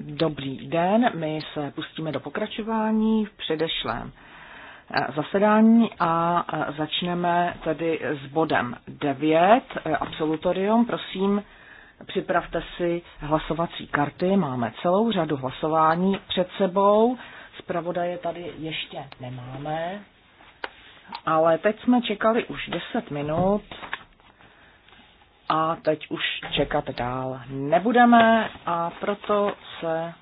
Dobrý den, my se pustíme do pokračování v předešlém eh, zasedání a eh, začneme tedy s bodem 9, eh, absolutorium. Prosím, připravte si hlasovací karty, máme celou řadu hlasování před sebou. Zpravodaje tady ještě nemáme, ale teď jsme čekali už 10 minut a teď už čekat dál nebudeme a proto se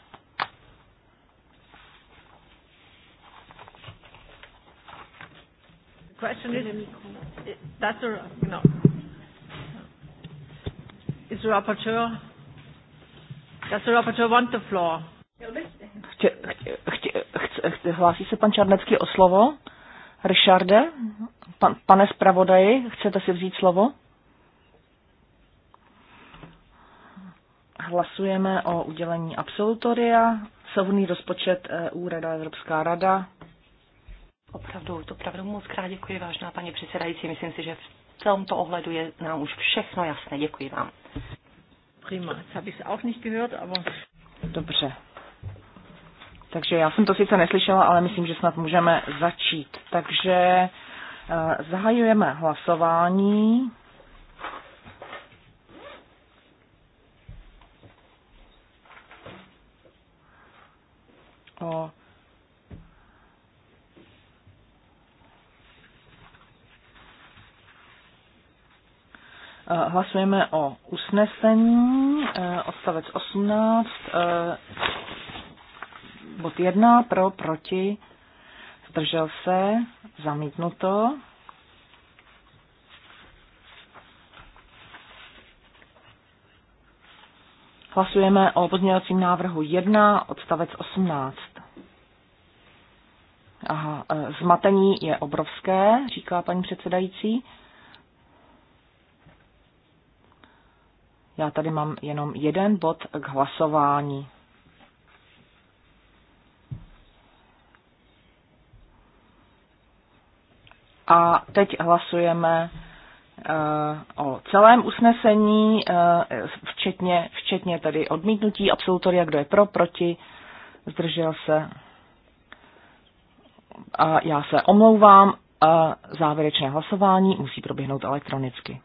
question is, that's a, no. Is the rapporteur, does the rapporteur want the floor? Chtě, chtě, chtě, chtě, hlásí se pan Čarnecký o slovo? Richarde, pan, pane zpravodaji, chcete si vzít slovo? Hlasujeme o udělení absolutoria. Souhrný rozpočet EU, Rada, Evropská rada. Opravdu, to opravdu moc krát děkuji, vážná paní předsedající. Myslím si, že v tomto ohledu je nám už všechno jasné. Děkuji vám. Prima, das bych se auch nicht gehört, aber... Dobře. Takže já jsem to sice neslyšela, ale myslím, že snad můžeme začít. Takže eh, zahajujeme hlasování. to eh, Hlasujeme o usnesení, eh, odstavec 18, eh, bod 1, pro, proti, zdržel se, zamítnuto. Hlasujeme o pozměňovacím návrhu 1, odstavec 18. Aha, e, zmatení je obrovské, říká paní předsedající. Já tady mám jenom jeden bod k hlasování. A teď hlasujeme e, o celém usnesení, e, včetně, včetně tedy odmítnutí absolutoria, kdo je pro, proti, zdržel se a já se omlouvám, a závěrečné hlasování musí proběhnout elektronicky.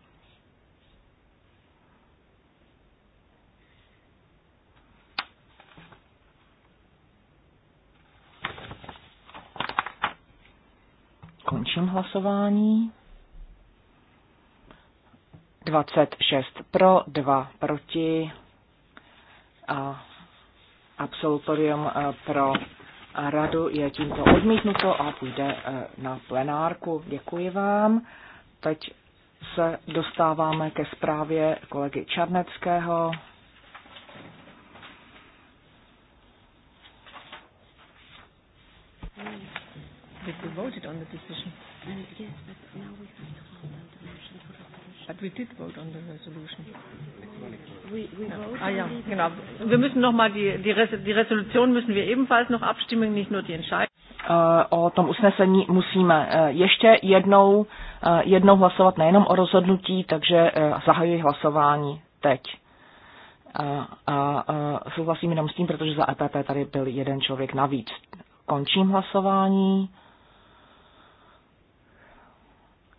Končím hlasování. 26 pro, 2 proti a absolutorium eh, pro radu je tímto odmítnuto a půjde eh, na plenárku. Děkuji vám. Teď se dostáváme ke zprávě kolegy Čarneckého. Did we voted on the decision? yes, but now we have to hold on. But we did vote on the resolution. We, we ja. Ah ja, genau. Wir müssen noch mal die, die, Res die Resolution müssen wir ebenfalls noch abstimmen, nicht nur die Entscheidung. Äh, o tom usnesení musíme äh, ještě jednou, äh, jednou hlasovat nejenom o rozhodnutí, takže zahajuji hlasování teď. A, a, a souhlasím jenom s tím, protože za EPP tady byl jeden člověk navíc. Končím hlasování.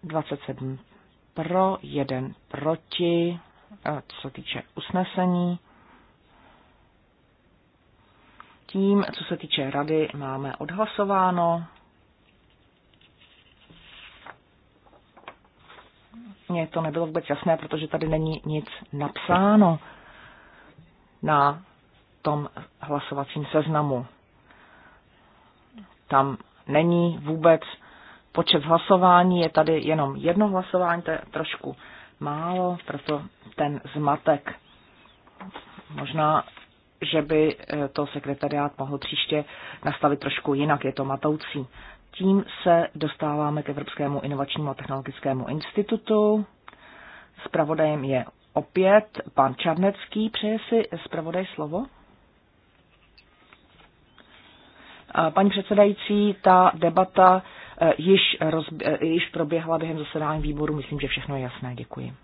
27 pro, jeden proti, co se týče usnesení. Tím, co se týče rady, máme odhlasováno. Mně to nebylo vůbec jasné, protože tady není nic napsáno na tom hlasovacím seznamu. Tam není vůbec počet hlasování. Je tady jenom jedno hlasování, to je trošku málo, proto ten zmatek. Možná, že by eh, to sekretariát mohl příště nastavit trošku jinak, je to matoucí. Tím se dostáváme k Evropskému inovačnímu a technologickému institutu. Spravodajem je opět pan Čarnecký. Přeje si zpravodaj slovo? Paní předsedající, ta debata Eh, již, roz, eh, již proběhla během zasedání výboru. Myslím, že všechno je jasné. Děkuji.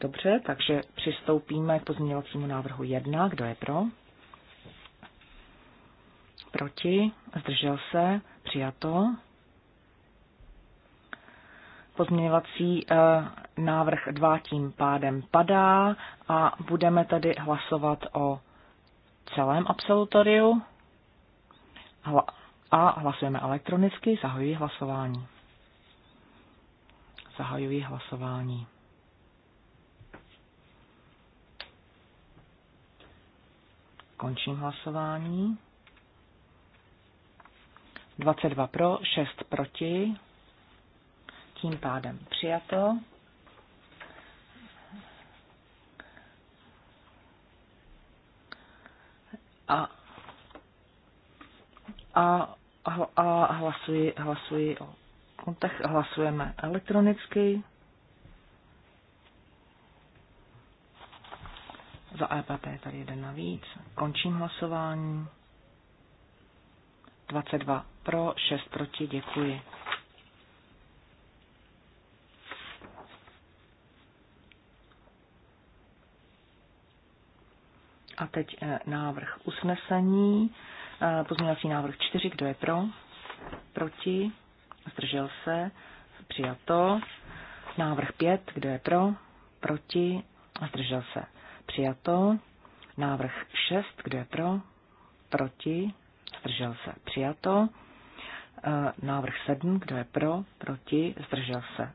Dobře, takže přistoupíme k pozměňovacímu návrhu 1. Kdo je pro? Proti? Zdržel se? Přijato? Pozměňovací eh, návrh 2 tím pádem padá a budeme tedy hlasovat o celém absolutoriu. Hla- a hlasujeme elektronicky. Zahajuji hlasování. Zahajuji hlasování. Končím hlasování. 22 pro, 6 proti. Tím pádem přijato. A a, a hlasuji, hlasuji o kontech, hlasujeme elektronicky. Za EPP je tady jeden navíc. Končím hlasování. 22 pro, 6 proti, děkuji. A teď eh, návrh usnesení. Pozměňovací návrh 4, kdo je pro? Proti? Zdržel se? Přijato. Návrh 5, kdo je pro? Proti? Zdržel se? Přijato. Návrh 6, kdo je pro? Proti? Zdržel se? Přijato. Eh, návrh 7, eh, kdo je pro? Proti? Zdržel se?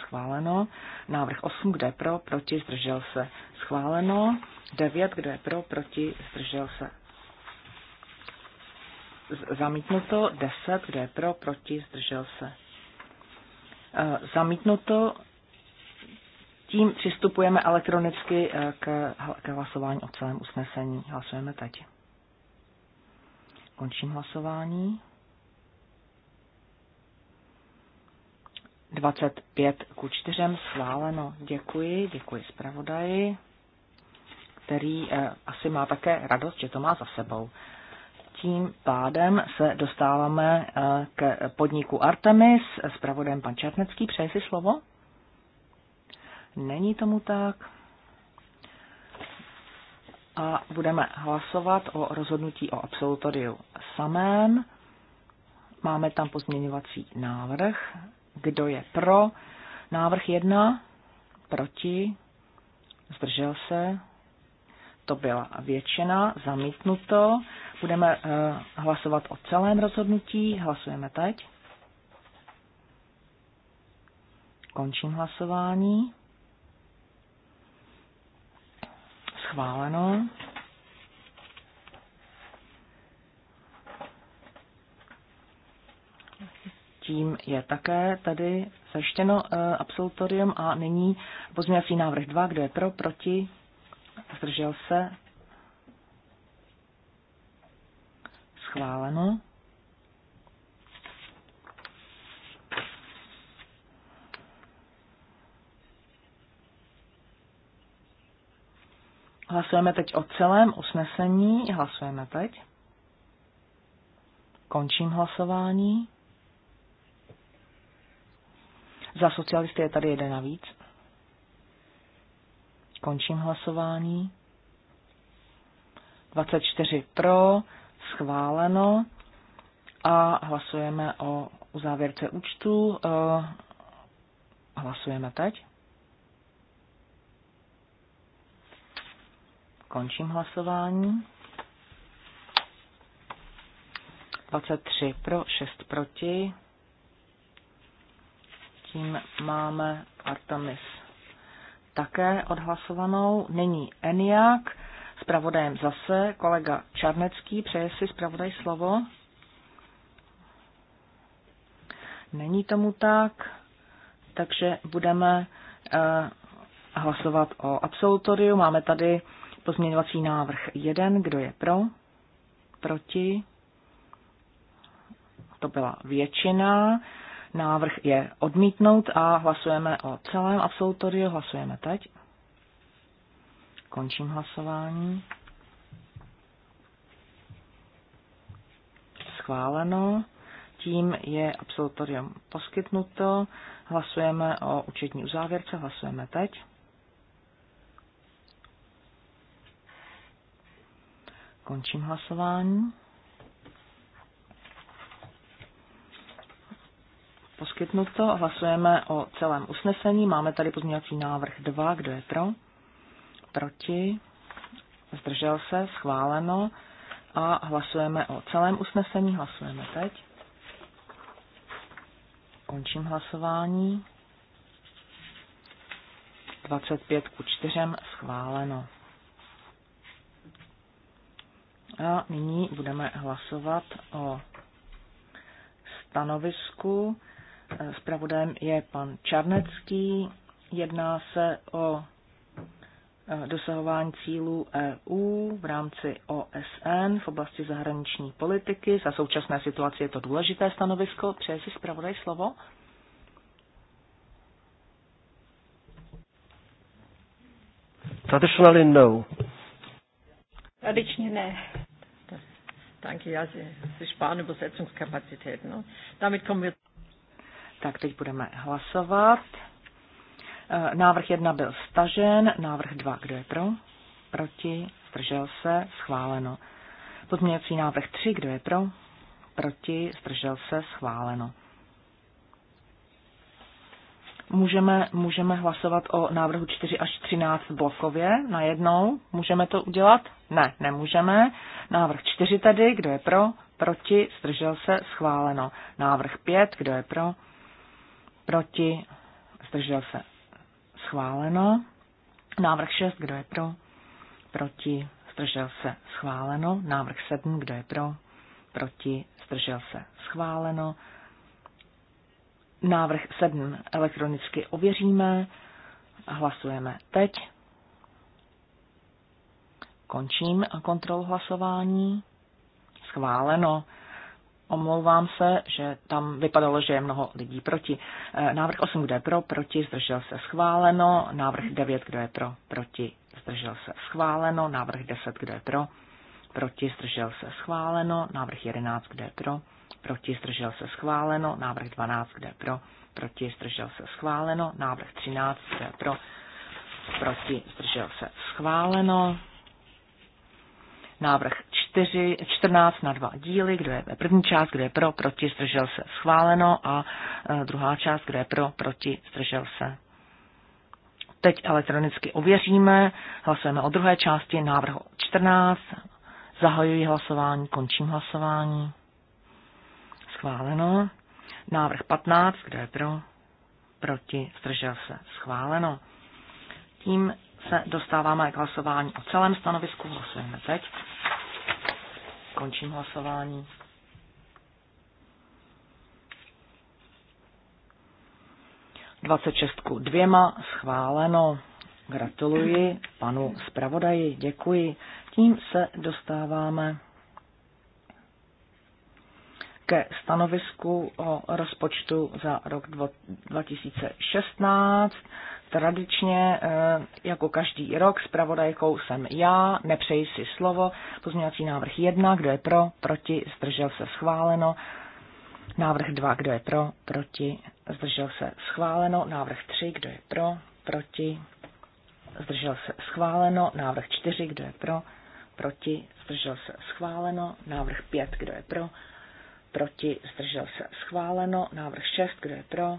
schváleno. Návrh 8, kdo je pro, proti, zdržel se, schváleno. 9, kdo je pro, proti, zdržel se, zamítnuto, 10, kdo je pro, proti, zdržel se. E, zamítnuto, tím přistupujeme elektronicky e, k, k hlasování o celém usnesení. Hlasujeme teď. Končím hlasování. 25 ku 4 schváleno. Děkuji, děkuji zpravodaji, který e, asi má také radost, že to má za sebou tím pádem se dostáváme eh, k podniku Artemis. Spravodem pan Černecký, přeje si slovo? Není tomu tak. A budeme hlasovat o rozhodnutí o absolutoriu samém. Máme tam pozměňovací návrh. Kdo je pro? Návrh 1. Proti? Zdržel se? To byla většina. Zamítnuto. Budeme eh, hlasovat o celém rozhodnutí. Hlasujeme teď. Končím hlasování. Schváleno. Tím je také tady zaštěno eh, absolutorium a nyní pozměňovací návrh 2, kdo je pro, proti, zdržel se, Schváleno. Hlasujeme teď o celém usnesení. Hlasujeme teď. Končím hlasování. Za socialisty je tady jeden navíc. Končím hlasování. 24 pro, schváleno a hlasujeme o uzávěrce účtu. E, hlasujeme teď. Končím hlasování. 23 pro, 6 proti. Tím máme Artemis také odhlasovanou. Není Eniak. Spravodajem zase kolega Čarnecký. Přeje si spravodaj slovo? Není tomu tak, takže budeme eh, hlasovat o absolutoriu. Máme tady pozměňovací návrh 1. Kdo je pro? Proti? To byla většina. Návrh je odmítnout a hlasujeme o celém absolutoriu. Hlasujeme teď. Končím hlasování. Schváleno. Tím je absolutorium poskytnuto. Hlasujeme o účetní uzávěrce. Hlasujeme teď. Končím hlasování. Poskytnuto. Hlasujeme o celém usnesení. Máme tady pozměňovací návrh 2. Kdo je pro? proti, zdržel se, schváleno a hlasujeme o celém usnesení, hlasujeme teď. Končím hlasování. 25 ku 4 schváleno. A nyní budeme hlasovat o stanovisku. Spravodajem je pan Čarnecký. Jedná se o Eh, dosahování cílů EU v rámci OSN v oblasti zahraniční politiky. Za současné situaci je to důležité stanovisko. Přeje si zpravodaj slovo? Traditionally no. Tradičně ne. Danke, ja, Sie, Sie sparen Übersetzungskapazität. Ne? Damit kommen wir... Tak, teď budeme hlasovat. Eh, návrh 1 byl stažen, návrh 2, kdo je pro? Proti, zdržel se, schváleno. Pozměňovací návrh 3, kdo je pro? Proti, zdržel se, schváleno. Můžeme, můžeme hlasovat o návrhu 4 až 13 blokově najednou? Můžeme to udělat? Ne, nemůžeme. Návrh 4 tedy, kdo je pro? Proti, zdržel se, schváleno. Návrh 5, kdo je pro? Proti, zdržel se, schváleno. Návrh 6, kdo je pro? Proti, zdržel se, schváleno. Návrh 7, kdo je pro? Proti, zdržel se, schváleno. Návrh 7 elektronicky ověříme. Hlasujeme teď. Končím kontrolu hlasování. Schváleno. Omlouvám se, že tam vypadalo, že je mnoho lidí proti. Eh, návrh 8, kdo je pro, proti, zdržel se schváleno. Návrh 9, kdo je pro, proti, zdržel se schváleno. Návrh 10, kdo je pro, proti, zdržel se schváleno. Návrh 11, kdo je pro, proti, zdržel se schváleno. Návrh 12, kdo je pro, proti, zdržel se schváleno. Návrh 13, kdo je pro, proti, zdržel se schváleno. Návrh 4, 14 na dva díly, kdo je první část, kdo je pro, proti, zdržel se, schváleno a e, druhá část, kdo je pro, proti, zdržel se. Teď elektronicky ověříme, hlasujeme o druhé části návrhu 14, zahajuji hlasování, končím hlasování. Schváleno. Návrh 15, kdo je pro, proti, zdržel se, schváleno. Tím se dostáváme k hlasování o celém stanovisku, hlasujeme teď. Končím hlasování. Dvacet šestku dvěma schváleno. Gratuluji panu zpravodaji, děkuji. Tím se dostáváme ke stanovisku o rozpočtu za rok 2016. Tradičně, eh, jako každý rok, s pravodajkou jsem já, nepřeji si slovo. Pozměňovací návrh 1, kdo je pro, proti, zdržel se schváleno. Návrh 2, kdo je pro, proti, zdržel se schváleno. Návrh 3, kdo je pro, proti, zdržel se schváleno. Návrh 4, kdo je pro, proti, zdržel se schváleno. Návrh 5, kdo je pro, proti, zdržel se schváleno. Návrh 6, kdo je pro,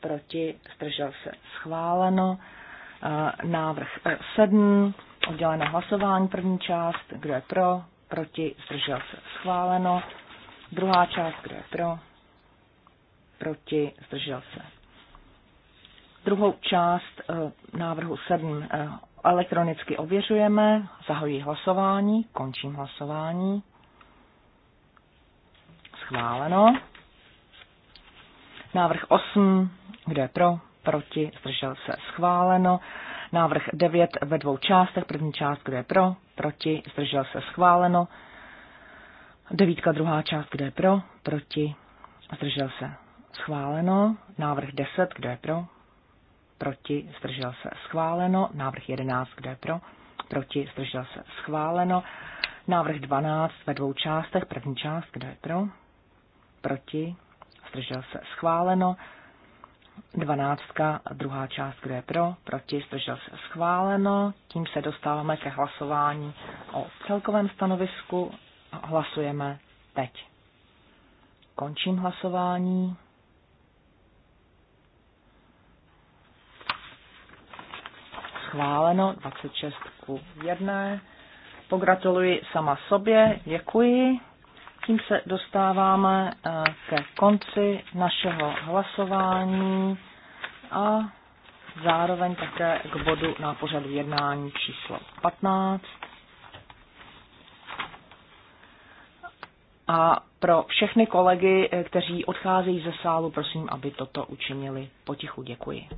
proti, zdržel se schváleno. Eh, návrh 7, eh, oddělené hlasování, první část, kdo je pro, proti, zdržel se schváleno. Druhá část, kdo je pro, proti, zdržel se. Druhou část eh, návrhu 7 elektronicky ověřujeme, zahojí hlasování, končím hlasování. Schváleno. Návrh 8 kdo je pro? Proti? Zdržel se? Schváleno. Návrh 9 ve dvou částech. První část, kdo je pro? Proti? Zdržel se? Schváleno. Devítka, druhá část, kdo je pro? Proti? Zdržel se? Schváleno. Návrh 10, kdo je pro? Proti? Zdržel se? Schváleno. Návrh 11, kdo je pro? Proti? Zdržel se? Schváleno. Návrh 12 ve dvou částech. První část, kdo je pro? Proti? Zdržel se? Schváleno. Dvanáctka, druhá část, kdo je pro, proti, zdržel se schváleno. Tím se dostáváme ke hlasování o celkovém stanovisku. Hlasujeme teď. Končím hlasování. Schváleno 26 ku 1. Pogratuluji sama sobě, děkuji tím se dostáváme eh, ke konci našeho hlasování a zároveň také k bodu na pořadu jednání číslo 15. A pro všechny kolegy, eh, kteří odcházejí ze sálu, prosím, aby toto učinili potichu. Děkuji.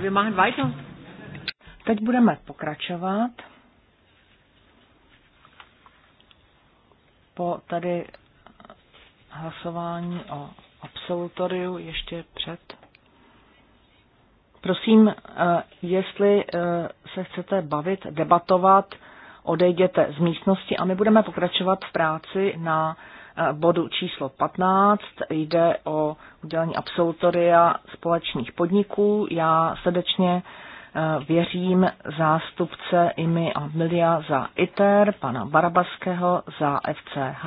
wir machen weiter. Teď budeme pokračovat. Po tady hlasování o absolutoriu ještě před. Prosím, eh, jestli eh, se chcete bavit, debatovat, odejděte z místnosti a my budeme pokračovat v práci na eh, bodu číslo 15. Jde o udělení absolutoria společných podniků. Já srdečně eh, věřím zástupce IMI a Milia za ITER, pana Barabaského za FCH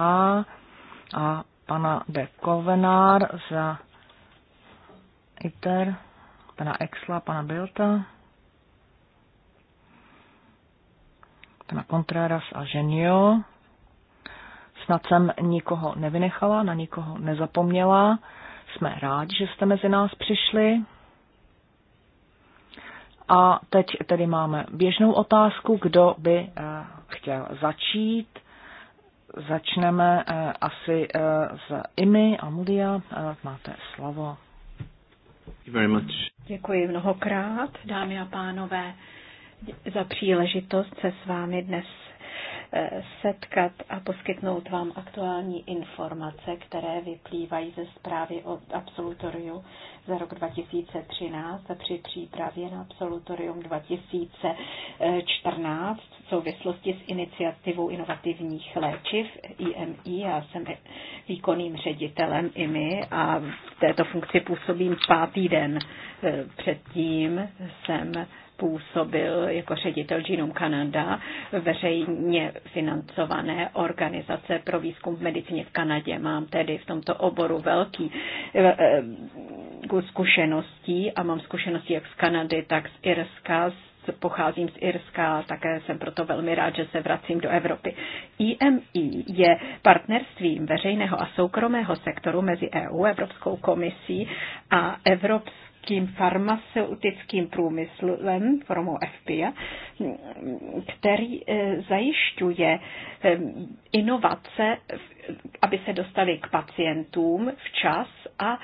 a pana de Kovenár za ITER, pana Exla, pana Bilta, pana Contreras a Genio. Snad jsem nikoho nevynechala, na nikoho nezapomněla. Jsme rádi, že jste mezi nás přišli. A teď tedy máme běžnou otázku, kdo by eh, chtěl začít. Začneme eh, asi eh, s Imi a Máte slovo. Děkuji mnohokrát, dámy a pánové, za příležitost se s vámi dnes setkat a poskytnout vám aktuální informace, které vyplývají ze zprávy od absolutoriu za rok 2013 a při přípravě na absolutorium 2014 v souvislosti s iniciativou inovativních léčiv IMI. Já jsem výkonným ředitelem IMI a v této funkci působím pátý den. Eh, předtím jsem působil jako ředitel Genome Canada, veřejně financované organizace pro výzkum v medicíně v Kanadě. Mám tedy v tomto oboru velký eh, eh, zkušeností a mám zkušenosti jak z Kanady, tak z Irska, z pocházím z Irska a také jsem proto velmi rád, že se vracím do Evropy. IMI je partnerstvím veřejného a soukromého sektoru mezi EU, Evropskou komisí a Evropskou americkým farmaceutickým průmyslem formou FPA, který eh, zajišťuje eh, inovace, aby se dostali k pacientům včas a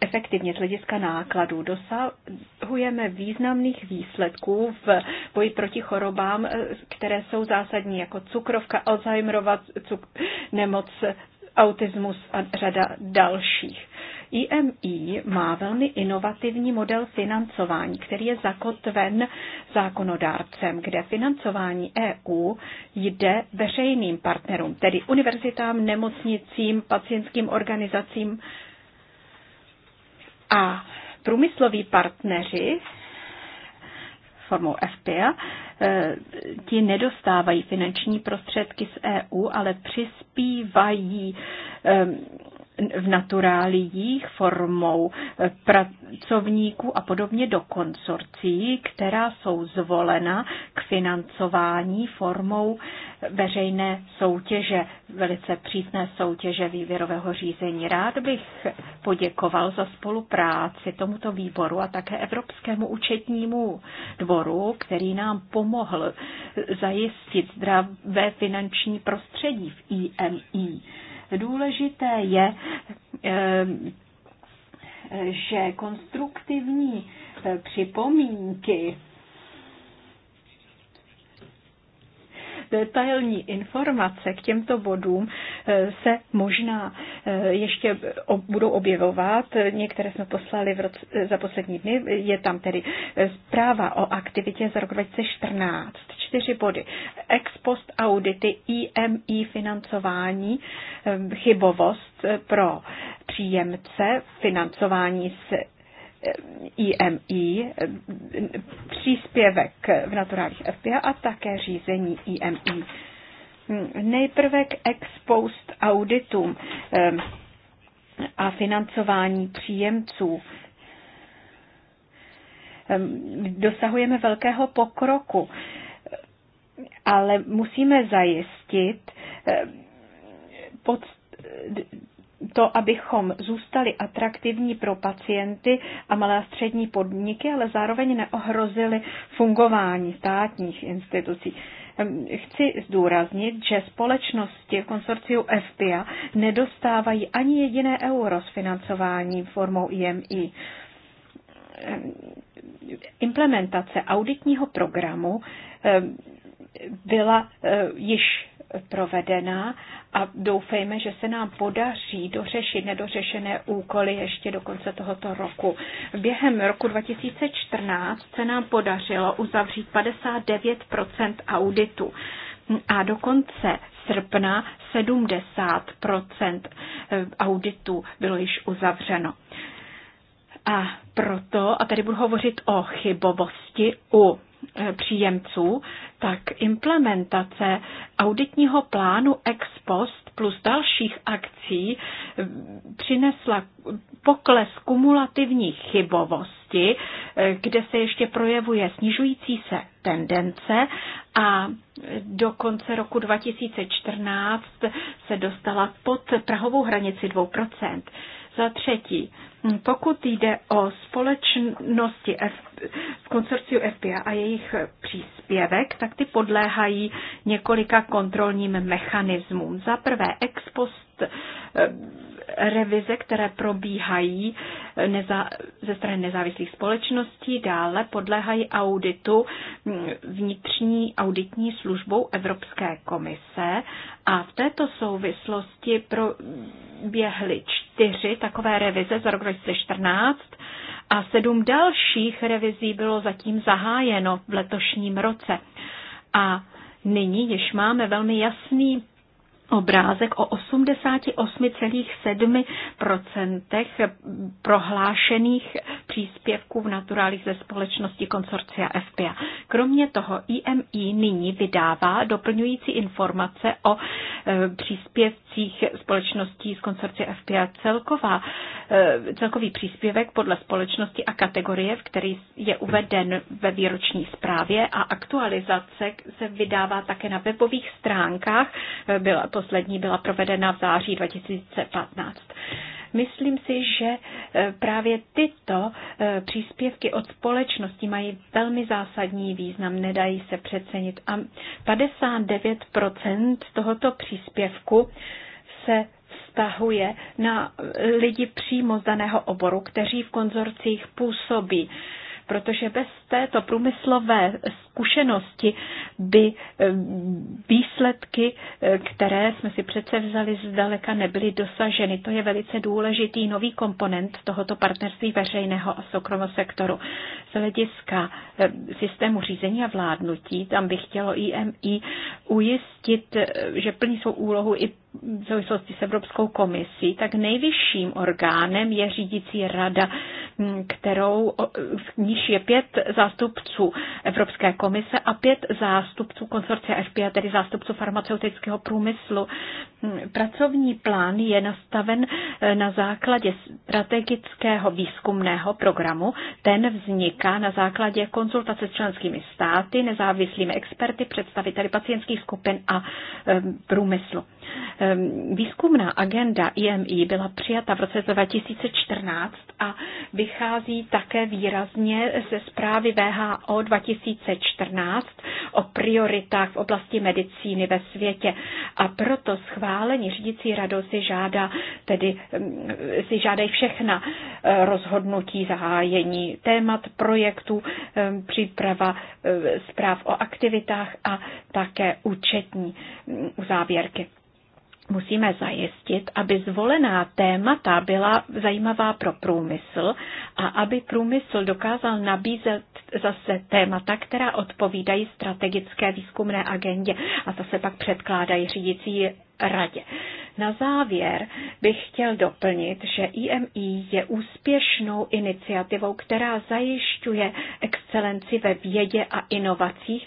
efektivně z hlediska nákladů dosahujeme významných výsledků v boji proti chorobám, eh, které jsou zásadní, jako cukrovka, Alzheimerova cuk- nemoc, autismus a řada dalších. IMI má velmi inovativní model financování, který je zakotven zákonodárcem, kde financování EU jde veřejným partnerům, tedy univerzitám, nemocnicím, pacientským organizacím a průmysloví partneři formou FPA, eh, ti nedostávají finanční prostředky z EU, ale přispívají eh, v naturálích formou eh, pracovníků a podobně do konsorcí, která jsou zvolena k financování formou veřejné soutěže, velice přísné soutěže výběrového řízení. Rád bych poděkoval za spolupráci tomuto výboru a také Evropskému účetnímu dvoru, který nám pomohl zajistit zdravé finanční prostředí v IMI. Důležité je, eh, eh, že konstruktivní eh, připomínky detailní informace k těmto bodům eh, se možná eh, ještě budou objevovat. Některé jsme poslali v roce, eh, za poslední dny. Je tam tedy zpráva o aktivitě za rok 2014. Čtyři body. Ex post audity, IMI financování, chybovost pro příjemce, financování z IMI, eh, eh, příspěvek v naturálních FPA a také řízení IMI. Hmm, nejprve k ex post auditům eh, a financování příjemců. Dosahujeme velkého pokroku, ale musíme zajistit pod to, abychom zůstali atraktivní pro pacienty a malé a střední podniky, ale zároveň neohrozili fungování státních institucí. Ehm, chci zdůraznit, že společnosti konsorciu FPIA nedostávají ani jediné euro s financování formou IMI ehm, implementace auditního programu ehm, byla již provedena a doufejme, že se nám podaří dořešit nedořešené úkoly ještě do konce tohoto roku. Během roku 2014 se nám podařilo uzavřít 59 auditu a do konce srpna 70 eh, auditu bylo již uzavřeno. A proto, a tady budu hovořit o chybovosti u Eh, příjemců, tak implementace auditního plánu ex post plus dalších akcí eh, přinesla pokles kumulativní chybovosti, eh, kde se ještě projevuje snižující se tendence a do konce roku 2014 se dostala pod prahovou hranici 2%. Za třetí, Hm, pokud jde o společnosti F, v konsorciu FPA a jejich příspěvek, tak ty podléhají několika kontrolním mechanismům. Za prvé ex post eh, revize, které probíhají neza, ze strany nezávislých společností, dále podléhají auditu vnitřní auditní službou Evropské komise a v této souvislosti proběhly čtyři takové revize za rok 2014 a sedm dalších revizí bylo zatím zahájeno v letošním roce. A nyní když máme velmi jasný obrázek o 88,7% prohlášených příspěvků v naturálích ze společnosti konsorcia FPA. Kromě toho IMI nyní vydává doplňující informace o e, příspěvcích tisících společností z konsorcia FPA. Celková, eh, celkový příspěvek podle společnosti a kategorie, v který je uveden ve výroční zprávě a aktualizace se vydává také na webových stránkách. Eh, byla, poslední byla provedena v září 2015. Myslím si, že e, právě tyto e, příspěvky od společnosti mají velmi zásadní význam, nedají se přecenit. A 59% tohoto příspěvku se vztahuje na e, lidi přímo z daného oboru, kteří v konzorcích působí protože bez této průmyslové zkušenosti by eh, výsledky, eh, které jsme si přece vzali, zdaleka nebyly dosaženy. To je velice důležitý nový komponent tohoto partnerství veřejného a soukromého sektoru. Z hlediska eh, systému řízení a vládnutí, tam by chtělo IMI ujistit, že plní svou úlohu i v souvislosti s Evropskou komisí, tak nejvyšším orgánem je řídící rada, mm, kterou, níž je pět zástupců Evropské komise komise a pět zástupců konsorcia FPA, tedy zástupců farmaceutického průmyslu. Hm, pracovní plán je nastaven eh, na základě strategického výzkumného programu. Ten vzniká na základě konzultace s členskými státy, nezávislými experty, představiteli pacientských skupin a eh, průmyslu. Ehm, výzkumná agenda IMI byla přijata v roce 2014 a vychází také výrazně ze zprávy VHO 2014 2014 o prioritách v oblasti medicíny ve světě. A proto schválení řídící radou si žádá, tedy mm, si žádají všechna eh, rozhodnutí zahájení témat, projektů, eh, příprava eh, zpráv o aktivitách a také účetní mm, závěrky musíme zajistit, aby zvolená témata byla zajímavá pro průmysl a aby průmysl dokázal nabízet zase témata, která odpovídají strategické výzkumné agendě a zase pak předkládají řídící radě. Na závěr bych chtěl doplnit, že IMI je úspěšnou iniciativou, která zajišťuje excelenci ve vědě a inovacích,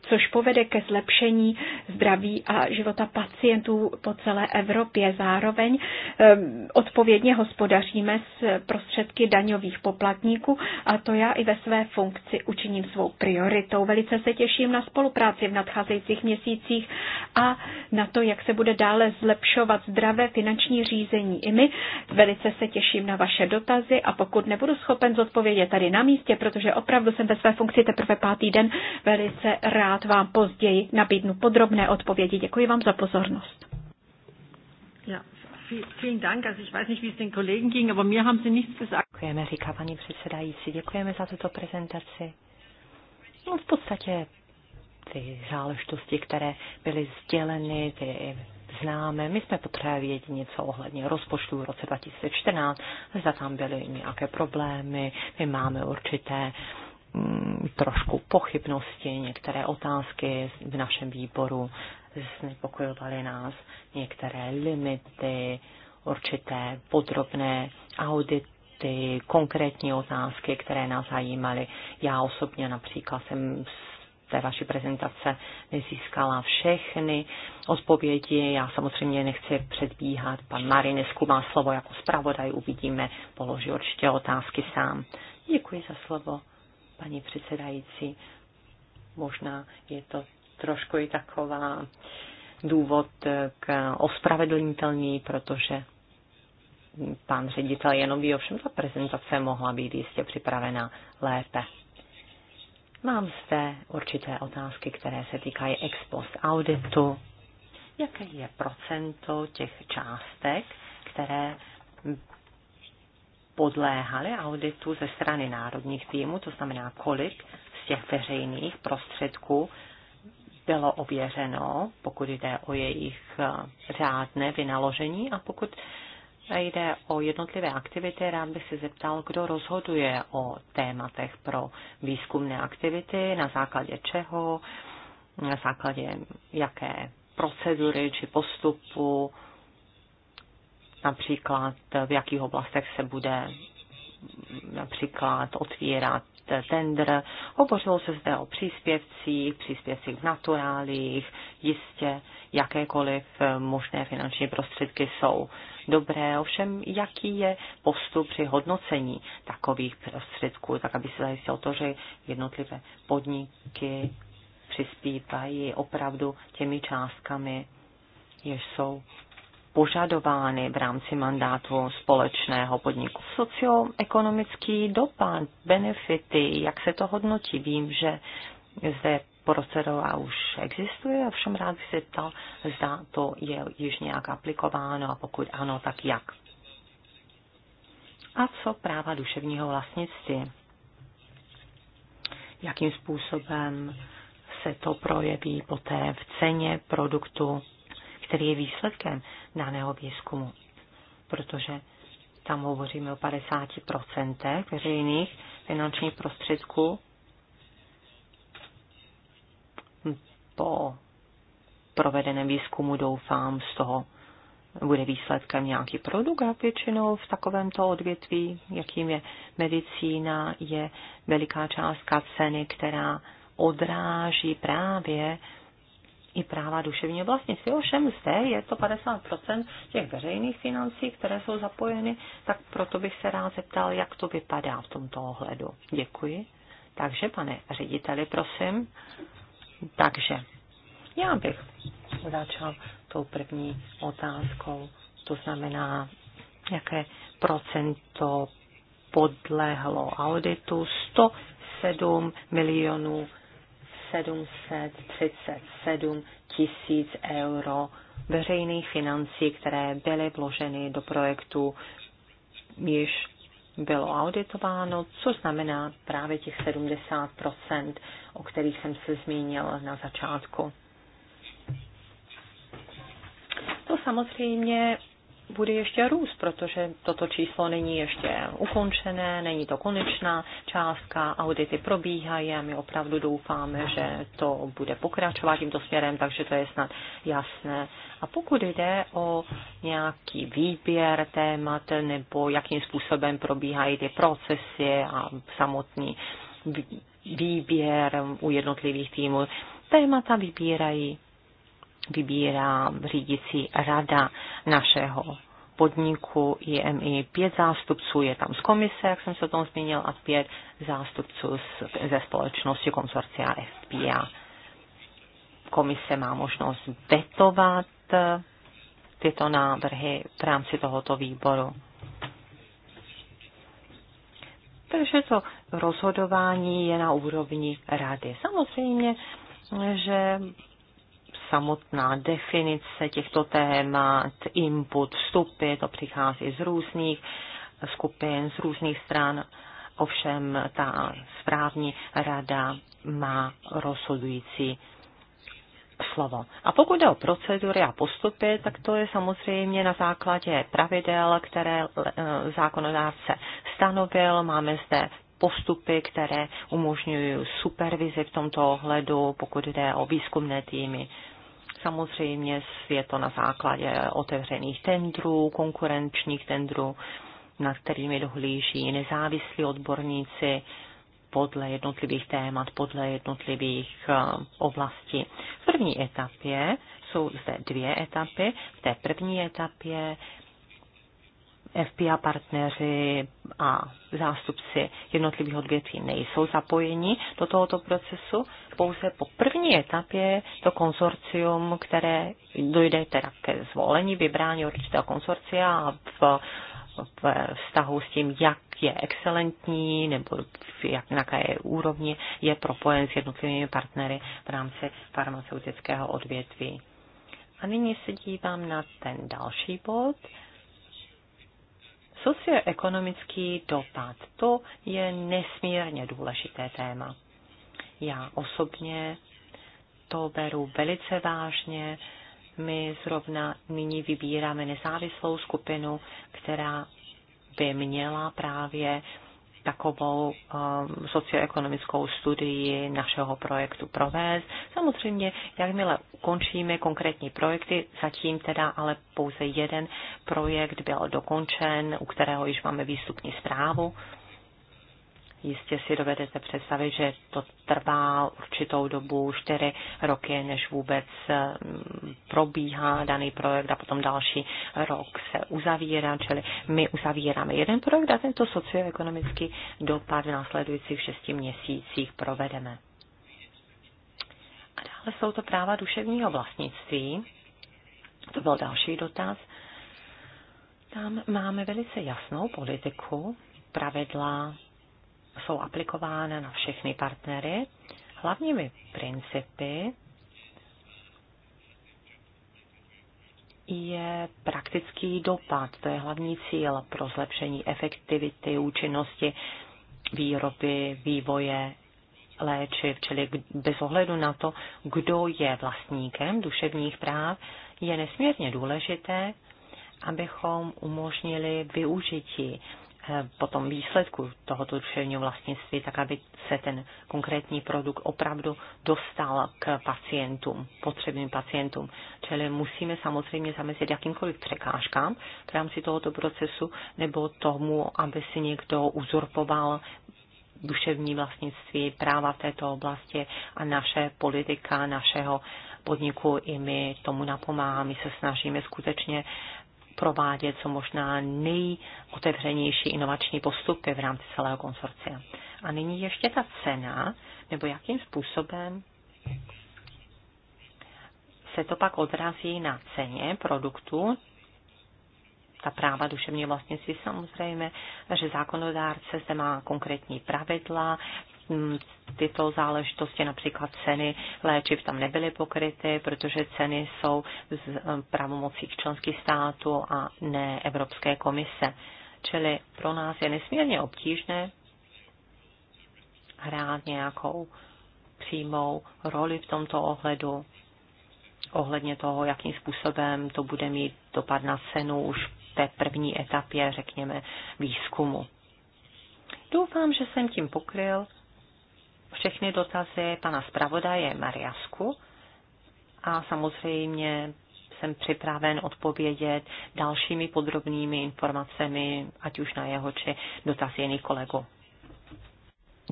což povede ke zlepšení zdraví a života pacientů po celé Evropě. Zároveň ehm, odpovědně hospodaříme s prostředky daňových poplatníků a to já i ve své funkci učiním svou prioritou. Velice se těším na spolupráci v nadcházejících měsících a na to, jak se bude bude dále zlepšovat zdravé finanční řízení i my. Velice se těším na vaše dotazy a pokud nebudu schopen zodpovědět tady na místě, protože opravdu jsem ve své funkci teprve pátý den, velice rád vám později nabídnu podrobné odpovědi. Děkuji vám za pozornost. Ja, vielen Dank. Also ich weiß nicht, wie es den Kollegen ging, aber mir haben sie nichts Děkujeme, říká paní předsedající. Děkujeme za tuto prezentaci. No v podstatě ty záležitosti, které byly sděleny, ty známe. My jsme potřebovali vědět něco ohledně rozpočtu v roce 2014, zda tam byly nějaké problémy, my máme určité mm, trošku pochybnosti, některé otázky v našem výboru znepokojovaly nás, některé limity, určité podrobné audity, konkrétní otázky, které nás zajímaly. Já osobně například jsem té vaší prezentace nezískala všechny odpovědi. Já samozřejmě nechci předbíhat. Pan Marinesku má slovo jako zpravodaj, uvidíme, položí určitě otázky sám. Děkuji za slovo, paní předsedající. Možná je to trošku i taková důvod k ospravedlnitelní, protože pan ředitel jenom ví, ovšem ta prezentace mohla být jistě připravena lépe. Mám zde určité otázky, které se týkají ex post auditu. Jaké je procento těch částek, které podléhaly auditu ze strany národních týmů, to znamená, kolik z těch veřejných prostředků bylo ověřeno, pokud jde o jejich eh, řádné vynaložení a pokud jde o jednotlivé aktivity, rád bych se zeptal, kdo rozhoduje o tématech pro výzkumné aktivity, na základě čeho, na základě jaké procedury či postupu, například v jakých oblastech se bude například otvírat tender. Hovořilo se zde o příspěvcích, příspěvcích v naturálích, jistě jakékoliv možné finanční prostředky jsou dobré, ovšem jaký je postup při hodnocení takových prostředků, tak aby se zajistilo to, že jednotlivé podniky přispívají opravdu těmi částkami, jež jsou požadovány v rámci mandátu společného podniku. Socioekonomický dopad, benefity, jak se to hodnotí, vím, že zde procedura už existuje, všem rád bych se ptal, zda to je již nějak aplikováno a pokud ano, tak jak. A co práva duševního vlastnictví? Jakým způsobem se to projeví poté v ceně produktu který je výsledkem daného výzkumu. Protože tam hovoříme o 50% veřejných finančních prostředků po provedeném výzkumu doufám z toho bude výsledkem nějaký produkt a většinou v takovémto odvětví, jakým je medicína, je veliká částka ceny, která odráží právě i práva duševního vlastnictví. Ovšem zde je to 50% těch veřejných financí, které jsou zapojeny, tak proto bych se rád zeptal, jak to vypadá v tomto ohledu. Děkuji. Takže, pane řediteli, prosím. Takže, já bych začal tou první otázkou, to znamená, jaké procento podlehlo auditu 107 milionů 737 tisíc euro veřejných financí, které byly vloženy do projektu, již bylo auditováno, což znamená právě těch 70 o kterých jsem se zmínil na začátku. To samozřejmě bude ještě růst, protože toto číslo není ještě ukončené, není to konečná částka, audity probíhají a my opravdu doufáme, že to bude pokračovat tímto směrem, takže to je snad jasné. A pokud jde o nějaký výběr témat nebo jakým způsobem probíhají ty procesy a samotný výběr u jednotlivých týmů, témata vybírají vybírá řídící rada našeho podniku IMI pět zástupců, je tam z komise, jak jsem se o tom zmínil, a pět zástupců z, ze společnosti konsorcia FPA. Komise má možnost vetovat eh, tyto návrhy v rámci tohoto výboru. Takže to rozhodování je na úrovni rady. Samozřejmě, že samotná definice těchto témat, input, vstupy, to přichází z různých skupin, z různých stran. Ovšem ta správní rada má rozhodující slovo. A pokud jde o procedury a postupy, tak to je samozřejmě na základě pravidel, které eh, zákonodárce stanovil. Máme zde postupy, které umožňují supervizi v tomto ohledu, pokud jde o výzkumné týmy, Samozřejmě je to na základě otevřených tendrů, konkurenčních tendrů, na kterými dohlíží nezávislí odborníci podle jednotlivých témat, podle jednotlivých eh, oblastí. V první etapě jsou zde dvě etapy. V té první etapě FPA partneři a zástupci jednotlivých odvětví nejsou zapojeni do tohoto procesu. Pouze po první etapě to konsorcium, které dojde teda ke zvolení, vybrání určitého konsorcia a v v vztahu s tím, jak je excelentní nebo v jak, na jaké úrovni je propojen s jednotlivými partnery v rámci farmaceutického odvětví. A nyní se dívám na ten další bod, socioekonomický dopad, to je nesmírně důležité téma. Já osobně to beru velice vážně. My zrovna nyní vybíráme nezávislou skupinu, která by měla právě takovou um, socioekonomickou studii našeho projektu provést. Samozřejmě, jakmile ukončíme konkrétní projekty, zatím teda ale pouze jeden projekt byl dokončen, u kterého již máme výstupní zprávu Jistě si dovedete představit, že to trvá určitou dobu, čtyři roky, než vůbec mm, probíhá daný projekt a potom další rok se uzavírá, čili my uzavíráme jeden projekt a tento socioekonomický dopad v následujících šesti měsících provedeme. A dále jsou to práva duševního vlastnictví. To byl další dotaz. Tam máme velice jasnou politiku, pravidla jsou aplikována na všechny partnery. Hlavními principy je praktický dopad, to je hlavní cíl pro zlepšení efektivity, účinnosti výroby, vývoje léčiv, čili bez ohledu na to, kdo je vlastníkem duševních práv, je nesmírně důležité, abychom umožnili využití Eh, potom výsledku tohoto duševního vlastnictví, tak aby se ten konkrétní produkt opravdu dostal k pacientům, potřebným pacientům. Čili musíme samozřejmě zamezit jakýmkoliv překážkám v rámci tohoto procesu nebo tomu, aby si někdo uzurpoval duševní vlastnictví, práva v této oblasti a naše politika, našeho podniku i my tomu napomáháme. My se snažíme skutečně provádět co možná nejotevřenější inovační postupy v rámci celého konsorcia. A nyní ještě ta cena, nebo jakým způsobem se to pak odrazí na ceně produktu, ta práva duševního vlastnictví samozřejmě, že zákonodárce zde má konkrétní pravidla, Mm, tyto záležitosti, například ceny léčiv tam nebyly pokryty, protože ceny jsou z eh, pravomocí členských států a ne Evropské komise. Čili pro nás je nesmírně obtížné hrát nějakou přímou roli v tomto ohledu, ohledně toho, jakým způsobem to bude mít dopad na cenu už v té první etapě, řekněme, výzkumu. Doufám, že jsem tím pokryl všechny dotazy pana zpravodaje Mariasku a samozřejmě jsem připraven odpovědět dalšími podrobnými informacemi, ať už na jeho či dotaz jiných kolegu.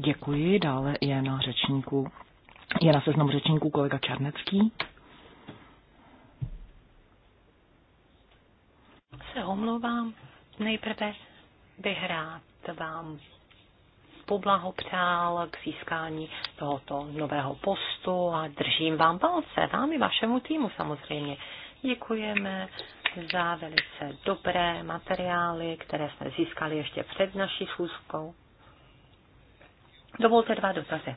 Děkuji. Dále je na řečníku, je na seznamu řečníků kolega Černecký. Se omlouvám. Nejprve bych rád vám poblahopřál k získání tohoto nového postu a držím vám palce, vám i vašemu týmu samozřejmě. Děkujeme za velice dobré materiály, které jsme získali ještě před naší schůzkou. Dovolte dva dotazy.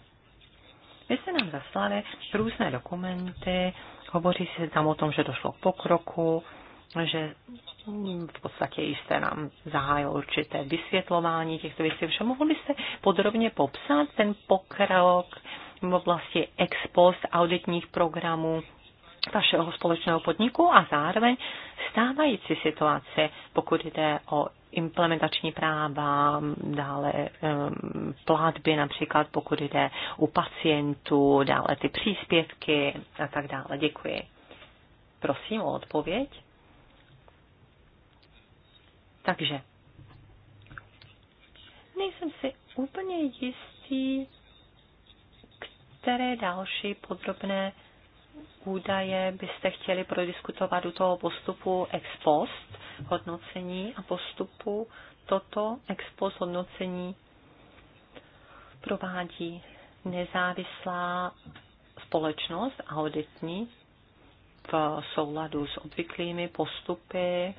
Vy jste nám zaslali různé dokumenty, hovoří se tam o tom, že došlo k pokroku, že v podstatě jste nám zahájil určité vysvětlování těchto věcí. Všem mohli byste podrobně popsat ten pokrok v oblasti ex post auditních programů vašeho společného podniku a zároveň stávající situace, pokud jde o implementační práva, dále platby například, pokud jde u pacientů, dále ty příspěvky a tak dále. Děkuji. Prosím o odpověď. Takže nejsem si úplně jistý, které další podrobné údaje byste chtěli prodiskutovat u toho postupu ex post hodnocení a postupu toto ex post hodnocení provádí nezávislá společnost auditní v souladu s obvyklými postupy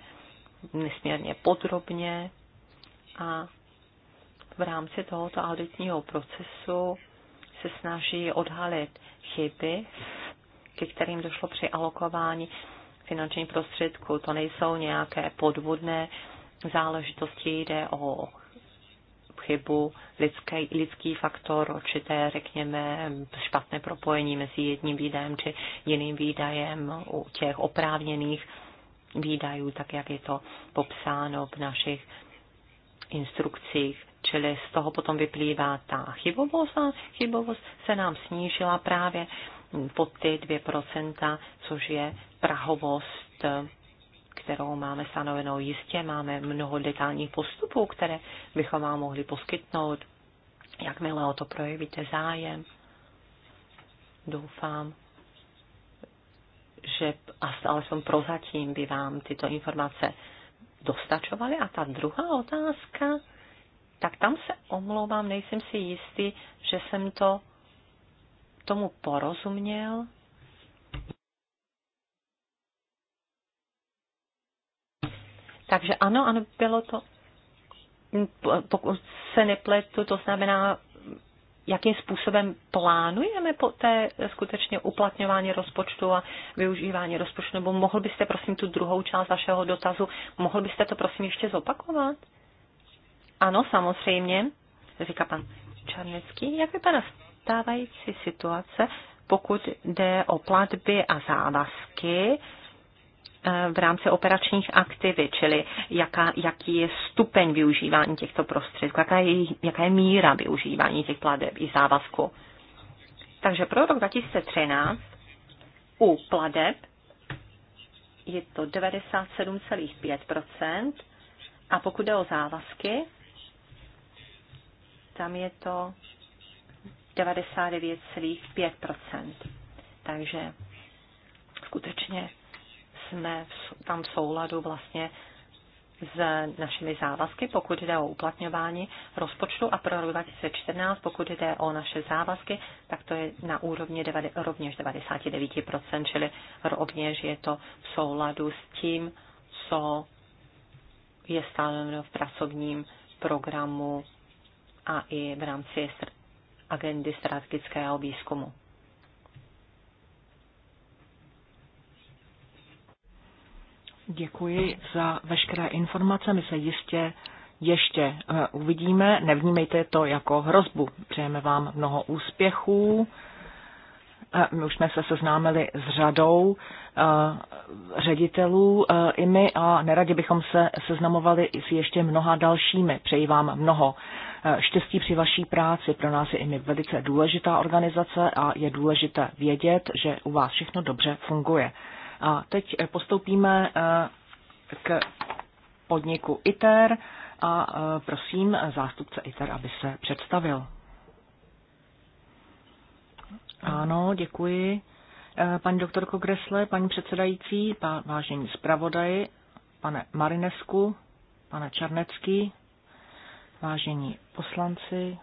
nesmírně podrobně a v rámci tohoto auditního procesu se snaží odhalit chyby, ke kterým došlo při alokování finančních prostředků. To nejsou nějaké podvodné záležitosti, jde o chybu, lidský, lidský faktor, určité, řekněme, špatné propojení mezi jedním výdajem či jiným výdajem u těch oprávněných výdajů, tak jak je to popsáno v našich instrukcích. Čili z toho potom vyplývá ta chybovost a chybovost se nám snížila právě pod ty 2%, což je prahovost, kterou máme stanovenou. Jistě máme mnoho detailních postupů, které bychom vám mohli poskytnout, jakmile o to projevíte zájem. Doufám, že alespoň prozatím by vám tyto informace dostačovaly. A ta druhá otázka, tak tam se omlouvám, nejsem si jistý, že jsem to tomu porozuměl. Takže ano, ano, bylo to, pokud se nepletu, to znamená jakým způsobem plánujeme poté skutečně uplatňování rozpočtu a využívání rozpočtu? Nebo mohl byste, prosím, tu druhou část vašeho dotazu, mohl byste to, prosím, ještě zopakovat? Ano, samozřejmě, říká pan Čarnecký. Jak vypadá stávající situace, pokud jde o platby a závazky Eh, v rámci operačních aktivit, čili jaká, jaký je stupeň využívání těchto prostředků, jaká je, jaká je míra využívání těch pladeb i závazku. Takže pro rok 2013 u pladeb je to 97,5 a pokud jde o závazky, tam je to 99,5 Takže skutečně jsme tam v souladu vlastně s našimi závazky, pokud jde o uplatňování rozpočtu a pro rok 2014, pokud jde o naše závazky, tak to je na úrovni 9, rovněž 99%, čili rovněž je to v souladu s tím, co je stanoveno v pracovním programu a i v rámci agendy strategického výzkumu. Děkuji za veškeré informace. My se jistě ještě eh, uvidíme. Nevnímejte to jako hrozbu. Přejeme vám mnoho úspěchů. Eh, my už jsme se seznámili s řadou eh, ředitelů i my a neradě bychom se seznamovali s ještě mnoha dalšími. Přeji vám mnoho štěstí při vaší práci. Pro nás je i my velice důležitá organizace a je důležité vědět, že u vás všechno dobře funguje. A teď eh, postoupíme eh, k podniku ITER a eh, prosím zástupce ITER, aby se představil. Ano, děkuji. Paní doktorko Gresle, paní předsedající, pa, vážení zpravodaji, pane Marinesku, pane Čarnecký, vážení poslanci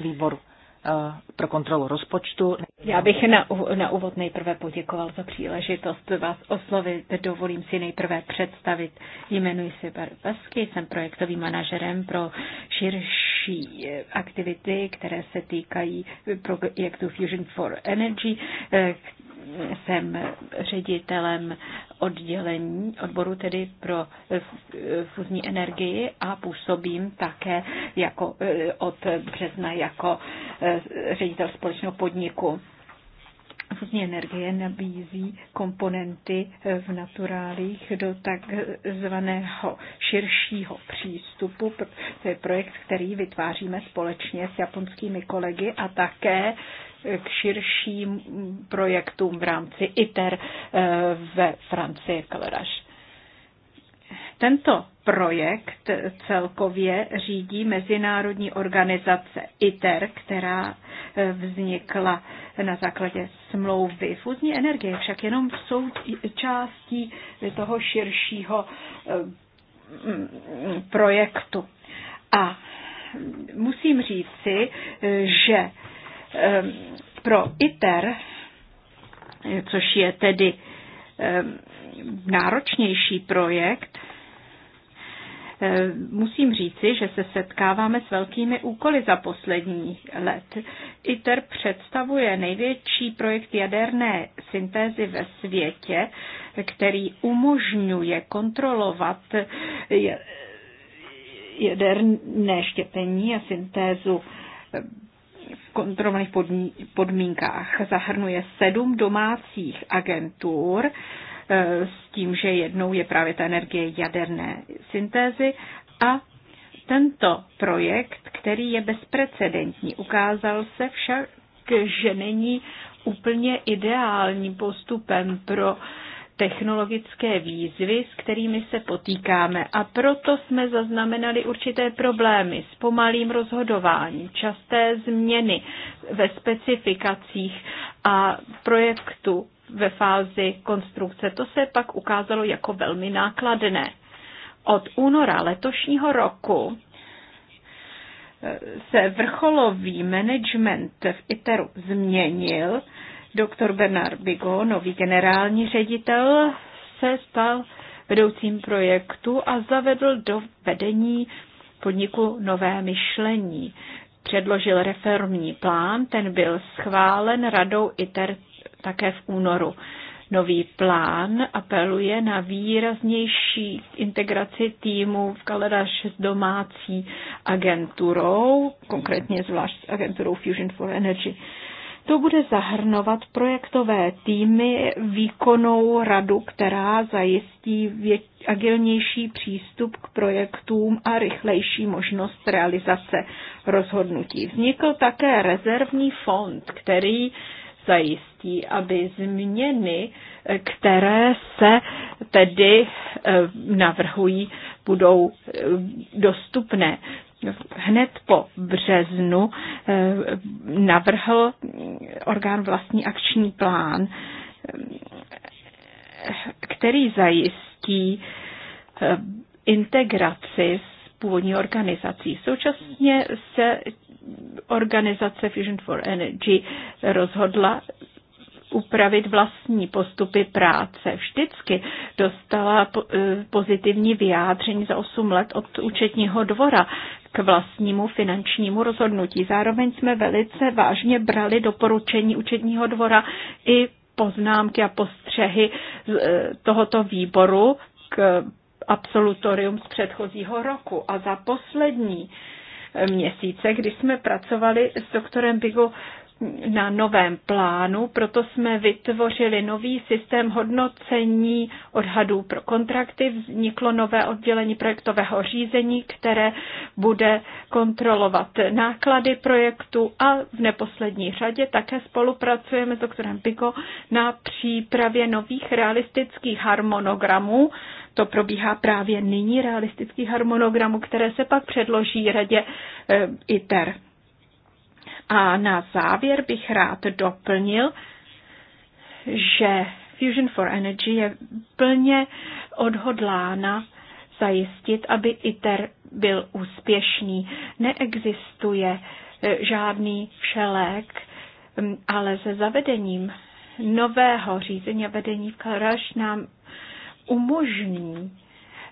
výboru. Eh, pro kontrolu rozpočtu. Já bych na, na úvod nejprve poděkoval za příležitost vás oslovit. Dovolím si nejprve představit. Jmenuji se Barbasky, jsem projektovým manažerem pro širší eh, aktivity, které se týkají projektu Fusion for Energy. Eh, jsem ředitelem oddělení, odboru tedy pro eh, eh, fuzní energii a působím také jako, eh, od března jako ředitel společného podniku. Fuzní energie nabízí komponenty v naturálích do takzvaného širšího přístupu. To je projekt, který vytváříme společně s japonskými kolegy a také k širším projektům v rámci ITER eh, ve Francii v Tento projekt celkově řídí mezinárodní organizace ITER, která eh, vznikla na základě smlouvy. Fuzní energie však jenom součástí toho širšího eh, projektu. A musím říci, že Ehm, pro ITER, eh, což je tedy ehm, náročnější projekt, ehm, musím říci, že se setkáváme s velkými úkoly za poslední let. ITER představuje největší projekt jaderné syntézy ve světě, který umožňuje kontrolovat jaderné štěpení a syntézu kontrolovaných podmínkách. Zahrnuje sedm domácích agentur eh, s tím, že jednou je právě ta energie jaderné syntézy a tento projekt, který je bezprecedentní, ukázal se však, že není úplně ideální postupem pro uh, technologické výzvy, s kterými se potýkáme a proto jsme zaznamenali určité problémy s pomalým rozhodováním, časté změny ve specifikacích a projektu ve fázi konstrukce. To se pak ukázalo jako velmi nákladné. Od února letošního roku eh, se vrcholový management v ITERu změnil Doktor Bernard Bigo, nový generální ředitel, se stal vedoucím projektu a zavedl do vedení podniku nové myšlení. Předložil reformní plán, ten byl schválen radou ITER také v únoru. Nový plán apeluje na výraznější integraci týmu v Kaladaš s domácí agenturou, konkrétně zvlášť s agenturou Fusion for Energy. To bude zahrnovat projektové týmy, výkonnou radu, která zajistí agilnější přístup k projektům a rychlejší možnost realizace rozhodnutí. Vznikl také rezervní fond, který zajistí, aby změny, které se tedy eh, navrhují, budou eh, dostupné hned po březnu eh, navrhl orgán vlastní akční plán, eh, který zajistí eh, integraci s původní organizací. Současně se organizace Fusion for Energy rozhodla upravit vlastní postupy práce. Vždycky dostala pozitivní vyjádření za 8 let od účetního dvora, k vlastnímu finančnímu rozhodnutí. Zároveň jsme velice vážně brali doporučení účetního dvora i poznámky a postřehy e, tohoto výboru k absolutorium z předchozího roku. A za poslední e, měsíce, kdy jsme pracovali s doktorem Bigu na novém plánu, proto jsme vytvořili nový systém hodnocení odhadů pro kontrakty. Vzniklo nové oddělení projektového řízení, které bude kontrolovat náklady projektu a v neposlední řadě také spolupracujeme s doktorem Piko na přípravě nových realistických harmonogramů. To probíhá právě nyní realistických harmonogramů, které se pak předloží radě eh, ITER. A na závěr bych rád doplnil, že Fusion for Energy je plně odhodlána zajistit, aby ITER byl úspěšný. Neexistuje eh, žádný všelék, hm, ale se zavedením nového řízení a vedení v Kalraž nám umožní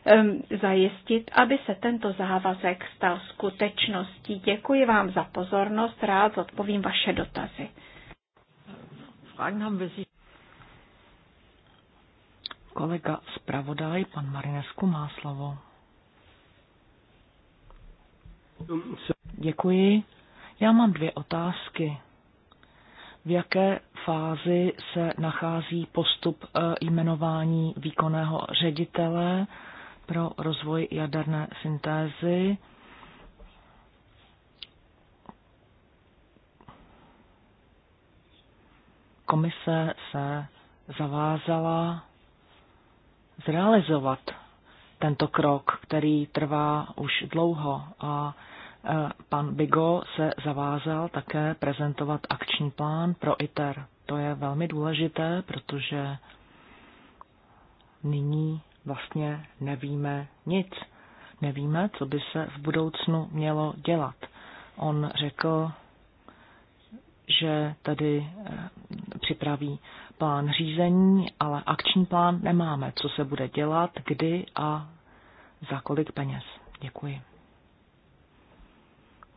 Um, zajistit, aby se tento závazek stal skutečností. Děkuji vám za pozornost, rád odpovím vaše dotazy. Kolega zpravodaj, pan Marinesku, má slovo. Děkuji. Já mám dvě otázky. V jaké fázi se nachází postup eh, jmenování výkonného ředitele? pro rozvoj jaderné syntézy. Komise se zavázala zrealizovat tento krok, který trvá už dlouho a e, pan Bigo se zavázal také prezentovat akční plán pro ITER. To je velmi důležité, protože nyní vlastně nevíme nic. Nevíme, co by se v budoucnu mělo dělat. On řekl, že tady eh, připraví plán řízení, ale akční plán nemáme, co se bude dělat, kdy a za kolik peněz. Děkuji.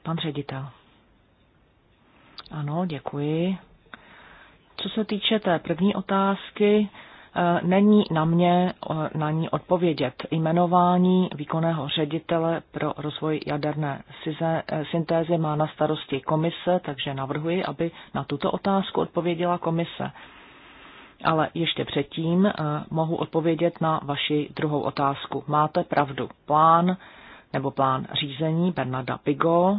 Pan ředitel. Ano, děkuji. Co se týče té první otázky, Eh, není na mě eh, na ní odpovědět. Jmenování výkonného ředitele pro rozvoj jaderné eh, syntézy má na starosti komise, takže navrhuji, aby na tuto otázku odpověděla komise. Ale ještě předtím mohu odpovědět na vaši druhou otázku. Máte pravdu. Plán nebo plán řízení Bernarda Pigo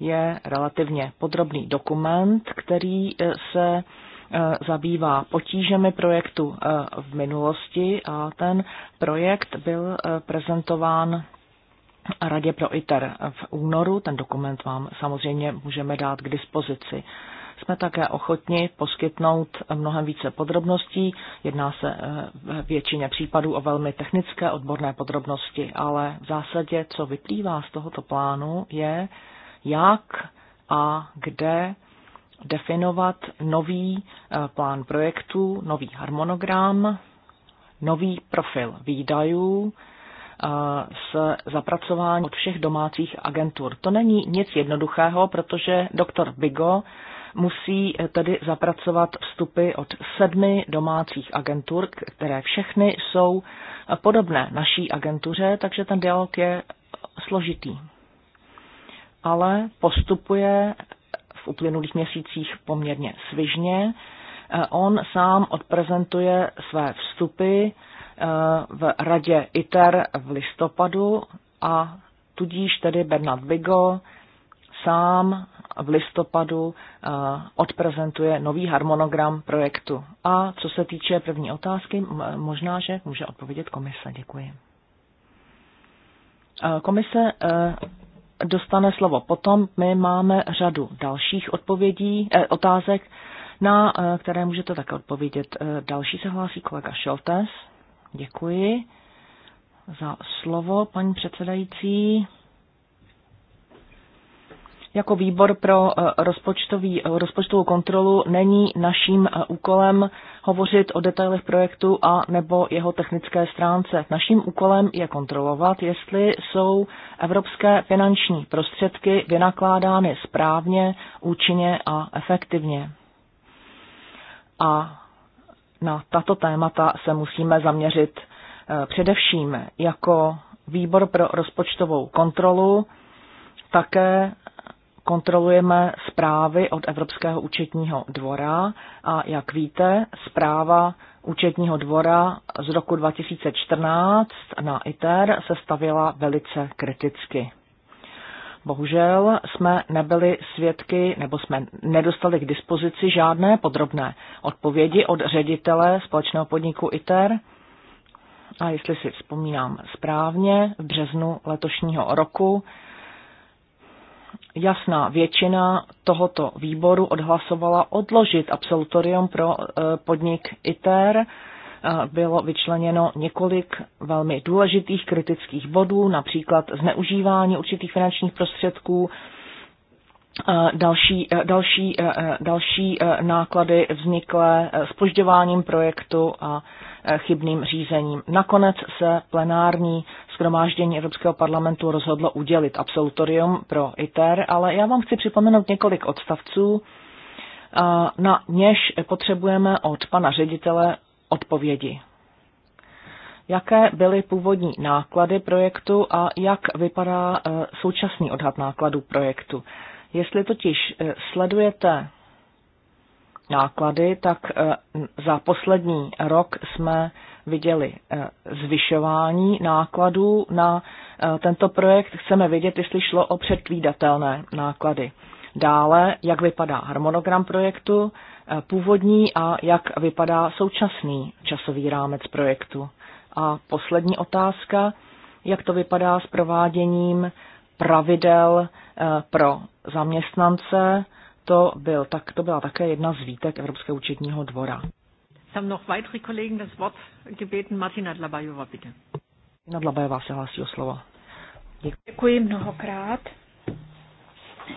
je relativně podrobný dokument, který se Eh, zabývá potížemi projektu eh, v minulosti a ten projekt byl eh, prezentován Radě pro ITER v únoru. Ten dokument vám samozřejmě můžeme dát k dispozici. Jsme také ochotni poskytnout mnohem více podrobností. Jedná se v většině případů o velmi technické odborné podrobnosti, ale v zásadě, co vyplývá z tohoto plánu, je, jak a kde definovat nový eh, plán projektu, nový harmonogram, nový profil výdajů eh, s zapracováním od všech domácích agentur. To není nic jednoduchého, protože doktor Bigo musí eh, tedy zapracovat vstupy od sedmi domácích agentur, které všechny jsou podobné naší agentuře, takže ten dialog je složitý. Ale postupuje uplynulých měsících poměrně svižně. Eh, on sám odprezentuje své vstupy eh, v radě ITER v listopadu a tudíž tedy Bernard Vigo sám v listopadu eh, odprezentuje nový harmonogram projektu. A co se týče první otázky, možná, že může odpovědět komise. Děkuji. Komise dostane slovo potom. My máme řadu dalších odpovědí, eh, otázek, na eh, které můžete také odpovědět. Eh, další se hlásí kolega Šoltes. Děkuji za slovo, paní předsedající. Jako výbor pro eh, rozpočtový, eh, rozpočtovou kontrolu není naším eh, úkolem hovořit o detailech projektu a nebo jeho technické stránce. Naším úkolem je kontrolovat, jestli jsou evropské finanční prostředky vynakládány správně, účinně a efektivně. A na tato témata se musíme zaměřit především jako výbor pro rozpočtovou kontrolu také kontrolujeme zprávy od Evropského účetního dvora a jak víte, zpráva účetního dvora z roku 2014 na ITER se stavila velice kriticky. Bohužel jsme nebyli svědky nebo jsme nedostali k dispozici žádné podrobné odpovědi od ředitele společného podniku ITER. A jestli si vzpomínám správně, v březnu letošního roku jasná většina tohoto výboru odhlasovala odložit absolutorium pro e, podnik ITER. E, bylo vyčleněno několik velmi důležitých kritických bodů, například zneužívání určitých finančních prostředků, Eh, další, eh, další, eh, další náklady vzniklé spožďováním projektu a chybným řízením. Nakonec se plenární shromáždění Evropského parlamentu rozhodlo udělit absolutorium pro ITER, ale já vám chci připomenout několik odstavců, na něž potřebujeme od pana ředitele odpovědi. Jaké byly původní náklady projektu a jak vypadá současný odhad nákladů projektu? Jestli totiž eh, sledujete náklady, tak eh, za poslední rok jsme viděli eh, zvyšování nákladů na tento projekt. Chceme vidět, jestli šlo o předvídatelné náklady. Dále, jak vypadá harmonogram projektu původní a jak vypadá současný časový rámec projektu. A poslední otázka, jak to vypadá s prováděním pravidel pro zaměstnance, to, byl, tak, to byla také jedna z výtek Evropského účetního dvora. Tam noch weitere Kollegen das Wort gebeten. Martina Dlabajová, bitte. Martina Dlabajová se hlásí o slovo. Děkuji. Děkuji mnohokrát.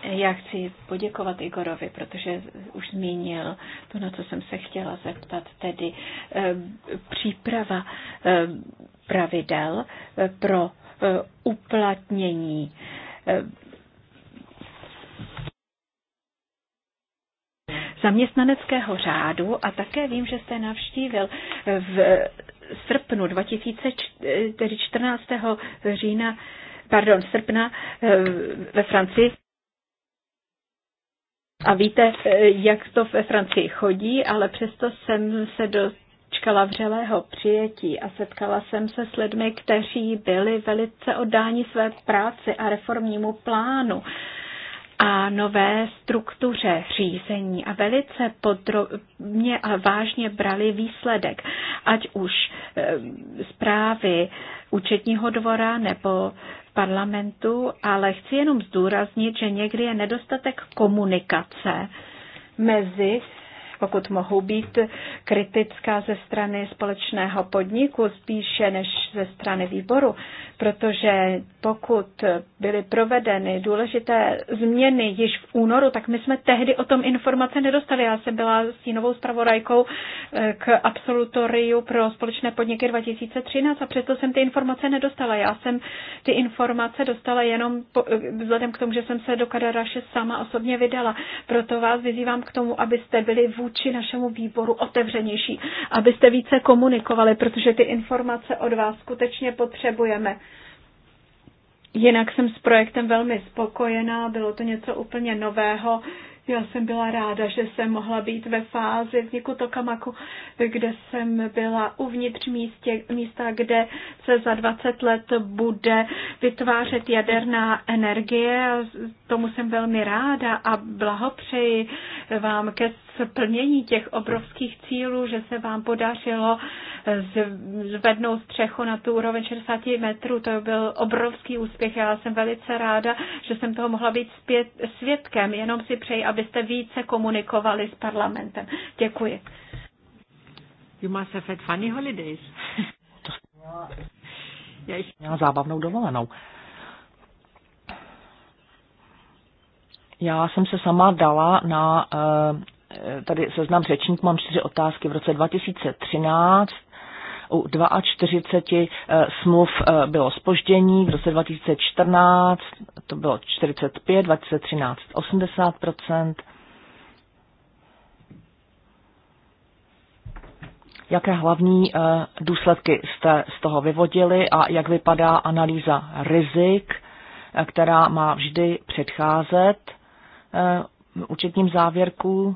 Já chci poděkovat Igorovi, protože už zmínil to, na co jsem se chtěla zeptat, tedy eh, příprava eh, pravidel eh, pro uplatnění zaměstnaneckého řádu a také vím, že jste navštívil v srpnu 2014. října, pardon, srpna eh, ve Francii. A víte, eh, jak to ve Francii chodí, ale přesto jsem se do čkala vřelého přijetí a setkala jsem se s lidmi, kteří byli velice oddáni své práci a reformnímu plánu a nové struktuře řízení a velice podrobně a vážně brali výsledek, ať už eh, zprávy účetního dvora nebo parlamentu, ale chci jenom zdůraznit, že někdy je nedostatek komunikace mezi pokud mohou být kritická ze strany společného podniku spíše než ze strany výboru, protože pokud byly provedeny důležité změny již v únoru, tak my jsme tehdy o tom informace nedostali. Já jsem byla s novou zpravodajkou eh, k absolutoriu pro společné podniky 2013 a přesto jsem ty informace nedostala. Já jsem ty informace dostala jenom po, eh, vzhledem k tomu, že jsem se do Kadaraše sama osobně vydala. Proto vás vyzývám k tomu, abyste byli vůči vůči našemu výboru otevřenější, abyste více komunikovali, protože ty informace od vás skutečně potřebujeme. Jinak jsem s projektem velmi spokojená, bylo to něco úplně nového. Já jsem byla ráda, že jsem mohla být ve fázi vzniku Tokamaku, kde jsem byla uvnitř místě, místa, kde se za 20 let bude vytvářet jaderná energie. Tomu jsem velmi ráda a blahopřeji vám ke plnění těch obrovských cílů, že se vám podařilo eh, zvednout střechu na tu úroveň 60 metrů. To byl obrovský úspěch. Já jsem velice ráda, že jsem toho mohla být zpět, svědkem. Jenom si přeji, abyste více komunikovali s parlamentem. Děkuji. You must have had funny holidays. já jsem měla zábavnou dovolenou. Já jsem se sama dala na eh, Eh, tady seznam řečník, mám čtyři otázky. V roce 2013 u 42 eh, smluv eh, bylo spoždění, v roce 2014 to bylo 45, 2013 80 Jaké hlavní důsledky jste z toho vyvodili a jak vypadá analýza rizik, která má vždy předcházet účetním závěrku?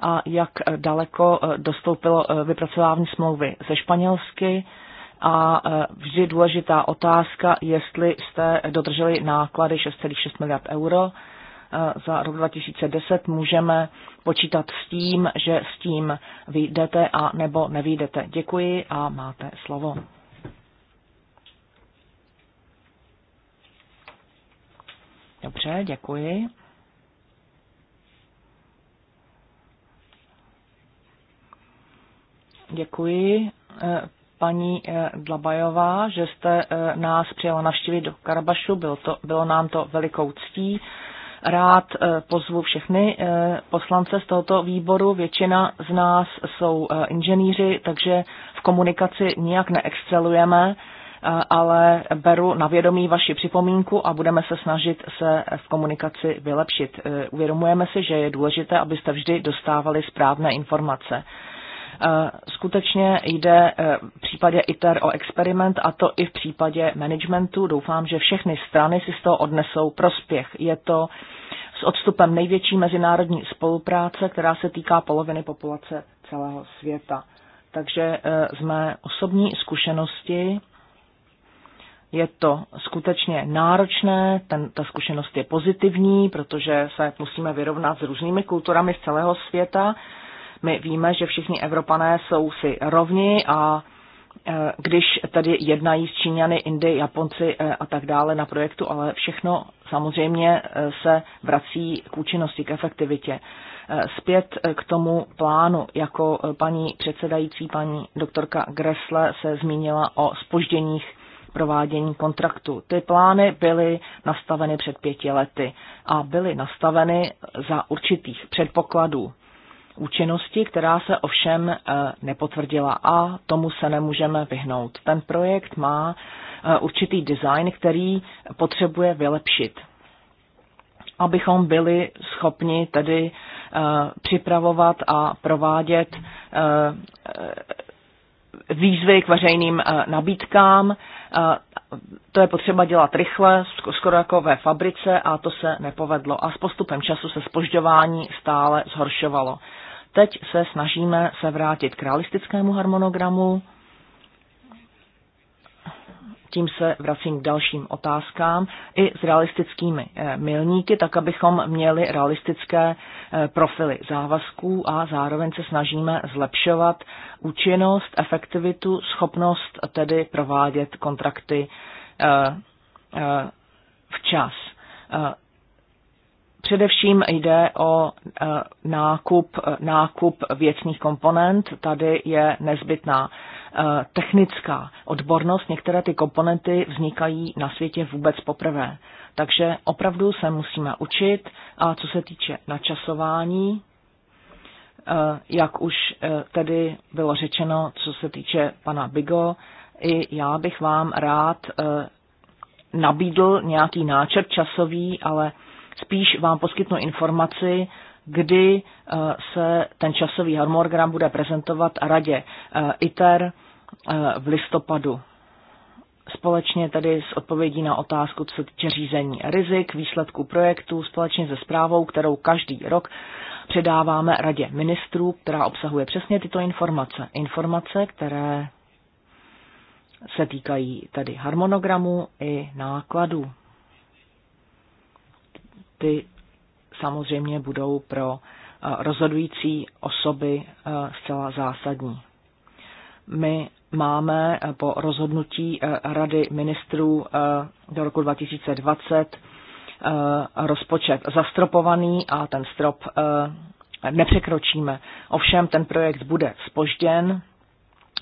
a jak daleko eh, dostoupilo eh, vypracování smlouvy ze španělsky. A eh, vždy důležitá otázka, jestli jste dodrželi náklady 6,6 miliard euro za rok 2010 můžeme počítat s tím, že s tím vyjdete a nebo nevyjdete. Děkuji a máte slovo. Dobře, děkuji. Děkuji eh, paní eh, Dlabajová, že jste eh, nás přijela navštívit do Karabašu. Bylo, to, bylo nám to velikou ctí. Rád pozvu všechny poslance z tohoto výboru. Většina z nás jsou inženýři, takže v komunikaci nijak neexcelujeme, ale beru na vědomí vaši připomínku a budeme se snažit se v komunikaci vylepšit. Uvědomujeme si, že je důležité, abyste vždy dostávali správné informace. Eh, skutečně jde eh, v případě ITER o experiment a to i v případě managementu. Doufám, že všechny strany si z toho odnesou prospěch. Je to s odstupem největší mezinárodní spolupráce, která se týká poloviny populace celého světa. Takže eh, z mé osobní zkušenosti je to skutečně náročné, ten, ta zkušenost je pozitivní, protože se musíme vyrovnat s různými kulturami z celého světa, my víme, že všichni Evropané jsou si rovni a e, když tady jednají s Číňany, Indy, Japonci e, a tak dále na projektu, ale všechno samozřejmě e, se vrací k účinnosti, k efektivitě. Zpět k tomu plánu, jako paní předsedající, paní doktorka Gressle se zmínila o spožděních provádění kontraktu. Ty plány byly nastaveny před pěti lety a byly nastaveny za určitých předpokladů účinnosti, která se ovšem eh, nepotvrdila a tomu se nemůžeme vyhnout. Ten projekt má eh, určitý design, který potřebuje vylepšit abychom byli schopni tedy eh, připravovat a provádět výzvy k veřejným nabídkám. To je potřeba dělat rychle, skoro jako ve fabrice a to se nepovedlo. A s postupem času se spožďování stále zhoršovalo. Teď se snažíme se vrátit k realistickému harmonogramu. Tím se vracím k dalším otázkám i s realistickými eh, milníky, tak abychom měli realistické eh, profily závazků a zároveň se snažíme zlepšovat účinnost, efektivitu, schopnost tedy provádět kontrakty eh, včas Především jde o e, nákup, e, nákup věcných komponent. Tady je nezbytná e, technická odbornost. Některé ty komponenty vznikají na světě vůbec poprvé. Takže opravdu se musíme učit. A co se týče načasování, jak už tedy bylo řečeno, co se týče pana Bigo, i já bych vám rád nabídl nějaký náčrt časový, ale Spíš vám poskytnu informaci, kdy eh, se ten časový harmonogram bude prezentovat radě eh, ITER eh, v listopadu. Společně tedy s odpovědí na otázku, co týče řízení rizik, výsledků projektu, společně se zprávou, kterou každý rok předáváme radě ministrů, která obsahuje přesně tyto informace. Informace, které se týkají tedy harmonogramu i nákladů ty samozřejmě budou pro eh, rozhodující osoby eh, zcela zásadní. My máme eh, po rozhodnutí Rady ministrů do roku 2020 rozpočet zastropovaný a ten strop nepřekročíme. Ovšem ten projekt bude spožděn,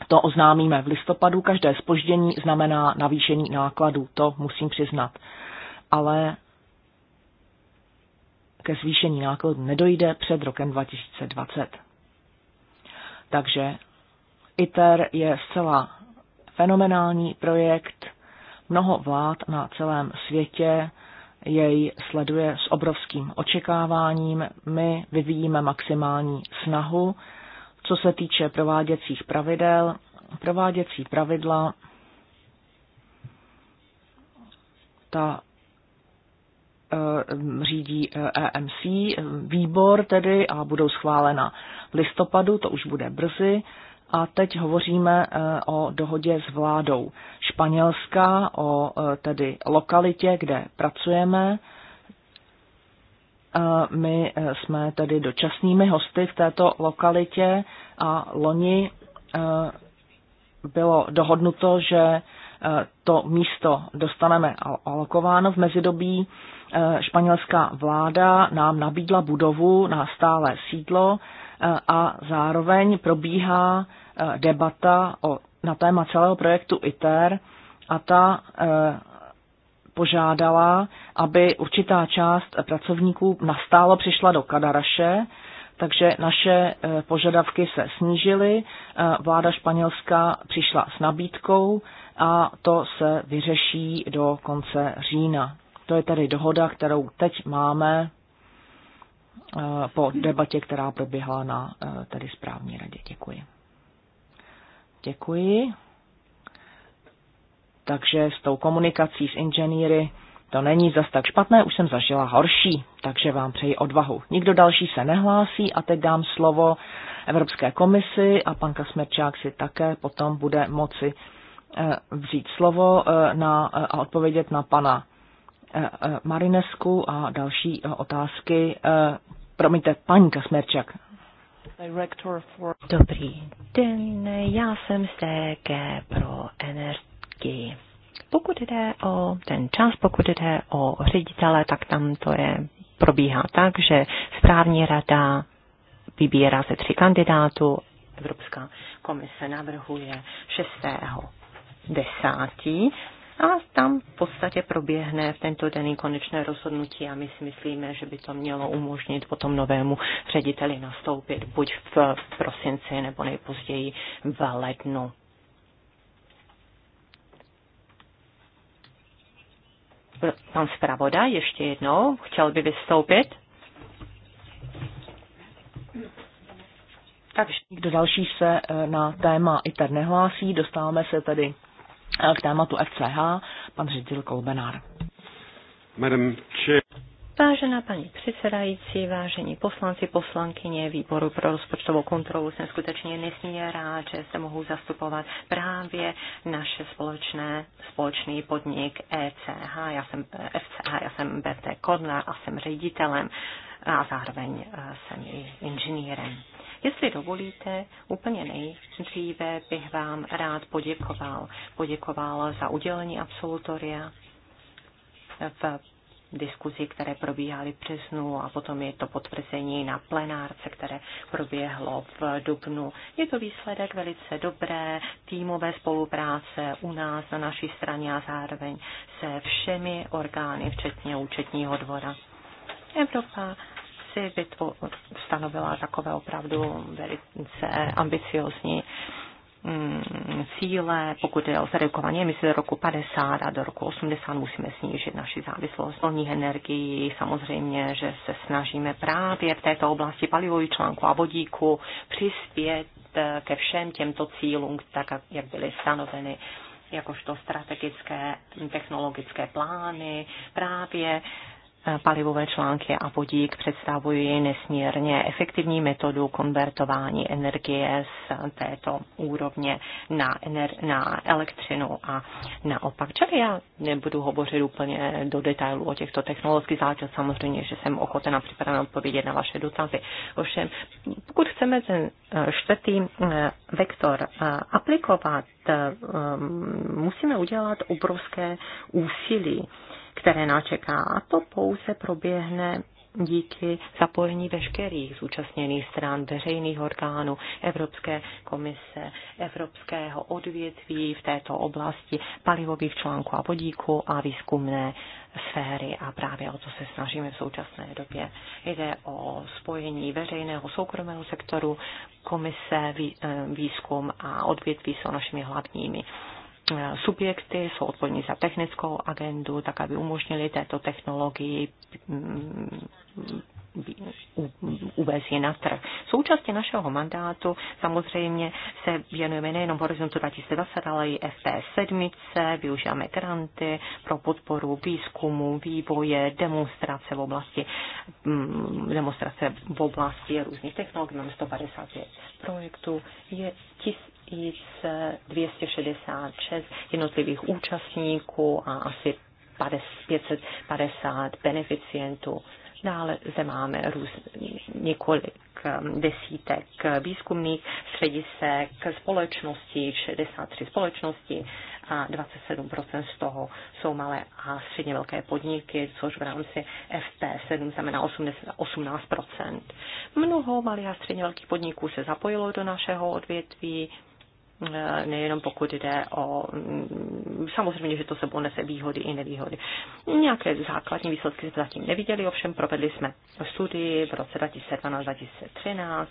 to oznámíme v listopadu. Každé spoždění znamená navýšení nákladů, to musím přiznat. Ale ke zvýšení nákladů nedojde před rokem 2020. Takže ITER je zcela fenomenální projekt. Mnoho vlád na celém světě jej sleduje s obrovským očekáváním. My vyvíjíme maximální snahu. Co se týče prováděcích pravidel, prováděcí pravidla ta Eh, řídí EMC, eh, e eh, výbor tedy, a budou schválena v listopadu, to už bude brzy. A teď hovoříme o dohodě s vládou Španělska, o tedy lokalitě, kde pracujeme. My jsme tedy dočasnými hosty v této lokalitě a loni bylo dohodnuto, že Eh, to místo dostaneme alokováno. V mezidobí eh, španělská vláda nám nabídla budovu na stále sídlo eh, a zároveň probíhá debata o, na téma celého projektu ITER a ta požádala, aby určitá část pracovníků nastálo přišla do Kadaraše, takže naše požadavky se snížily. Vláda španělská přišla s nabídkou a to se vyřeší do konce října. To je tedy dohoda, kterou teď máme eh, po debatě, která proběhla na eh, tedy správní radě. Děkuji. Děkuji. Takže s tou komunikací s inženýry to není zas tak špatné, už jsem zažila horší, takže vám přeji odvahu. Nikdo další se nehlásí a teď dám slovo Evropské komisi a pan Kasmerčák si také potom bude moci Eh, vzít slovo eh, na, eh, a odpovědět na pana Marinesku a další otázky. Promiňte, paní Kasmerčak. Dobrý den, já jsem z DG pro energii. Pokud jde o ten čas, pokud jde o ředitele, tak tam to je, probíhá tak, že správní rada vybírá ze tři kandidátů Evropská komise navrhuje 6 desátí a tam v podstatě proběhne v tento den konečné rozhodnutí a my si myslíme, že by to mělo umožnit potom novému řediteli nastoupit buď v prosinci nebo nejpozději v lednu. Pan zpravoda ještě jednou chtěl by vystoupit. Takže nikdo další se eh, na téma tady nehlásí, dostáváme se tedy k tématu FCH, pan ředitel Kolbenár. Madam Chair. Vážená paní předsedající, vážení poslanci, poslankyně výboru pro rozpočtovou kontrolu, jsem skutečně nesmírně rád, že se mohu zastupovat právě naše společné, společný podnik ECH. Já jsem FCH, já jsem BT Kodnar a jsem ředitelem a zároveň eh, jsem i inženýrem. Jestli dovolíte, úplně nejdříve bych vám rád poděkoval. Poděkoval za udělení absolutoria v diskuzi, které probíhaly v březnu a potom je to potvrzení na plenárce, které proběhlo v dubnu. Je to výsledek velice dobré týmové spolupráce u nás na naší straně a zároveň se všemi orgány, včetně účetního dvora. Evropa si vytvo- stanovila takové opravdu velice ambiciozní mm, cíle, pokud je o zredukování emisí do roku 50 a do roku 80 musíme snížit naši závislost volných energií. Samozřejmě, že se snažíme právě v této oblasti palivových článků a vodíku přispět eh, ke všem těmto cílům, tak jak byly stanoveny jakožto strategické technologické plány právě palivové články a vodík představují nesmírně efektivní metodu konvertování energie z této úrovně na, ener- na elektřinu a naopak. Čili já nebudu hovořit úplně do detailu o těchto technologických záležitostech, samozřejmě, že jsem ochotena připravena odpovědět na vaše dotazy. Ovšem, pokud chceme ten eh, čtvrtý eh, vektor eh, aplikovat, musíme udělat obrovské úsilí které nás čeká. A to pouze proběhne díky zapojení veškerých zúčastněných stran, veřejných orgánů, Evropské komise, Evropského odvětví v této oblasti palivových článků a vodíku a výzkumné sféry a právě o to se snažíme v současné době. Jde o spojení veřejného soukromého sektoru, komise, eh, výzkum a odvětví jsou našimi hlavními Eh, subjekty jsou odpovědní za technickou agendu, tak aby umožnili této technologii mm, mm, uvést ji na trh. Součástí našeho mandátu samozřejmě se věnujeme nejenom Horizontu 2020, ale i FP7, využíváme granty pro podporu výzkumu, vývoje, demonstrace v oblasti, mm, demonstrace v oblasti různých technologií, máme 155 projektů, je tis, IC 266 jednotlivých účastníků a asi 550 beneficientů. Dále zde máme růz, několik um, desítek výzkumných středisek společností, 63 společnosti a 27% z toho jsou malé a středně velké podniky, což v rámci FP7 znamená 18%. Mnoho malých a středně velkých podniků se zapojilo do našeho odvětví, Eh, nejenom pokud jde o, mm, samozřejmě, že to sebou nese výhody i nevýhody. Nějaké základní výsledky jsme zatím neviděli, ovšem provedli jsme studii v roce 2012-2013,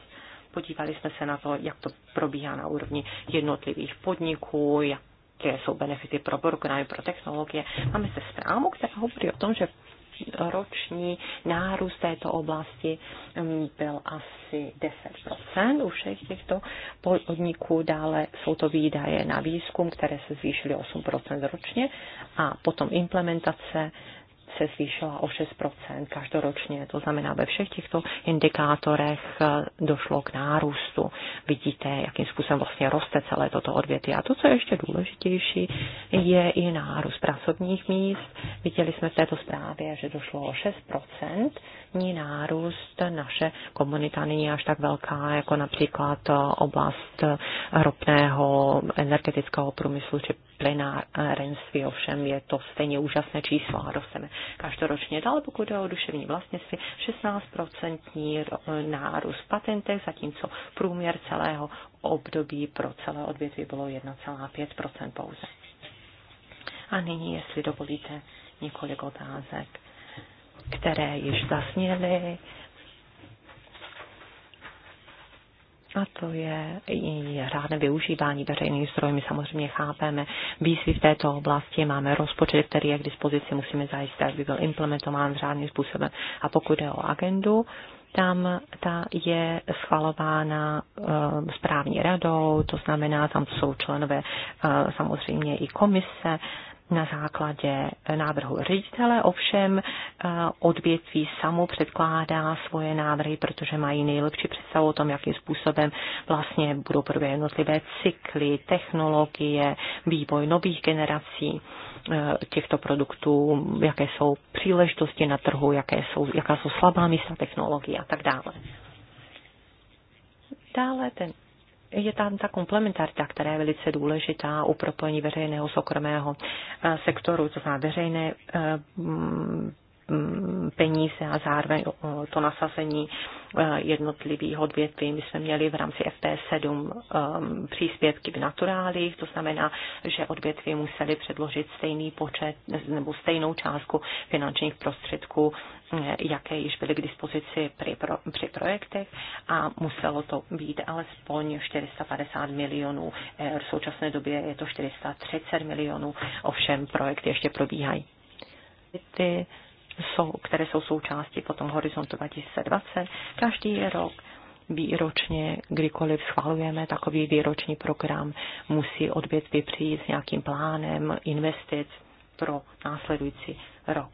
podívali jsme se na to, jak to probíhá na úrovni jednotlivých podniků, jaké jsou benefity pro programy, pro technologie. Máme se zprávu, která hovoří o tom, že roční nárůst této oblasti mm, byl asi 10 u všech těchto podniků. Dále jsou to výdaje na výzkum, které se zvýšily 8 ročně a potom implementace se zvýšila o 6% každoročně. To znamená, ve všech těchto indikátorech eh, došlo k nárůstu. Vidíte, jakým způsobem vlastně roste celé toto odvětví. A to, co je ještě důležitější, je i nárůst pracovních míst. Viděli jsme v této zprávě, že došlo o 6% procentní nárůst. Naše komunita není až tak velká, jako například oblast ropného energetického průmyslu či plenárenství. Ovšem je to stejně úžasné číslo a dostaneme každoročně dál, pokud jde o duševní vlastnictví, 16% nárůst patentech, zatímco průměr celého období pro celé odvětví bylo 1,5% pouze. A nyní, jestli dovolíte, několik otázek které již zasněly. A to je i řádné využívání veřejných zdrojů. My samozřejmě chápeme výzvy v této oblasti, máme rozpočet, který je k dispozici, musíme zajistit, aby byl implementován řádným způsobem. A pokud je o agendu, tam ta je schvalována eh, správní radou, to znamená, tam jsou členové eh, samozřejmě i komise na základě návrhu ředitele, ovšem eh, odvětví samo předkládá svoje návrhy, protože mají nejlepší představu o tom, jakým způsobem vlastně budou prvé jednotlivé cykly, technologie, vývoj nových generací eh, těchto produktů, jaké jsou příležitosti na trhu, jaké jsou, jaká jsou slabá místa technologie a tak dále. Dále ten je tam ta komplementarita, která je velice důležitá u propojení veřejného soukromého eh, sektoru, to znamená veřejné eh, mm, peníze a zároveň eh, to nasazení jednotlivých odvětví. My jsme měli v rámci FP7 příspěvky v naturálích, to znamená, že odvětví museli předložit stejný počet nebo stejnou částku finančních prostředků jaké již byly k dispozici při, pro, při projektech a muselo to být alespoň 450 milionů. E, v současné době je to 430 milionů, ovšem projekty ještě probíhají. Ty jsou, které jsou součástí potom Horizontu 2020, každý rok výročně, kdykoliv schvalujeme takový výroční program, musí odbět přijít s nějakým plánem investic pro následující rok.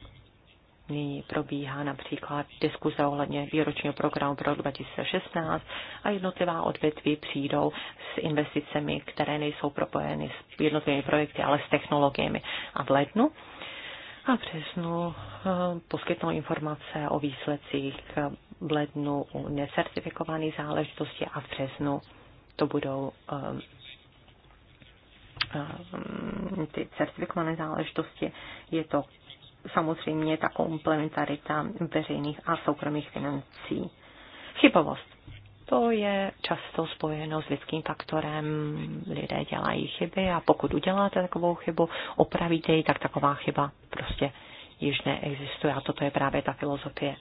Nyní probíhá například diskuze ohledně výročního programu pro 2016 a jednotlivá odvětví přijdou s investicemi, které nejsou propojeny s jednotlivými projekty, ale s technologiemi. A v lednu a v březnu eh, poskytnou informace o výsledcích v lednu u necertifikovaných záležitostí a v březnu to budou eh, eh, ty certifikované záležitosti. Je to samozřejmě ta komplementarita veřejných a soukromých financí. Chybovost. To je často spojeno s lidským faktorem. Lidé dělají chyby a pokud uděláte takovou chybu, opravíte ji, tak taková chyba prostě již neexistuje. A toto je právě ta filozofie,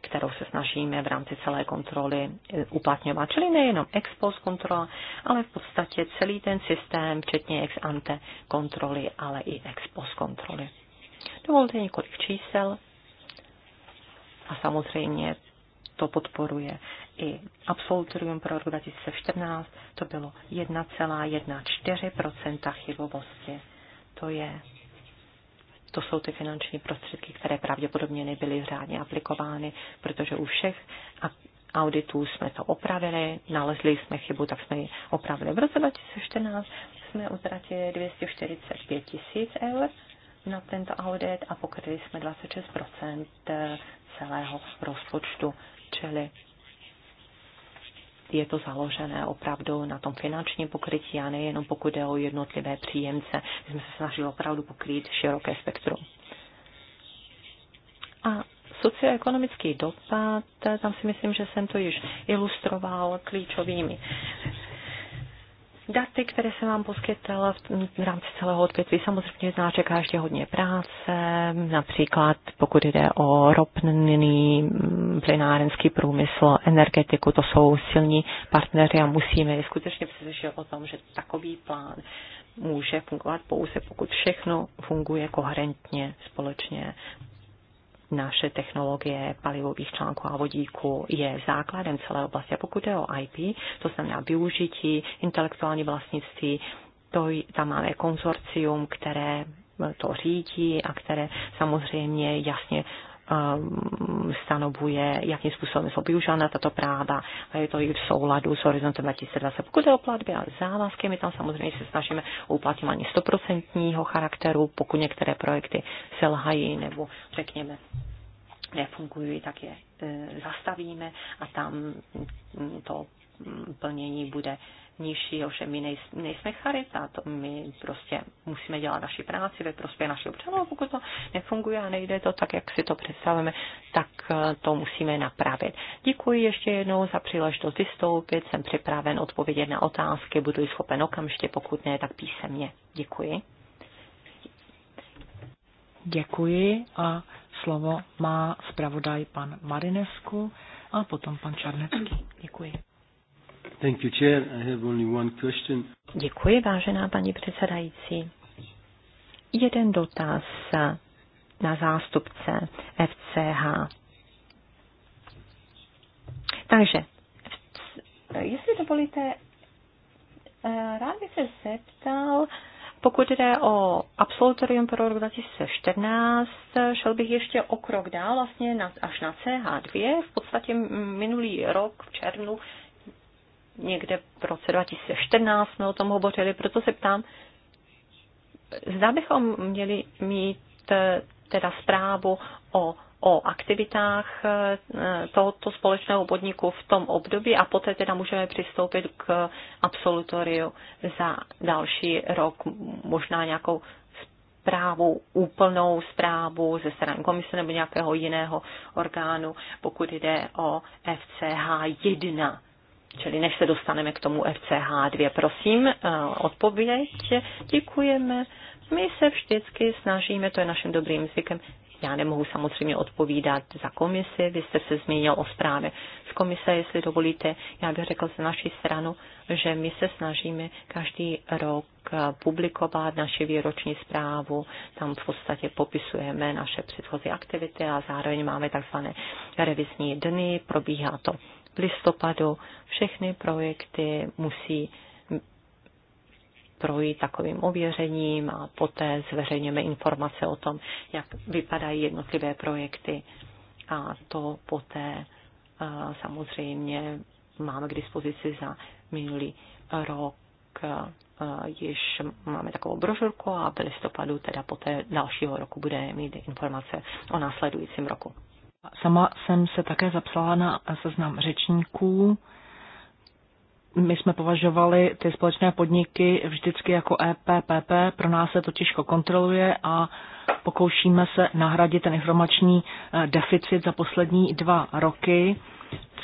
kterou se snažíme v rámci celé kontroly eh, uplatňovat. Čili nejenom ex post kontrola, ale v podstatě celý ten systém, včetně ex ante kontroly, ale i ex post kontroly. Dovolte několik čísel a samozřejmě to podporuje i absolutorium pro rok 2014, to bylo 1,14 chybovosti. To je to jsou ty finanční prostředky, které pravděpodobně nebyly řádně aplikovány, protože u všech auditů jsme to opravili, nalezli jsme chybu, tak jsme ji opravili. V roce 2014 jsme utratili 245 tisíc eur na tento audit a pokryli jsme 26 eh, celého rozpočtu, čili je to založené opravdu na tom finančním pokrytí a nejenom pokud jde o jednotlivé příjemce. My jsme se snažili opravdu pokrýt široké spektrum. A socioekonomický dopad, tam si myslím, že jsem to již ilustroval klíčovými daty, které jsem vám poskytla v rámci celého odvětví, samozřejmě nás čeká ještě hodně práce, například pokud jde o ropný mm, plynárenský průmysl, energetiku, to jsou silní partneři a musíme skutečně přesvědčit o tom, že takový plán může fungovat pouze, pokud všechno funguje koherentně, společně naše technologie palivových článků a vodíku je základem celé oblasti. A pokud je o IP, to znamená využití, intelektuální vlastnictví, to, tam máme konzorcium, které to řídí a které samozřejmě jasně Um, stanovuje, jakým způsobem jsou využána tato práva a je to i v souladu s horizontem 2020. Pokud je o platby a závazky, my tam samozřejmě se snažíme o uplatňování stoprocentního charakteru, pokud některé projekty selhají nebo řekněme nefungují, tak je eh, zastavíme a tam to plnění bude nižší, ovšem my nejsme charita, to my prostě musíme dělat naši práci ve prospěch našich občanů a pokud to nefunguje a nejde to tak, jak si to představujeme, tak eh, to musíme napravit. Děkuji ještě jednou za příležitost vystoupit, jsem připraven odpovědět na otázky, budu schopen okamžitě, pokud ne, tak písemně. Děkuji. Děkuji a slovo má zpravodaj pan Marinesku a potom pan Čarnecký. Děkuji. Thank you, Chair. I have only one question. Děkuji, vážená paní předsedající. Jeden dotaz na zástupce FCH. Takže, jestli dovolíte, eh, rád bych se zeptal, pokud jde o absolutorium pro rok 2014, šel bych ještě o krok dál, vlastně až na CH2. V podstatě minulý rok v červnu někde v roce 2014 jsme o tom hovořili, proto se ptám, zda bychom měli mít eh, teda zprávu o, o aktivitách eh, tohoto společného podniku v tom období a poté teda můžeme přistoupit k absolutoriu za další rok, možná nějakou zprávu, úplnou zprávu ze strany komise nebo nějakého jiného orgánu, pokud jde o FCH 1 Čili než se dostaneme k tomu FCH2, prosím, eh, odpověď. Děkujeme. My se vždycky snažíme, to je naším dobrým zvykem. Já nemohu samozřejmě odpovídat za komisi, vy jste se zmínil o zprávě z komise, jestli dovolíte. Já bych řekl z naší stranu, že my se snažíme každý rok publikovat naši výroční zprávu. Tam v podstatě popisujeme naše předchozí aktivity a zároveň máme takzvané revizní dny. Probíhá to v listopadu. Všechny projekty musí projít takovým ověřením a poté zveřejněme informace o tom, jak vypadají jednotlivé projekty. A to poté samozřejmě máme k dispozici za minulý rok již máme takovou brožurku a v listopadu teda poté dalšího roku bude mít informace o následujícím roku. Sama jsem se také zapsala na seznam řečníků. My jsme považovali ty společné podniky vždycky jako EPPP, pro nás se to těžko kontroluje a pokoušíme se nahradit ten informační eh, deficit za poslední dva roky.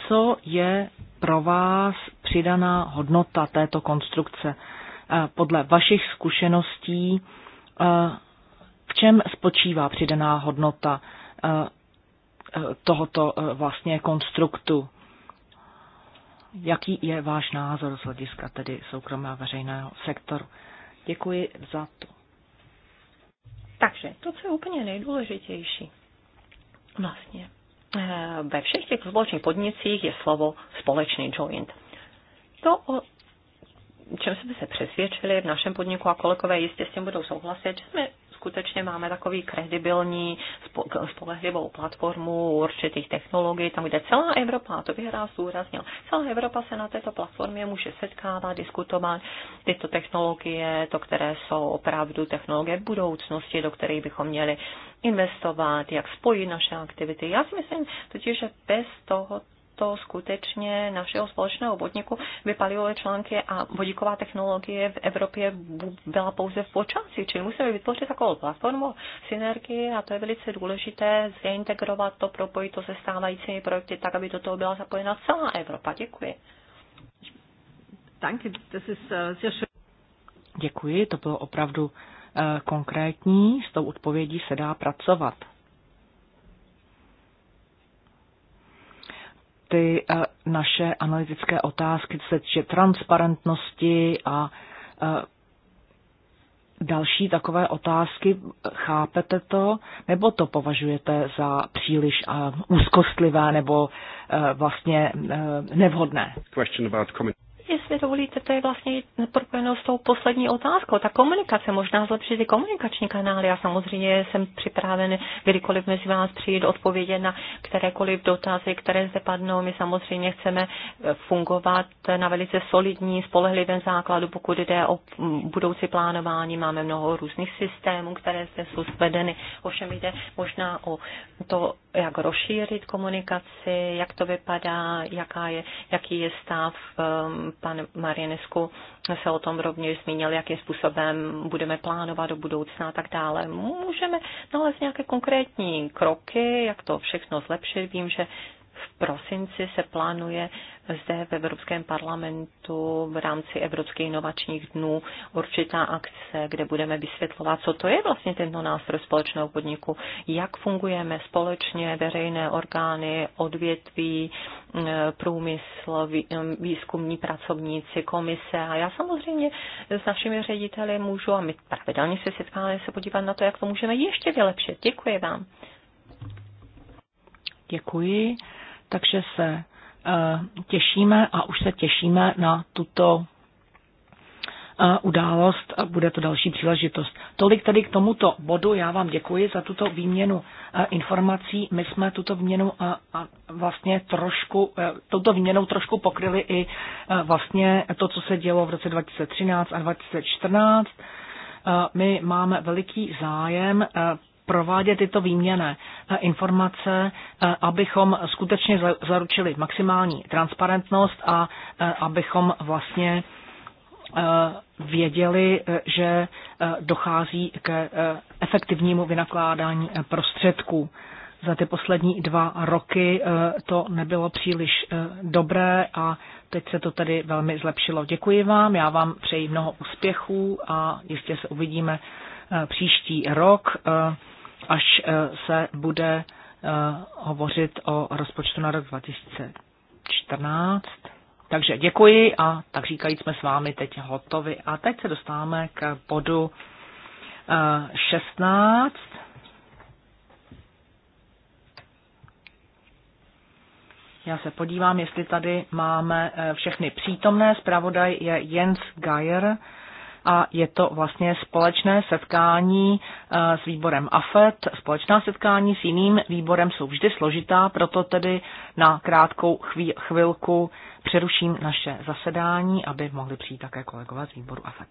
Co je pro vás přidaná hodnota této konstrukce? Eh, podle vašich zkušeností, eh, v čem spočívá přidaná hodnota? tohoto eh, vlastně konstruktu. Jaký je váš názor z hlediska tedy soukromého a veřejného sektoru? Děkuji za to. Takže to, co je úplně nejdůležitější, vlastně eh, ve všech těch společných podnicích je slovo společný joint. To, o čem jsme se přesvědčili v našem podniku a kolegové jistě s tím budou souhlasit, že jsme skutečně máme takový kredibilní, spolehlivou platformu určitých technologií, tam, kde celá Evropa, a to bych rád zúraznil, celá Evropa se na této platformě může setkávat, diskutovat tyto technologie, to, které jsou opravdu technologie budoucnosti, do kterých bychom měli investovat, jak spojit naše aktivity. Já si myslím totiž, že bez toho to skutečně našeho společného podniku vypalivové články a vodíková technologie v Evropě byla pouze v počátcích, čili musíme vytvořit takovou platformu synergii a to je velice důležité zreintegrovat to, propojit to se stávajícími projekty tak, aby do toho byla zapojena celá Evropa. Děkuji. Äh, Děkuji, to bylo opravdu eh, konkrétní, s tou odpovědí se dá pracovat. ty eh, naše analytické otázky, co se týče transparentnosti a eh, další takové otázky, chápete to, nebo to považujete za příliš eh, úzkostlivé nebo vlastně nevhodné? Jestli dovolíte, to je vlastně propojeno s tou poslední otázkou. Ta komunikace, možná zlepšit ty komunikační kanály. Já samozřejmě jsem připraven kdykoliv mezi vás přijít odpovědět na kterékoliv dotazy, které zde padnou. My samozřejmě chceme eh, fungovat na velice solidní, spolehlivém základu, pokud jde o mm, budoucí plánování. Máme mnoho různých systémů, které zde jsou zvedeny. Ovšem jde možná o to jak rozšířit komunikaci, jak to vypadá, jaká je, jaký je stav. Um, pan Marinesku se o tom rovněž zmínil, jakým způsobem budeme plánovat do budoucna a tak dále. Můžeme nalézt nějaké konkrétní kroky, jak to všechno zlepšit. Vím, že v prosinci se plánuje zde v Evropském parlamentu v rámci Evropských inovačních dnů určitá akce, kde budeme vysvětlovat, co to je vlastně tento nástroj společného podniku, jak fungujeme společně, veřejné orgány, odvětví, eh, průmysl, eh, výzkumní pracovníci, komise. A já samozřejmě s našimi řediteli můžu, a my pravidelně se setkáme, se podívat na to, jak to můžeme ještě vylepšit. Děkuji vám. Děkuji. Takže se eh, těšíme a už se těšíme na tuto eh, událost a bude to další příležitost. Tolik tedy k tomuto bodu. Já vám děkuji za tuto výměnu eh, informací. My jsme tuto výměnu a, a vlastně trošku, touto výměnou trošku pokryli i vlastně to, co se dělo v roce 2013 a 2014. My máme veliký zájem provádět tyto výměny eh, informace, eh, abychom skutečně zaručili maximální transparentnost a eh, abychom vlastně věděli, že dochází k efektivnímu vynakládání prostředků. Za ty poslední dva roky to nebylo příliš dobré a teď se to tedy velmi zlepšilo. Děkuji vám, já vám přeji mnoho úspěchů a jistě se uvidíme příští rok až eh, se bude eh, hovořit o rozpočtu na rok 2014. Takže děkuji a tak říkajíc jsme s vámi teď hotovi. A teď se dostáváme k bodu 16. Eh, Já se podívám, jestli tady máme všechny přítomné. Zpravodaj je Jens Geier a je to vlastně společné setkání eh, s výborem AFET. Společná setkání s jiným výborem jsou vždy složitá, proto tedy na krátkou chvilku přeruším naše zasedání, aby mohli přijít také kolegové z výboru AFET.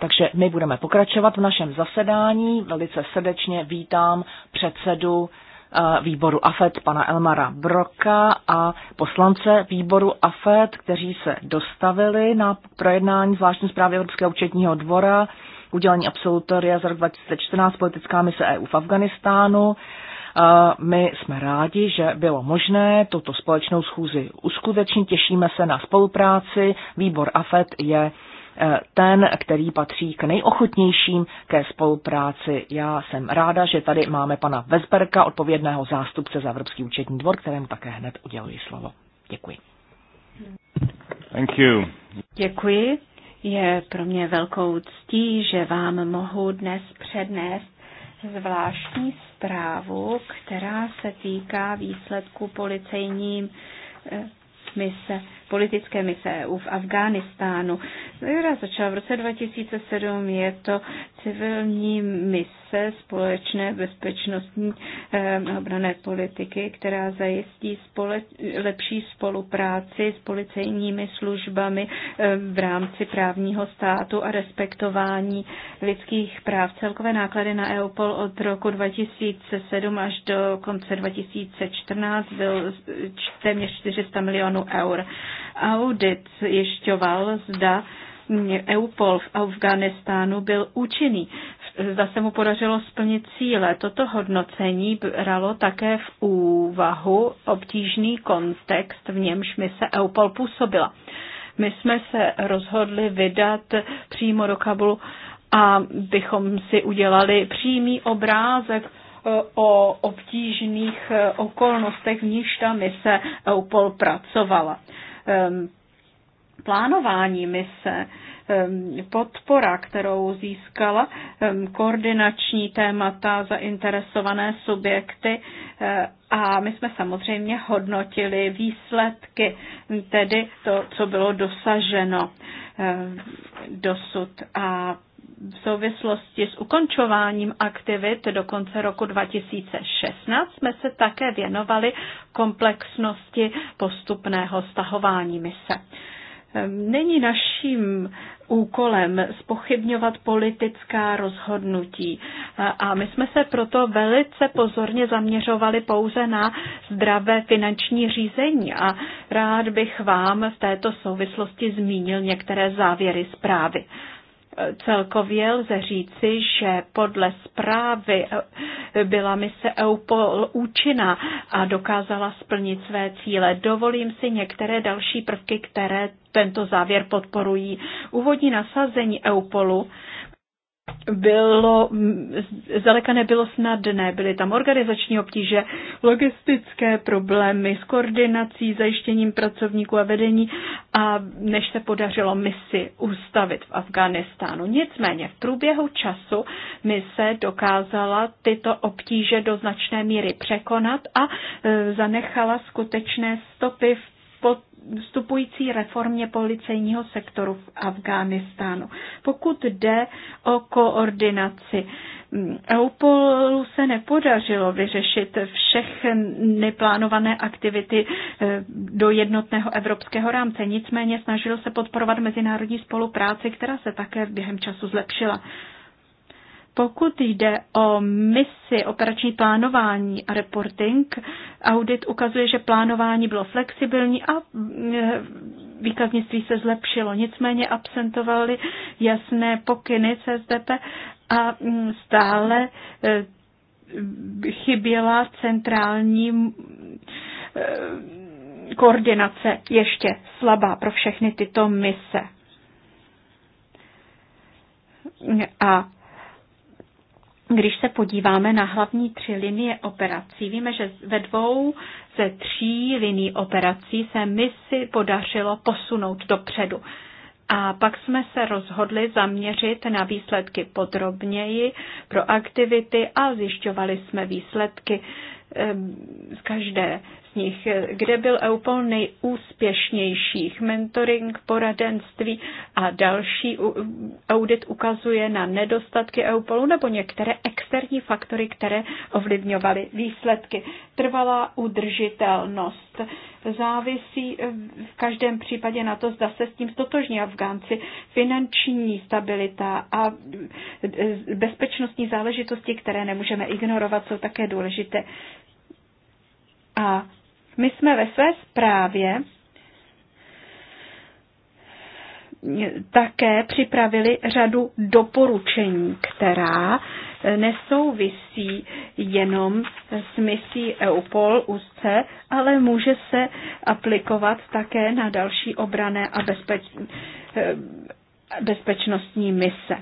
Takže my budeme pokračovat v našem zasedání. Velice srdečně vítám předsedu eh, výboru AFED pana Elmara Broka a poslance výboru AFED, kteří se dostavili na projednání zvláštní zprávy Evropského účetního dvora, udělení absolutoria za rok 2014, politická mise EU v Afganistánu my jsme rádi, že bylo možné tuto společnou schůzi uskutečnit. Těšíme se na spolupráci. Výbor AFET je e, ten, který patří k nejochotnějším ke spolupráci. Já jsem ráda, že tady máme pana Vesberka, odpovědného zástupce za Evropský účetní dvor, kterému také hned uděluji slovo. Děkuji. Thank you. Děkuji. Je pro mě velkou ctí, že vám mohu dnes přednést zvláštní zprávu, která se týká výsledku policejní eh, mise politické mise EU v Afghánistánu, která začala v roce 2007. Je to civilní mise společné bezpečnostní eh, obrané politiky, která zajistí spole, lepší spolupráci s policejními službami eh, v rámci právního státu a respektování lidských práv. Celkové náklady na EUPOL od roku 2007 až do konce 2014 byl téměř 400 milionů eur. Audit zjišťoval, zda EUPOL v Afganistánu byl účinný. Zda se mu podařilo splnit cíle. Toto hodnocení bralo také v úvahu obtížný kontext, v němž mise EUPOL působila. My jsme se rozhodli vydat přímo do Kabulu a bychom si udělali přímý obrázek eh, o obtížných eh, okolnostech, v níž ta mise EUPOL pracovala. Ehm, plánování mise, ehm, podpora, kterou získala, ehm, koordinační témata, zainteresované subjekty eh, a my jsme samozřejmě hodnotili výsledky, tedy to, co bylo dosaženo dosud. A v souvislosti s ukončováním aktivit do konce roku 2016 jsme se také věnovali komplexnosti postupného stahování mise. Ehm, není naším úkolem spochybňovat politická rozhodnutí. A my jsme se proto velice pozorně zaměřovali pouze na zdravé finanční řízení a rád bych vám v této souvislosti zmínil některé závěry zprávy. Celkově lze říci, že podle zprávy byla mise EUPOL účinná a dokázala splnit své cíle. Dovolím si některé další prvky, které tento závěr podporují. Úvodní nasazení EUPOLu bylo, zdaleka nebylo snadné. Byly tam organizační obtíže, logistické problémy s koordinací, zajištěním pracovníků a vedení a než se podařilo misi ustavit v Afganistánu. Nicméně v průběhu času mise dokázala tyto obtíže do značné míry překonat a e, zanechala skutečné stopy v vstupující reformě policejního sektoru v Afghánistánu. Pokud jde o koordinaci, mm, EUPOLu se nepodařilo vyřešit všechny plánované aktivity eh, do jednotného evropského rámce, nicméně snažilo se podporovat mezinárodní spolupráci, která se také během času zlepšila. Pokud jde o misi, operační plánování a reporting, audit ukazuje, že plánování bylo flexibilní a mm, výkaznictví se zlepšilo. Nicméně absentovaly jasné pokyny CSDP a mm, stále e, chyběla centrální e, koordinace ještě slabá pro všechny tyto mise. A když se podíváme na hlavní tři linie operací, víme, že ve dvou ze tří linií operací se misi podařilo posunout dopředu. A pak jsme se rozhodli zaměřit na výsledky podrobněji pro aktivity a zjišťovali jsme výsledky Ehm, z každé z nich, kde byl EUPOL nejúspěšnějších. Mentoring, poradenství a další audit ukazuje na nedostatky EUPOLu nebo některé externí faktory, které ovlivňovaly výsledky. Trvalá udržitelnost závisí v každém případě na to, zda se s tím stotožní Afgánci. Finanční stabilita a bezpečnostní záležitosti, které nemůžeme ignorovat, jsou také důležité. A my jsme ve své zprávě také připravili řadu doporučení, která nesouvisí jenom s misí EUPOL úzce, ale může se aplikovat také na další obrané a bezpeč, eh, bezpečnostní mise.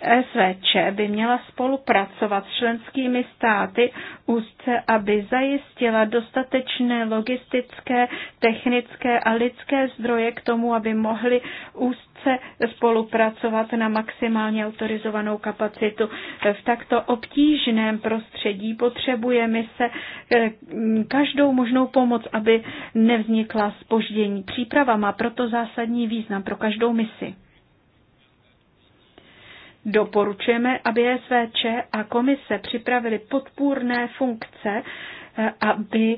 ESVČ by měla spolupracovat s členskými státy úzce, aby zajistila dostatečné logistické, technické a lidské zdroje k tomu, aby mohly úzce spolupracovat na maximálně autorizovanou kapacitu. V takto obtížném prostředí potřebujeme se eh, každou možnou pomoc, aby nevznikla spoždění. Příprava má proto zásadní význam pro každou misi. Doporučujeme, aby SVČ a komise připravili podpůrné funkce, eh, aby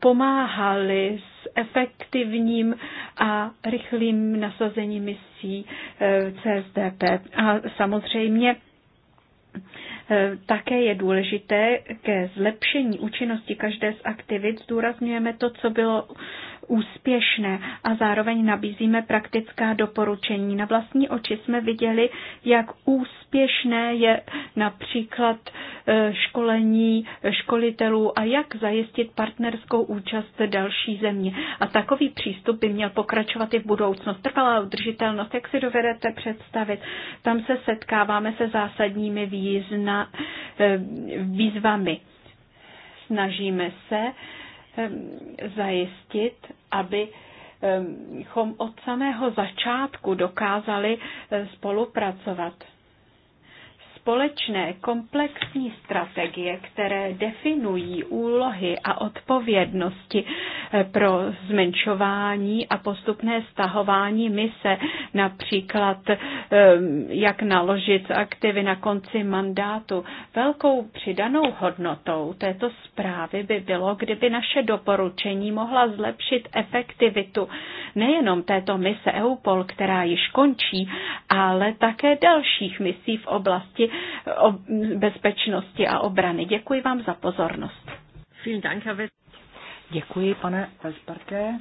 pomáhali s efektivním a rychlým nasazením misí eh, CSDP. A samozřejmě eh, také je důležité ke zlepšení účinnosti každé z aktivit zdůrazňujeme to, co bylo úspěšné a zároveň nabízíme praktická doporučení. Na vlastní oči jsme viděli, jak úspěšné je například e, školení školitelů a jak zajistit partnerskou účast další země. A takový přístup by měl pokračovat i v budoucnost. Trvalá udržitelnost, jak si dovedete představit, tam se setkáváme se zásadními význa, e, výzvami. Snažíme se Ehm, zajistit, aby ehm, od samého začátku dokázali eh, spolupracovat společné komplexní strategie, které definují úlohy a odpovědnosti eh, pro zmenšování a postupné stahování mise, například eh, jak naložit aktivy na konci mandátu. Velkou přidanou hodnotou této zprávy by bylo, kdyby naše doporučení mohla zlepšit efektivitu nejenom této mise EUPOL, která již končí, ale také dalších misí v oblasti o bezpečnosti a obrany. Děkuji vám za pozornost. Děkuji, pane Vesberke.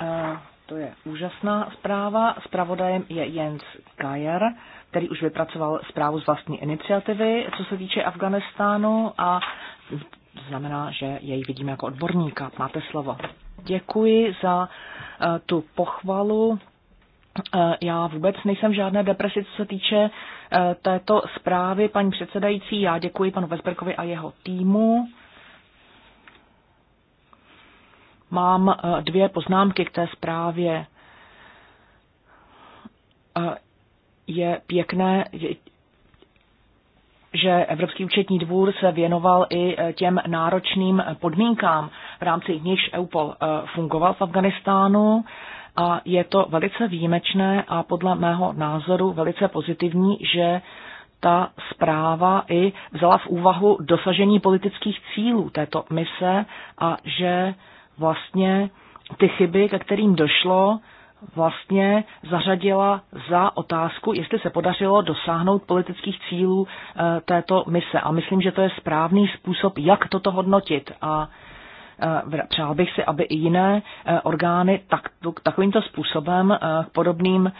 Eh, to je úžasná zpráva. Spravodajem je Jens Geier, který už vypracoval zprávu z vlastní iniciativy, co se týče Afganistánu a znamená, že jej vidíme jako odborníka. Máte slovo. Děkuji za eh, tu pochvalu Eh, já vůbec nejsem v žádné depresi, co se týče eh, této zprávy. Paní předsedající, já děkuji panu Vesberkovi a jeho týmu. Mám eh, dvě poznámky k té zprávě. Je pěkné, že Evropský účetní dvůr se věnoval i těm náročným podmínkám, v rámci nichž EUPOL fungoval v Afganistánu a je to velice výjimečné a podle mého názoru velice pozitivní, že ta zpráva i vzala v úvahu dosažení politických cílů této mise a že vlastně ty chyby, ke kterým došlo, vlastně zařadila za otázku, jestli se podařilo dosáhnout politických cílů eh, této mise. A myslím, že to je správný způsob, jak toto hodnotit. A Eh, přál bych si, aby i jiné eh, orgány tak, takovýmto způsobem eh, k podobným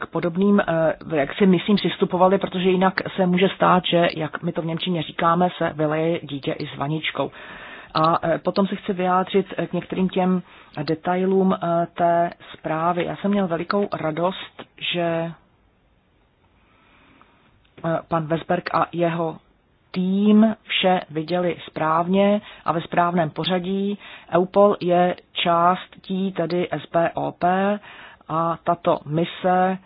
k podobným, jak si myslím, přistupovali, protože jinak se může stát, že, jak my to v Němčině říkáme, se vyleje dítě i s vaničkou. A potom se chci vyjádřit k některým těm detailům té zprávy. Já jsem měl velikou radost, že pan Vesberg a jeho tým vše viděli správně a ve správném pořadí. EUPOL je částí tedy SPOP a tato mise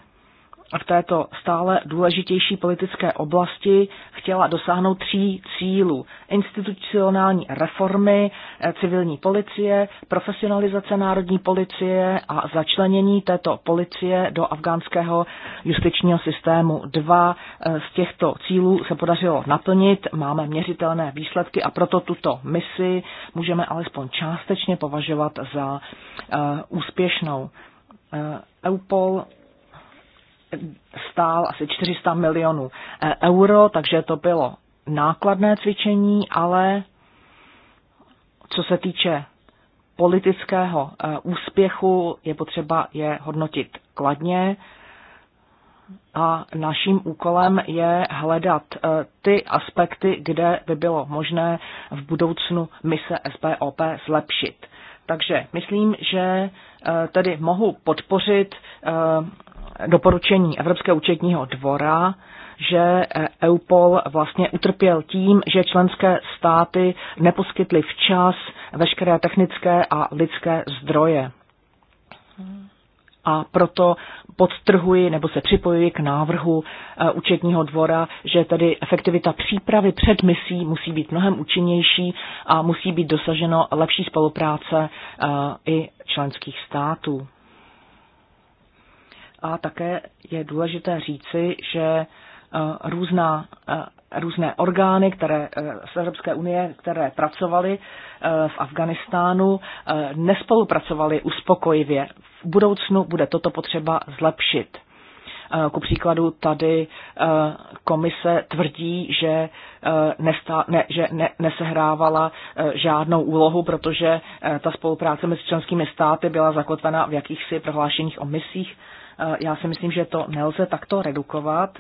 v této stále důležitější politické oblasti chtěla dosáhnout tří cílů. Institucionální reformy eh, civilní policie, profesionalizace národní policie a začlenění této policie do afgánského justičního systému. Dva eh, z těchto cílů se podařilo naplnit, máme měřitelné výsledky a proto tuto misi můžeme alespoň částečně považovat za eh, úspěšnou. EUPOL stál asi 400 milionů eh, euro, takže to bylo nákladné cvičení, ale co se týče politického eh, úspěchu, je potřeba je hodnotit kladně. A naším úkolem je hledat eh, ty aspekty, kde by bylo možné v budoucnu mise SPOP zlepšit. Takže myslím, že tedy mohu podpořit doporučení Evropského účetního dvora, že eh, EUPOL vlastně utrpěl tím, že členské státy neposkytly včas veškeré technické a lidské zdroje. A proto podtrhuji nebo se připojuji k návrhu eh, účetního dvora, že tedy efektivita přípravy před misí musí být mnohem účinnější a musí být dosaženo lepší spolupráce eh, i členských států. A také je důležité říci, že eh, různá, eh, různé orgány které, eh, z Evropské unie, které pracovaly v Afganistánu, nespolupracovaly uspokojivě. V budoucnu bude toto potřeba zlepšit. Ku příkladu tady komise tvrdí, že, nestá, ne, že ne, nesehrávala žádnou úlohu, protože ta spolupráce mezi členskými státy byla zakotvena v jakýchsi prohlášeních o misích Eh, já si myslím, že to nelze takto redukovat,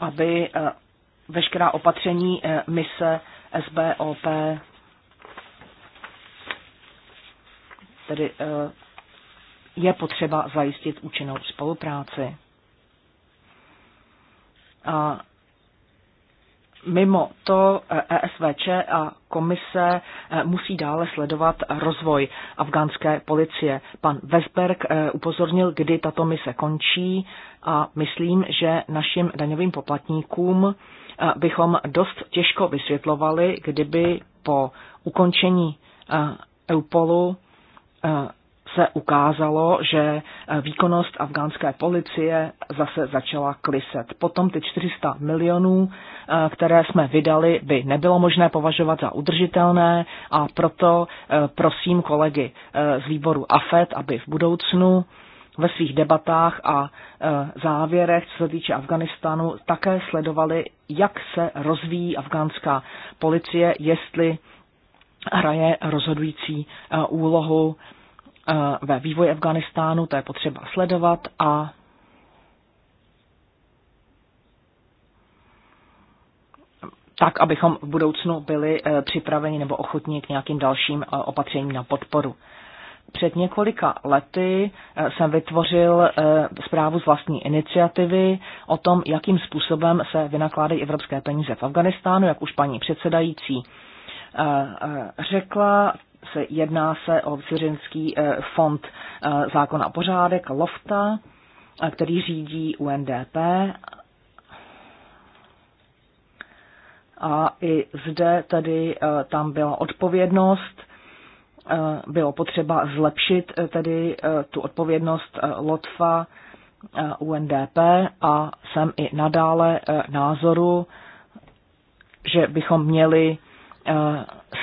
aby eh, veškerá opatření eh, mise SBOP, tedy je potřeba zajistit účinnou spolupráci. A Mimo to ESVČ eh, e a komise eh, musí dále sledovat rozvoj afgánské policie. Pan Vesberg eh, upozornil, kdy tato mise končí a myslím, že našim daňovým poplatníkům bychom dost těžko vysvětlovali, kdyby po ukončení EUPOLu se ukázalo, že eh, výkonnost afgánské policie zase začala kliset. Potom ty 400 milionů, eh, které jsme vydali, by nebylo možné považovat za udržitelné a proto eh, prosím kolegy z výboru AFET, aby v budoucnu ve svých debatách a závěrech, co se týče Afganistánu, také sledovali, jak se rozvíjí afgánská policie, jestli hraje rozhodující úlohu ve vývoji Afganistánu, to je potřeba sledovat a tak, abychom v budoucnu byli eh, připraveni nebo ochotní k nějakým dalším eh, opatřením na podporu. Před několika lety eh, jsem vytvořil zprávu z vlastní iniciativy o tom, jakým způsobem se vynakládají evropské peníze v Afganistánu, jak už paní předsedající řekla, se jedná se o Syřinský eh, fond eh, zákon a pořádek, LOFTA, eh, který řídí UNDP. A i zde tedy tam byla odpovědnost, bylo potřeba zlepšit tedy tu odpovědnost LOTFA, UNDP a jsem i nadále názoru, že bychom měli Eh,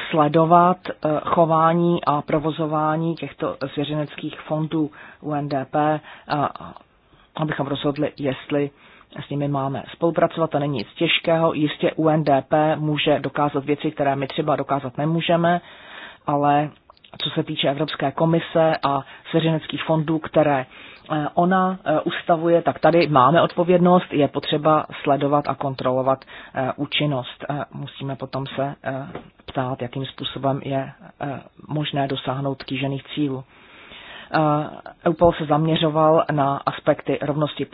sledovat eh, chování a provozování těchto svěřeneckých fondů UNDP, eh, abychom rozhodli, jestli s nimi máme spolupracovat, to není nic těžkého. Jistě UNDP může dokázat věci, které my třeba dokázat nemůžeme, ale co se týče Evropské komise a svěřeneckých fondů, které Eh, ona eh, ustavuje, tak tady máme odpovědnost, je potřeba sledovat a kontrolovat eh, účinnost. Musíme potom se ptát, jakým způsobem je možné dosáhnout kýžených cílů. EUPOL se zaměřoval na aspekty rovnosti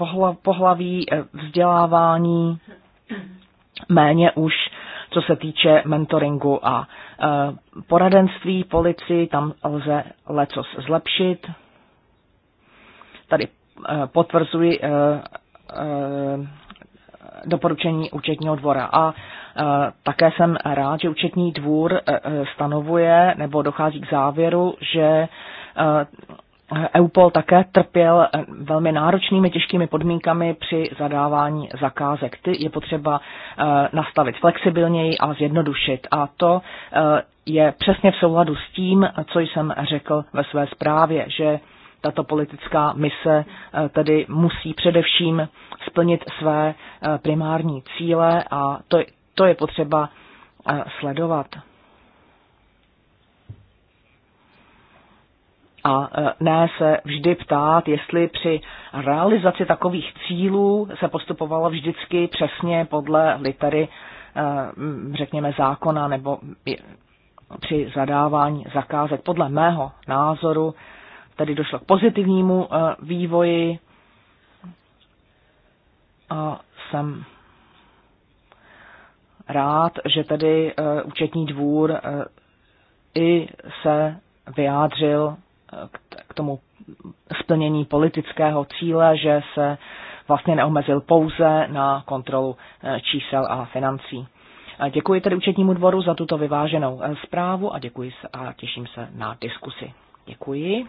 pohlaví, vzdělávání, méně už co se týče mentoringu a poradenství policii, tam lze lecos zlepšit, tady eh, potvrzuji eh, eh, doporučení účetního dvora. A také jsem rád, že účetní dvůr stanovuje nebo dochází k závěru, že EUPOL také trpěl velmi náročnými těžkými podmínkami při zadávání zakázek. Ty je potřeba nastavit flexibilněji a zjednodušit. A to je přesně v souladu s tím, co jsem řekl ve své zprávě, že tato politická mise eh, tedy musí především splnit své eh, primární cíle a to, to je potřeba eh, sledovat. A ne se vždy ptát, jestli při realizaci takových cílů se postupovalo vždycky přesně podle litery, řekněme, zákona nebo při zadávání zakázek. Podle mého názoru tedy došlo k pozitivnímu eh, vývoji. A jsem rád, že tedy eh, účetní dvůr eh, i se vyjádřil k tomu splnění politického cíle, že se vlastně neomezil pouze na kontrolu čísel a financí. Děkuji tedy účetnímu dvoru za tuto vyváženou zprávu a děkuji a těším se na diskusi. Děkuji.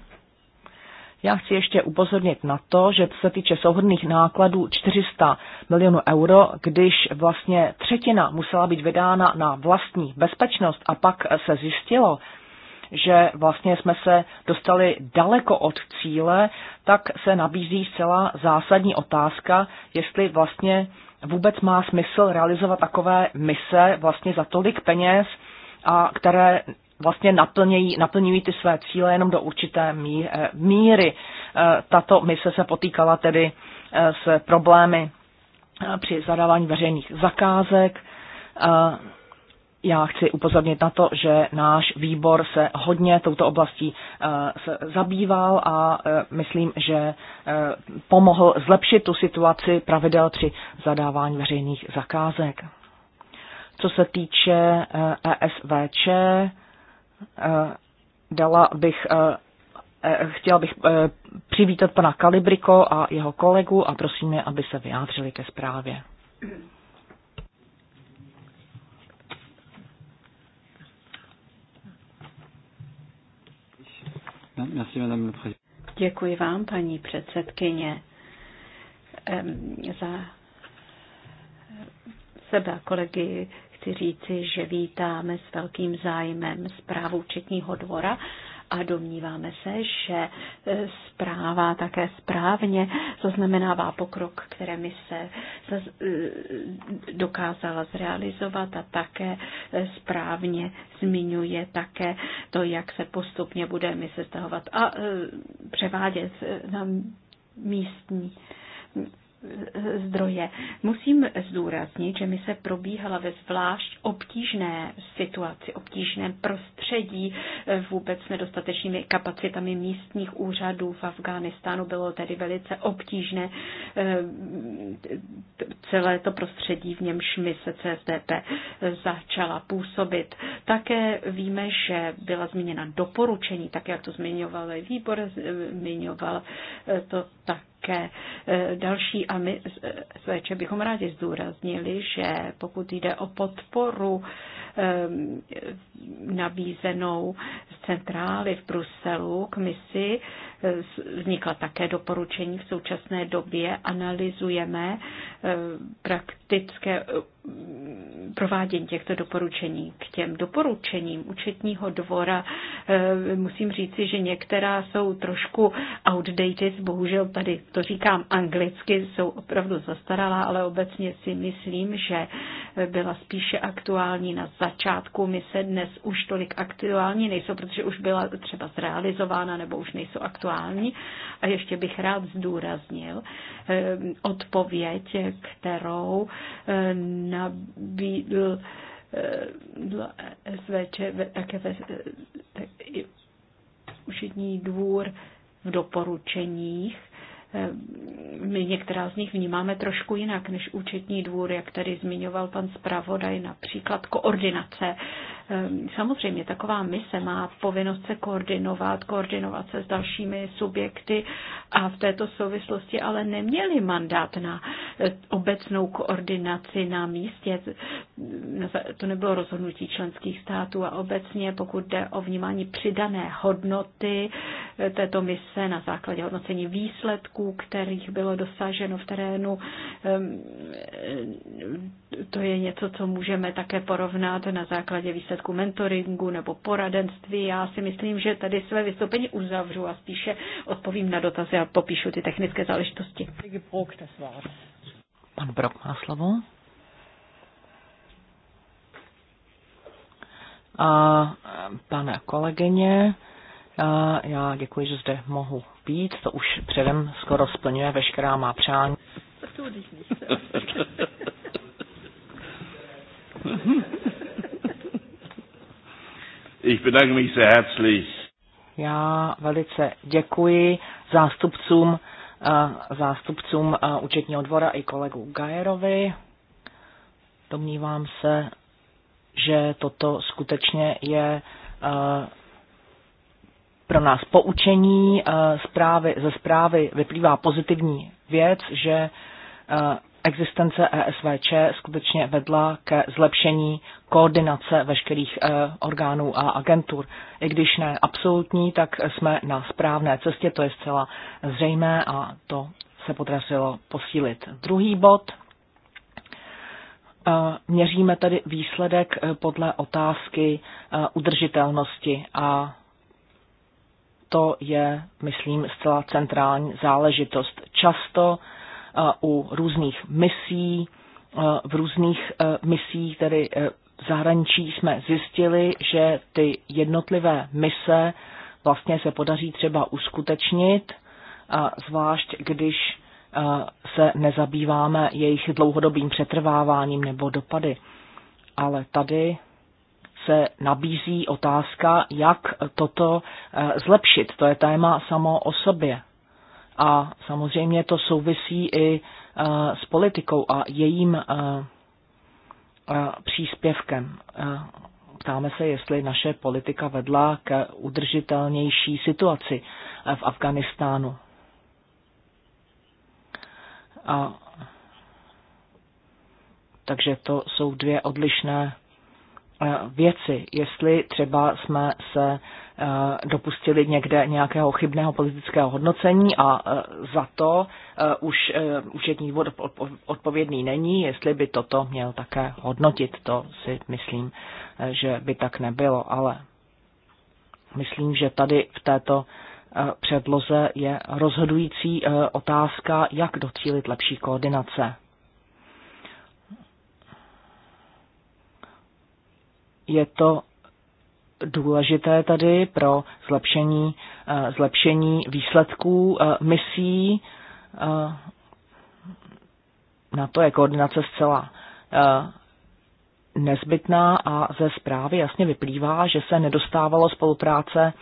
Já chci ještě upozornit na to, že se týče souhrných nákladů 400 milionů euro, když vlastně třetina musela být vydána na vlastní bezpečnost a pak se zjistilo, že vlastně jsme se dostali daleko od cíle, tak se nabízí zcela zásadní otázka, jestli vlastně vůbec má smysl realizovat takové mise vlastně za tolik peněz, a které vlastně naplňují, naplňují ty své cíle jenom do určité eh, míry. Eh, tato mise se potýkala tedy eh, s problémy při zadávání veřejných zakázek. Já chci upozornit na to, že náš výbor se hodně touto oblastí zabýval a myslím, že pomohl zlepšit tu situaci pravidel při zadávání veřejných zakázek. Co se týče ESVČ, e Eh, dala bych, eh, eh, chtěla bych přivítat pana Kalibriko a jeho kolegu a prosím je, aby se vyjádřili ke zprávě. Děkuji vám, paní předsedkyně, za sebe a kolegy chci říci, že vítáme s velkým zájmem zprávu účetního dvora a domníváme se, že e, zpráva také správně zaznamenává pokrok, které mi se e, dokázala zrealizovat a také e, správně zmiňuje také to, jak se postupně bude mi se stahovat a převádět na místní zdroje. Musím zdůraznit, že mi se probíhala ve zvlášť obtížné situaci, obtížném prostředí, eh, vůbec nedostatečnými kapacitami místních úřadů v Afghánistánu. Bylo tedy velice obtížné eh, celé to prostředí, v němž se CSDP eh, začala působit. Také víme, že byla zmíněna doporučení, tak jak to zmiňoval výbor, zmiňoval to tak také eh, další. A my eh, SVČ bychom rádi zdůraznili, že pokud jde o podporu eh, nabízenou z centrály v Bruselu k misi, vznikla také doporučení. V současné době analyzujeme eh, praktické eh, provádění těchto doporučení. K těm doporučením účetního dvora eh, musím říci, že některá jsou trošku outdated, bohužel tady to říkám anglicky, jsou opravdu zastaralá, ale obecně si myslím, že byla spíše aktuální na začátku. My se dnes už tolik aktuální nejsou, protože už byla třeba zrealizována nebo už nejsou aktuální aktuální. A ještě bych rád zdůraznil ehm, odpověď, kterou ehm, nabídl ehm, SVČ, také ve, tak, e, ušitní dvůr v doporučeních. My některá z nich vnímáme trošku jinak než účetní dvůr, jak tady zmiňoval pan zpravodaj, například koordinace Ehm, samozřejmě taková mise má povinnost se koordinovat, koordinovat se s dalšími subjekty a v této souvislosti ale neměli mandát na eh, obecnou koordinaci na místě. No, to nebylo rozhodnutí členských států a obecně, pokud jde o vnímání přidané hodnoty eh, této mise na základě hodnocení výsledků, kterých bylo dosaženo v terénu, ehm, eh, to je něco, co můžeme také porovnat na základě výsledků výsledku mentoringu nebo poradenství. Já si myslím, že tady své vystoupení uzavřu a spíše odpovím na dotazy a popíšu ty technické záležitosti. Pan Brok má slovo. A pane kolegyně, já, já děkuji, že zde mohu být. To už předem skoro splňuje veškerá má přání. Ich bedanke mich sehr herzlich. Já velice děkuji zástupcům, eh, zástupcům eh, účetního dvora i kolegu Gajerovi. Domnívám se, že toto skutečně je eh, pro nás poučení. Zprávy, ze zprávy vyplývá pozitivní věc, že existence ESVČ skutečně vedla ke zlepšení koordinace veškerých eh, orgánů a agentur. I když ne absolutní, tak jsme na správné cestě, to je zcela zřejmé a to se podařilo posílit. Druhý bod. Eh, měříme tedy výsledek eh, podle otázky udržitelnosti a to je, myslím, zcela centrální záležitost. Často Eh, u různých misí. Eh, v různých eh, misích, tedy zahraničí, jsme zjistili, že ty jednotlivé mise vlastně se podaří třeba uskutečnit, zvlášť když se nezabýváme jejich dlouhodobým přetrváváním nebo dopady. Ale tady se nabízí otázka, jak toto zlepšit. To je téma samo o sobě. A samozřejmě to souvisí i eh, s politikou a jejím eh, eh, příspěvkem. Ptáme se, jestli naše politika vedla k udržitelnější situaci v Afganistánu. A takže to jsou dvě odlišné věci. Jestli třeba jsme se Eh, dopustili někde nějakého chybného politického hodnocení a eh, za to eh, už účetní dvůr odpovědný není, jestli by toto měl také hodnotit. To si myslím, že by tak nebylo, ale myslím, že tady v této předloze je rozhodující otázka, jak docílit lepší koordinace. Je to důležité tady pro zlepšení, eh, zlepšení výsledků eh, misí. Eh, na to je koordinace zcela nezbytná a ze zprávy jasně vyplývá, že se nedostávalo spolupráce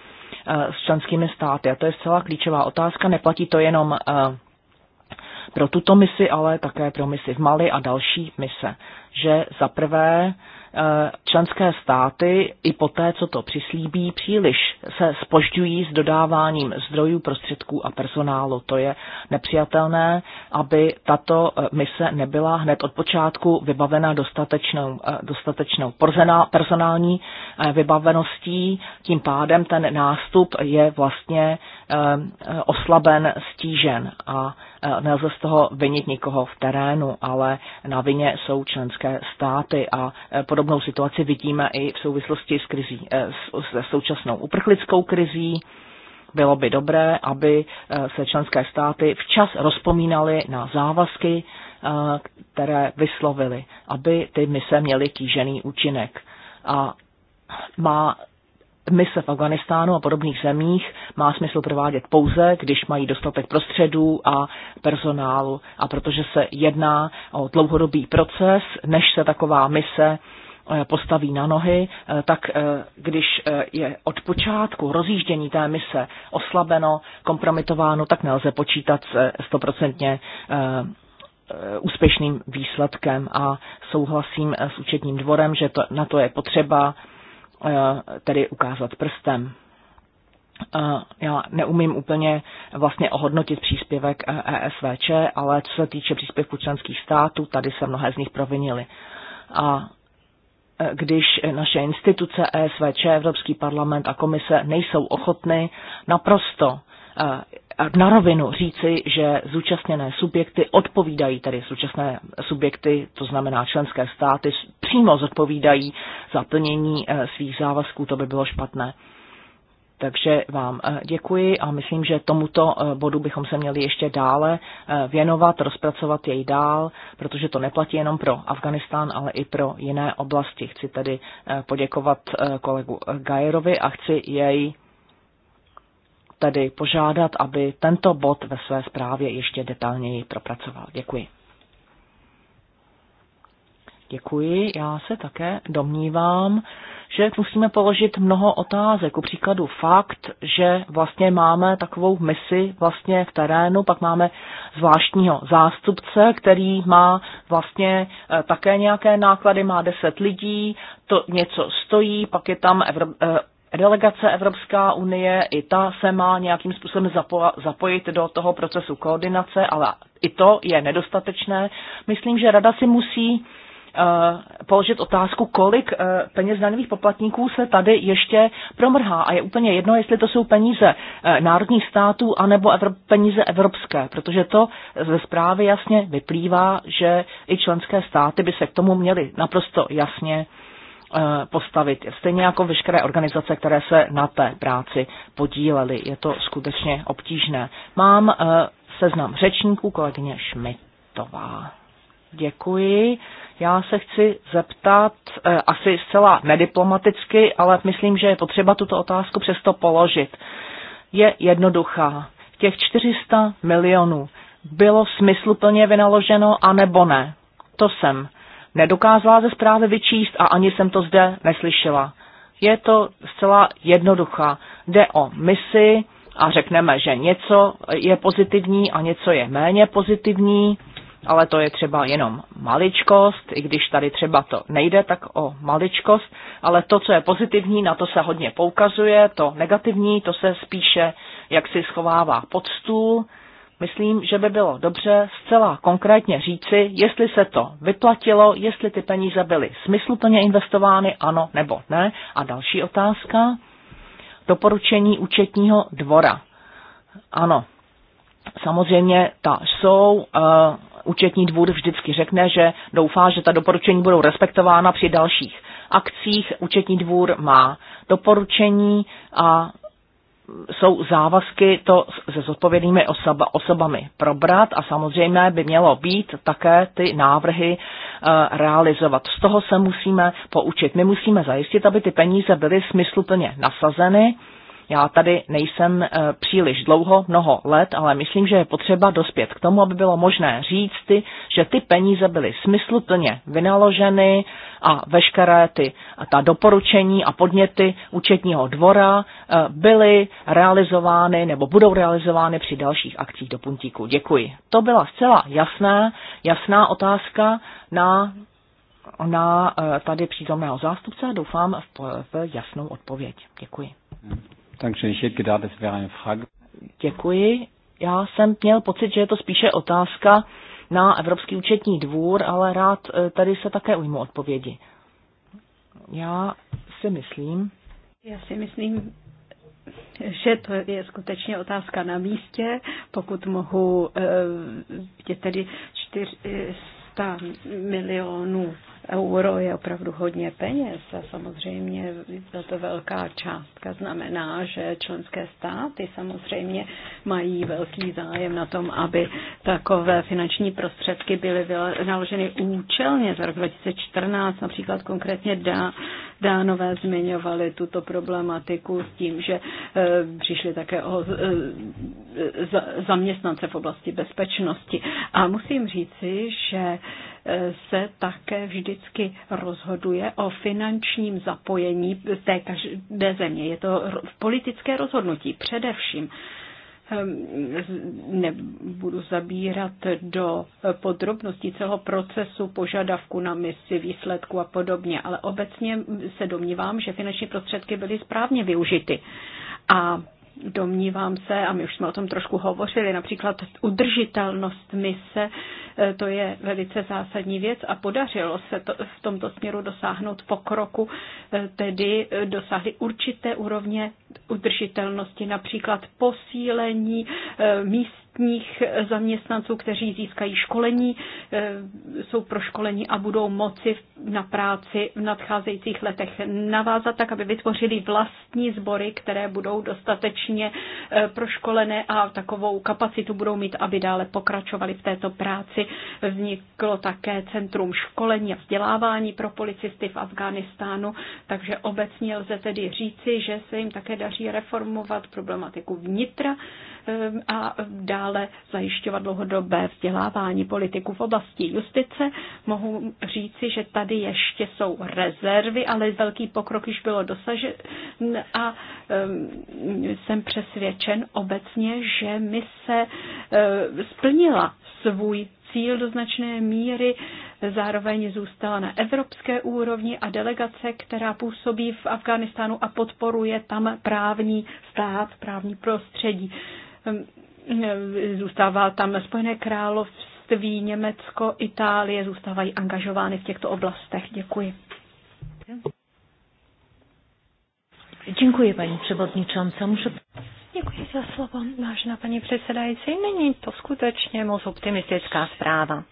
s členskými státy. A to je zcela klíčová otázka. Neplatí to jenom pro tuto misi, ale také pro misi v Mali a další mise. Že za prvé eh, členské státy i poté, co to přislíbí, příliš se spožďují s dodáváním zdrojů, prostředků a personálu. To je nepřijatelné, aby tato eh, mise nebyla hned od počátku vybavena dostatečnou, eh, dostatečnou personální vybaveností. Tím pádem ten nástup je vlastně oslaben, stížen a Eh, nelze z toho vinit nikoho v terénu, ale na vině jsou členské státy a eh, podobnou situaci vidíme i v souvislosti s krizí, eh, se současnou uprchlickou krizí. Bylo by dobré, aby se členské státy včas rozpomínaly na závazky, které vyslovily, aby ty mise měly kýžený účinek. A má mise v Afganistánu a podobných zemích má smysl provádět pouze, když mají dostatek prostředů a personálu. A protože se jedná o dlouhodobý proces, než se taková mise eh, postaví na nohy, eh, tak eh, když je od počátku rozjíždění té mise oslabeno, kompromitováno, tak nelze počítat se stoprocentně úspěšným výsledkem a souhlasím s účetním dvorem, že to, na to je potřeba Eh, tedy ukázat prstem. Eh, já neumím úplně vlastně ohodnotit příspěvek ESVČ, eh, e ale co se týče příspěvku členských států, tady se mnohé z nich provinily. A když naše instituce ESVČ, Evropský parlament a komise nejsou ochotny naprosto na rovinu říci, že zúčastněné subjekty odpovídají, tedy současné subjekty, to znamená členské státy, přímo zodpovídají za plnění eh, svých závazků, to by bylo špatné. Takže vám eh, děkuji a myslím, že tomuto eh, bodu bychom se měli ještě dále věnovat, rozpracovat jej dál, protože to neplatí jenom pro Afganistán, ale i pro jiné oblasti. Chci tedy poděkovat kolegu Gajerovi a chci jej tedy požádat, aby tento bod ve své zprávě ještě detailněji propracoval. Děkuji. Děkuji. Já se také domnívám, že musíme položit mnoho otázek. U příkladu fakt, že vlastně máme takovou misi vlastně v terénu, pak máme zvláštního zástupce, který má vlastně eh, také nějaké náklady, má deset lidí, to něco stojí, pak je tam eh, Delegace Evropská unie, i ta se má nějakým způsobem zapo- zapojit do toho procesu koordinace, ale i to je nedostatečné. Myslím, že Rada si musí eh, položit otázku, kolik eh, peněz daňových poplatníků se tady ještě promrhá. A je úplně jedno, jestli to jsou peníze eh, národních států anebo Evro- peníze evropské, protože to ze zprávy jasně vyplývá, že i členské státy by se k tomu měly naprosto jasně uh, Eh, postavit. Stejně jako veškeré organizace, které se na té práci podílely. Je to skutečně obtížné. Mám eh, seznam řečníků, kolegyně Šmitová. Děkuji. Já se chci zeptat, eh, asi zcela nediplomaticky, ale myslím, že je potřeba tuto otázku přesto položit. Je jednoduchá. Těch 400 milionů bylo smysluplně vynaloženo, anebo ne? To jsem nedokázala ze zprávy vyčíst a ani jsem to zde neslyšela. Je to zcela jednoduchá. Jde o misi a řekneme, že něco je pozitivní a něco je méně pozitivní, ale to je třeba jenom maličkost, i když tady třeba to nejde, tak o maličkost, ale to, co je pozitivní, na to se hodně poukazuje, to negativní, to se spíše jak si schovává pod stůl myslím, že by bylo dobře zcela konkrétně říci, jestli se to vyplatilo, jestli ty peníze byly smysluplně investovány, ano nebo ne. A další otázka, doporučení účetního dvora. Ano, samozřejmě ta jsou, uh, účetní dvůr vždycky řekne, že doufá, že ta doporučení budou respektována při dalších akcích. Účetní dvůr má doporučení a jsou závazky to se zodpovědnými osoba, osobami probrat a samozřejmě by mělo být také ty návrhy eh, realizovat. Z toho se musíme poučit. My musíme zajistit, aby ty peníze byly smysluplně nasazeny já tady nejsem eh, příliš dlouho, mnoho let, ale myslím, že je potřeba dospět k tomu, aby bylo možné říct, že ty peníze byly smysluplně vynaloženy a veškeré ty a ta doporučení a podněty účetního dvora eh, byly realizovány nebo budou realizovány při dalších akcích do puntíku. Děkuji. To byla zcela jasná, jasná otázka na na eh, tady přítomného zástupce a doufám v, v jasnou odpověď. Děkuji. Hmm. Takže ich gedacht, es wäre eine Frage. Děkuji. Já jsem měl pocit, že je to spíše otázka na Evropský účetní dvůr, ale rád eh, tady se také ujmu odpovědi. Já si myslím. Já si myslím, že to je skutečně otázka na místě. Pokud mohu, eh, je tedy 400 eh, milionů euro je opravdu hodně peněz a samozřejmě tato velká částka znamená, že členské státy samozřejmě mají velký zájem na tom, aby takové finanční prostředky byly naloženy účelně. Za rok 2014 například konkrétně dá Dánové zmiňovali tuto problematiku s tím, že eh, přišli také o eh, zaměstnance v oblasti bezpečnosti. A musím říci, že eh, se také vždycky rozhoduje o finančním zapojení té každé země. Je to politické rozhodnutí především. Ehm, nebudu zabírat do podrobností celého procesu požadavku na misi, výsledku a podobně, ale obecně se domnívám, že finanční prostředky byly správně využity. A Domnívám se, a my už jsme o tom trošku hovořili, například udržitelnost mise, e, to je velice zásadní věc a podařilo se to, v tomto směru dosáhnout pokroku, e, tedy e, dosáhli určité úrovně udržitelnosti, například posílení míst místních zaměstnanců, kteří získají školení, eh, jsou proškoleni a budou moci na práci v nadcházejících letech navázat tak, aby vytvořili vlastní sbory, které budou dostatečně eh, proškolené a takovou kapacitu budou mít, aby dále pokračovali v této práci. Vzniklo také Centrum školení a vzdělávání pro policisty v Afghánistánu, takže obecně lze tedy říci, že se jim také daří reformovat problematiku vnitra eh, a dále dále zajišťovat dlouhodobé vzdělávání politiků v oblasti justice. Mohu říci, že tady ještě jsou rezervy, ale velký pokrok již bylo dosažen a jsem přesvědčen obecně, že mi se eh, splnila svůj cíl do značné míry, zároveň zůstala na evropské úrovni a delegace, která působí v Afganistánu a podporuje tam právní stát, právní prostředí zůstává tam Spojené království, Německo, Itálie, zůstávají angažovány v těchto oblastech. Děkuji. Děkuji, paní předsedající. Můžu... Děkuji za slovo, vážená paní předsedající. Není to skutečně moc optimistická zpráva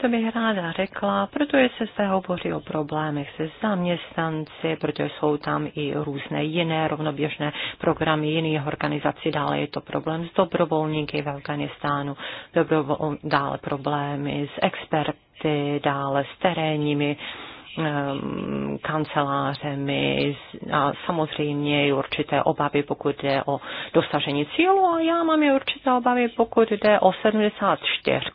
to bych ráda řekla, protože se zde hovoří o problémech se zaměstnanci, protože jsou tam i různé jiné rovnoběžné programy jiných organizací, dále je to problém s dobrovolníky v Afganistánu, dobrovol, dále problémy s experty, dále s terénními uh, Ehm, kancelářemi a samozřejmě i určité obavy, pokud jde o dosažení cílu a já mám i určité obavy, pokud jde o 74.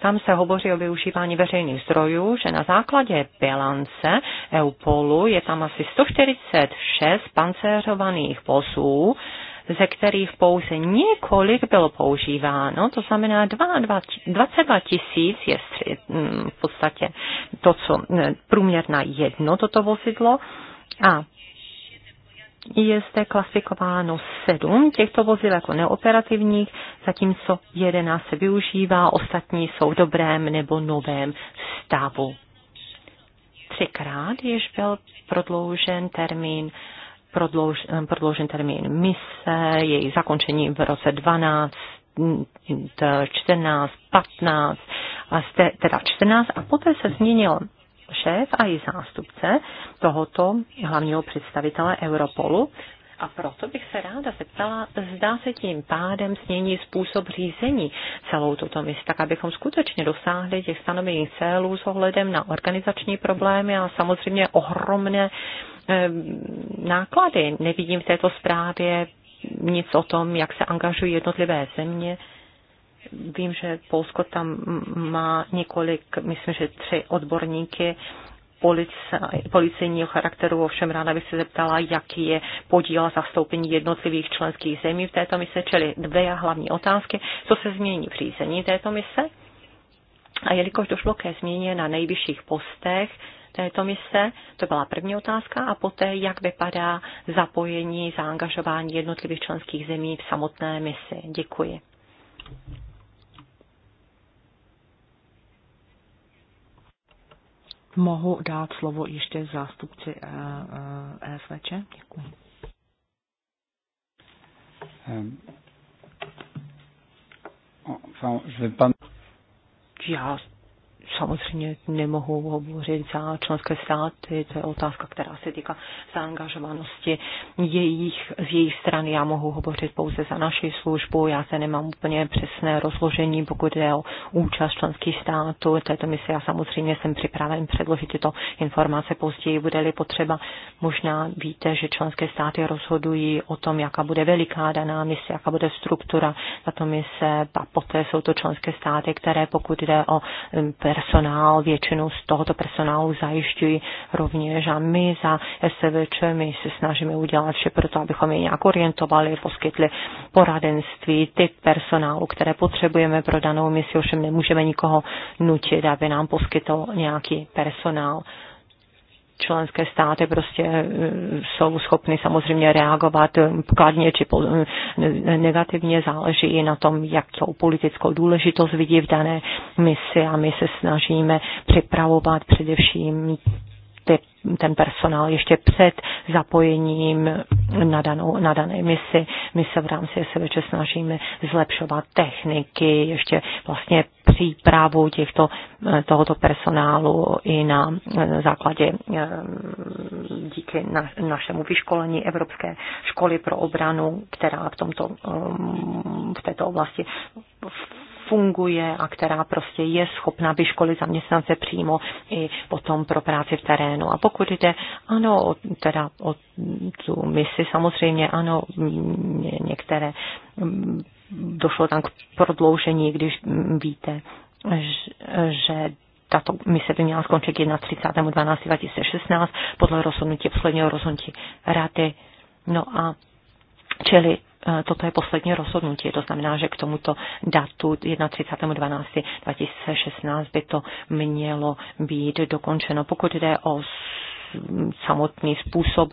Tam se hovoří o využívání veřejných zdrojů, že na základě bilance EUPOLu je tam asi 146 pancéřovaných posů ze kterých pouze několik bylo používáno, to znamená 22 tisíc je mm, v podstatě to, co e, průměr na jedno toto vozidlo a je zde klasifikováno sedm těchto vozidel jako neoperativních, zatímco jedená se využívá, ostatní jsou v dobrém nebo novém stavu. Třikrát již byl prodloužen termín prodlouž, prodloužen termín mise, její zakončení v roce 12, 14, 15, a jste, teda 14 a poté se změnil šéf a i zástupce tohoto hlavního představitele Europolu a proto bych se ráda zeptala, zdá se tím pádem změní způsob řízení celou tuto misi, tak abychom skutečně dosáhli těch stanovených cílů s ohledem na organizační problémy a samozřejmě ohromné náklady. Nevidím v této zprávě nic o tom, jak se angažují jednotlivé země. Vím, že Polsko tam má několik, myslím, že tři odborníky policejního charakteru, ovšem ráda bych se zeptala, jaký je podíl a zastoupení jednotlivých členských zemí v této mise, čili dvě hlavní otázky, co se změní v řízení této mise a jelikož došlo ke změně na nejvyšších postech, této mise? To byla první otázka. A poté, jak vypadá zapojení, zaangažování jednotlivých členských zemí v samotné misi? Děkuji. mohu dát slovo ještě zástupci ESVČ. Eh, eh, e Děkuji. Já samozřejmě nemohu hovořit za členské státy, to je otázka, která se týká zaangažovanosti jejich, z jejich strany. Já mohu hovořit pouze za naši službu, já se nemám úplně přesné rozložení, pokud je o účast členských států této mise. Já samozřejmě jsem připraven předložit tyto informace později, bude-li potřeba. Možná víte, že členské státy rozhodují o tom, jaká bude veliká daná mise, jaká bude struktura tato mise a poté jsou to členské státy, které pokud jde o personál, většinu z tohoto personálu zajišťují rovněž a my za SVČ, my se snažíme udělat vše pro to, abychom je nějak orientovali, poskytli poradenství, typ personálu, které potřebujeme pro danou misi, ovšem nemůžeme nikoho nutit, aby nám poskytl nějaký personál členské státy prostě e, jsou schopny samozřejmě reagovat e, kladně či e, negativně, záleží i na tom, jakou politickou důležitost vidí v dané misi a my se snažíme připravovat především ten personál ještě před zapojením na, danou, na dané misi. My se v rámci SVČ snažíme zlepšovat techniky, ještě vlastně přípravu těchto, tohoto personálu i na eh, základě eh, díky na, našemu vyškolení Evropské školy pro obranu, která v, tomto, eh, v této oblasti funguje a která prostě je schopna vyškolit zaměstnance přímo i potom pro práci v terénu. A pokud jde, ano, teda o tu misi samozřejmě, ano, některé mm, došlo tam k prodloužení, když mm, víte, že tato mise by měla skončit 31.12.2016 podle rozhodnutí, posledního rozhodnutí rady. No a čili Eh, toto je poslední rozhodnutí. To znamená, že k tomuto datu 31.12.2016 by to mělo být dokončeno. Pokud jde o samotný způsob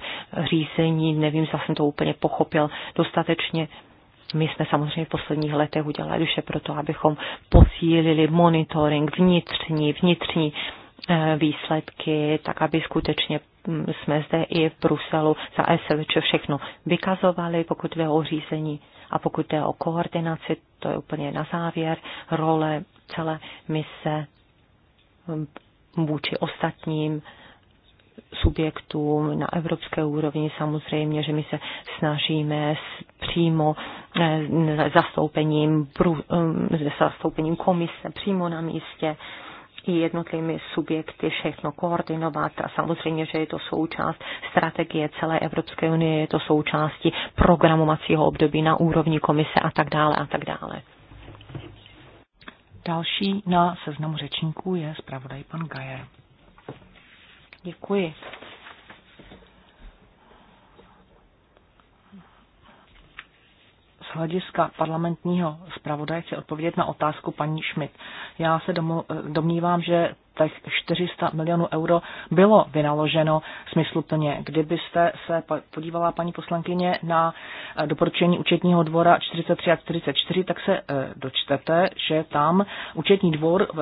řízení, nevím, zda jsem to úplně pochopil dostatečně. My jsme samozřejmě v posledních letech udělali vše pro to, abychom posílili monitoring vnitřní, vnitřní Eh, výsledky, tak aby skutečně mm, jsme zde i v Bruselu za SVČ všechno vykazovali, pokud jde o řízení a pokud jde o koordinaci, to je úplně na závěr, role celé mise mm, vůči ostatním subjektům na evropské úrovni. Samozřejmě, že my se snažíme přímo eh, zastoupením, mm, zastoupením komise přímo na místě jednotlivými subjekty všechno koordinovat a samozřejmě, že je to součást strategie celé Evropské unie, je to součástí programovacího období na úrovni komise a tak dále a tak dále. Další na seznamu řečníků je zpravodaj pan Gajer. Děkuji. hlediska parlamentního zpravodajce odpovědět na otázku paní Schmidt. Já se eh, domnívám, že těch 400 milionů euro bylo vynaloženo smysluplně. Kdybyste se podívala, paní poslankyně, na eh, doporučení účetního dvora 43 a 44, tak se eh, dočtete, že tam účetní dvor eh,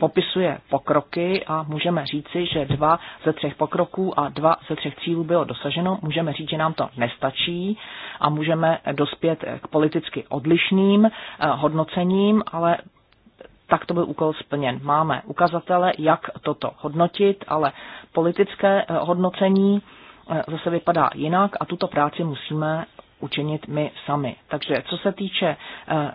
popisuje pokroky a můžeme říci, že dva ze třech pokroků a dva ze třech cílů bylo dosaženo. Můžeme říct, že nám to nestačí a můžeme dospět k politicky odlišným hodnocením, ale tak to byl úkol splněn. Máme ukazatele, jak toto hodnotit, ale politické eh, hodnocení eh, zase vypadá jinak a tuto práci musíme učinit my sami. Takže co se týče eh,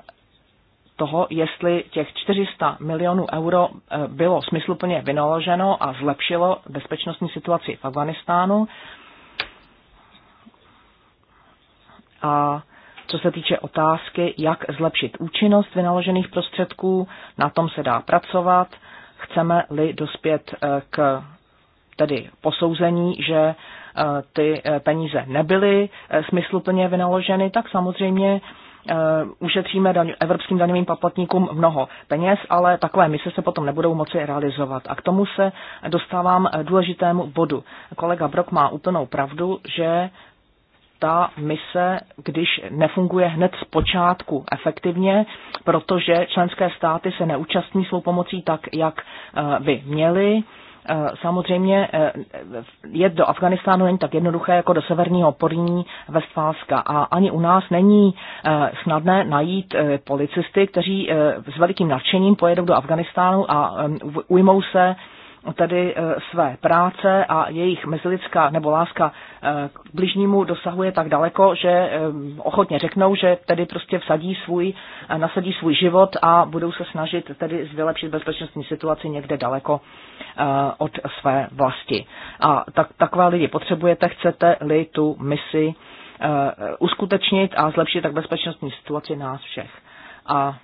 toho, jestli těch 400 milionů euro bylo smysluplně vynaloženo a zlepšilo bezpečnostní situaci v Afganistánu. A co se týče otázky, jak zlepšit účinnost vynaložených prostředků, na tom se dá pracovat. Chceme-li dospět eh, k tedy posouzení, že eh, ty eh, peníze nebyly smysluplně vynaloženy, tak samozřejmě ušetříme daň, evropským daňovým poplatníkům mnoho peněz, ale takové mise se potom nebudou moci realizovat. A k tomu se dostávám důležitému bodu. Kolega Brok má úplnou pravdu, že ta mise, když nefunguje hned z počátku efektivně, protože členské státy se neúčastní svou pomocí tak, jak eh, by měly. Eh, samozřejmě eh, je do Afganistánu není tak jednoduché jako do severního porní Vestfálska a ani u nás není snadné najít policisty, kteří s velikým nadšením pojedou do Afganistánu a ujmou se tedy eh, své práce a jejich mezilidská nebo láska eh, k bližnímu dosahuje tak daleko, že eh, ochotně řeknou, že tedy prostě vsadí svůj, nasadí svůj život a budou se snažit tedy vylepšit bezpečnostní situaci někde daleko od své vlasti. A tak, takové lidi potřebujete, chcete-li tu misi uskutečnit a zlepšit tak bezpečnostní situaci nás všech. A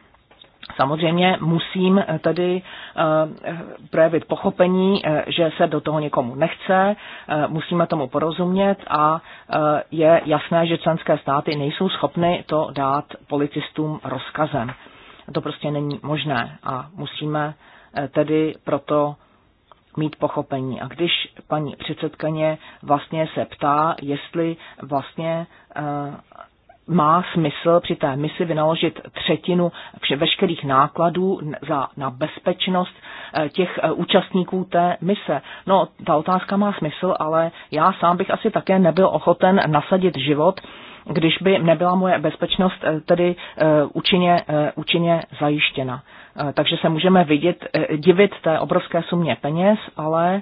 Samozřejmě musím tedy eh, projevit pochopení, eh, že se do toho někomu nechce, eh, musíme tomu porozumět a je jasné, že členské státy nejsou schopny to dát policistům rozkazem. To prostě není možné a musíme tedy proto mít pochopení. A když paní předsedkyně vlastně se ptá, jestli vlastně má smysl při té misi vynaložit třetinu vše, veškerých nákladů za, na bezpečnost eh, těch eh, účastníků té mise. No, ta otázka má smysl, ale já sám bych asi také nebyl ochoten nasadit život, když by nebyla moje bezpečnost eh, tedy účinně, účinně zajištěna. Takže se můžeme vidět, divit té obrovské sumě peněz, ale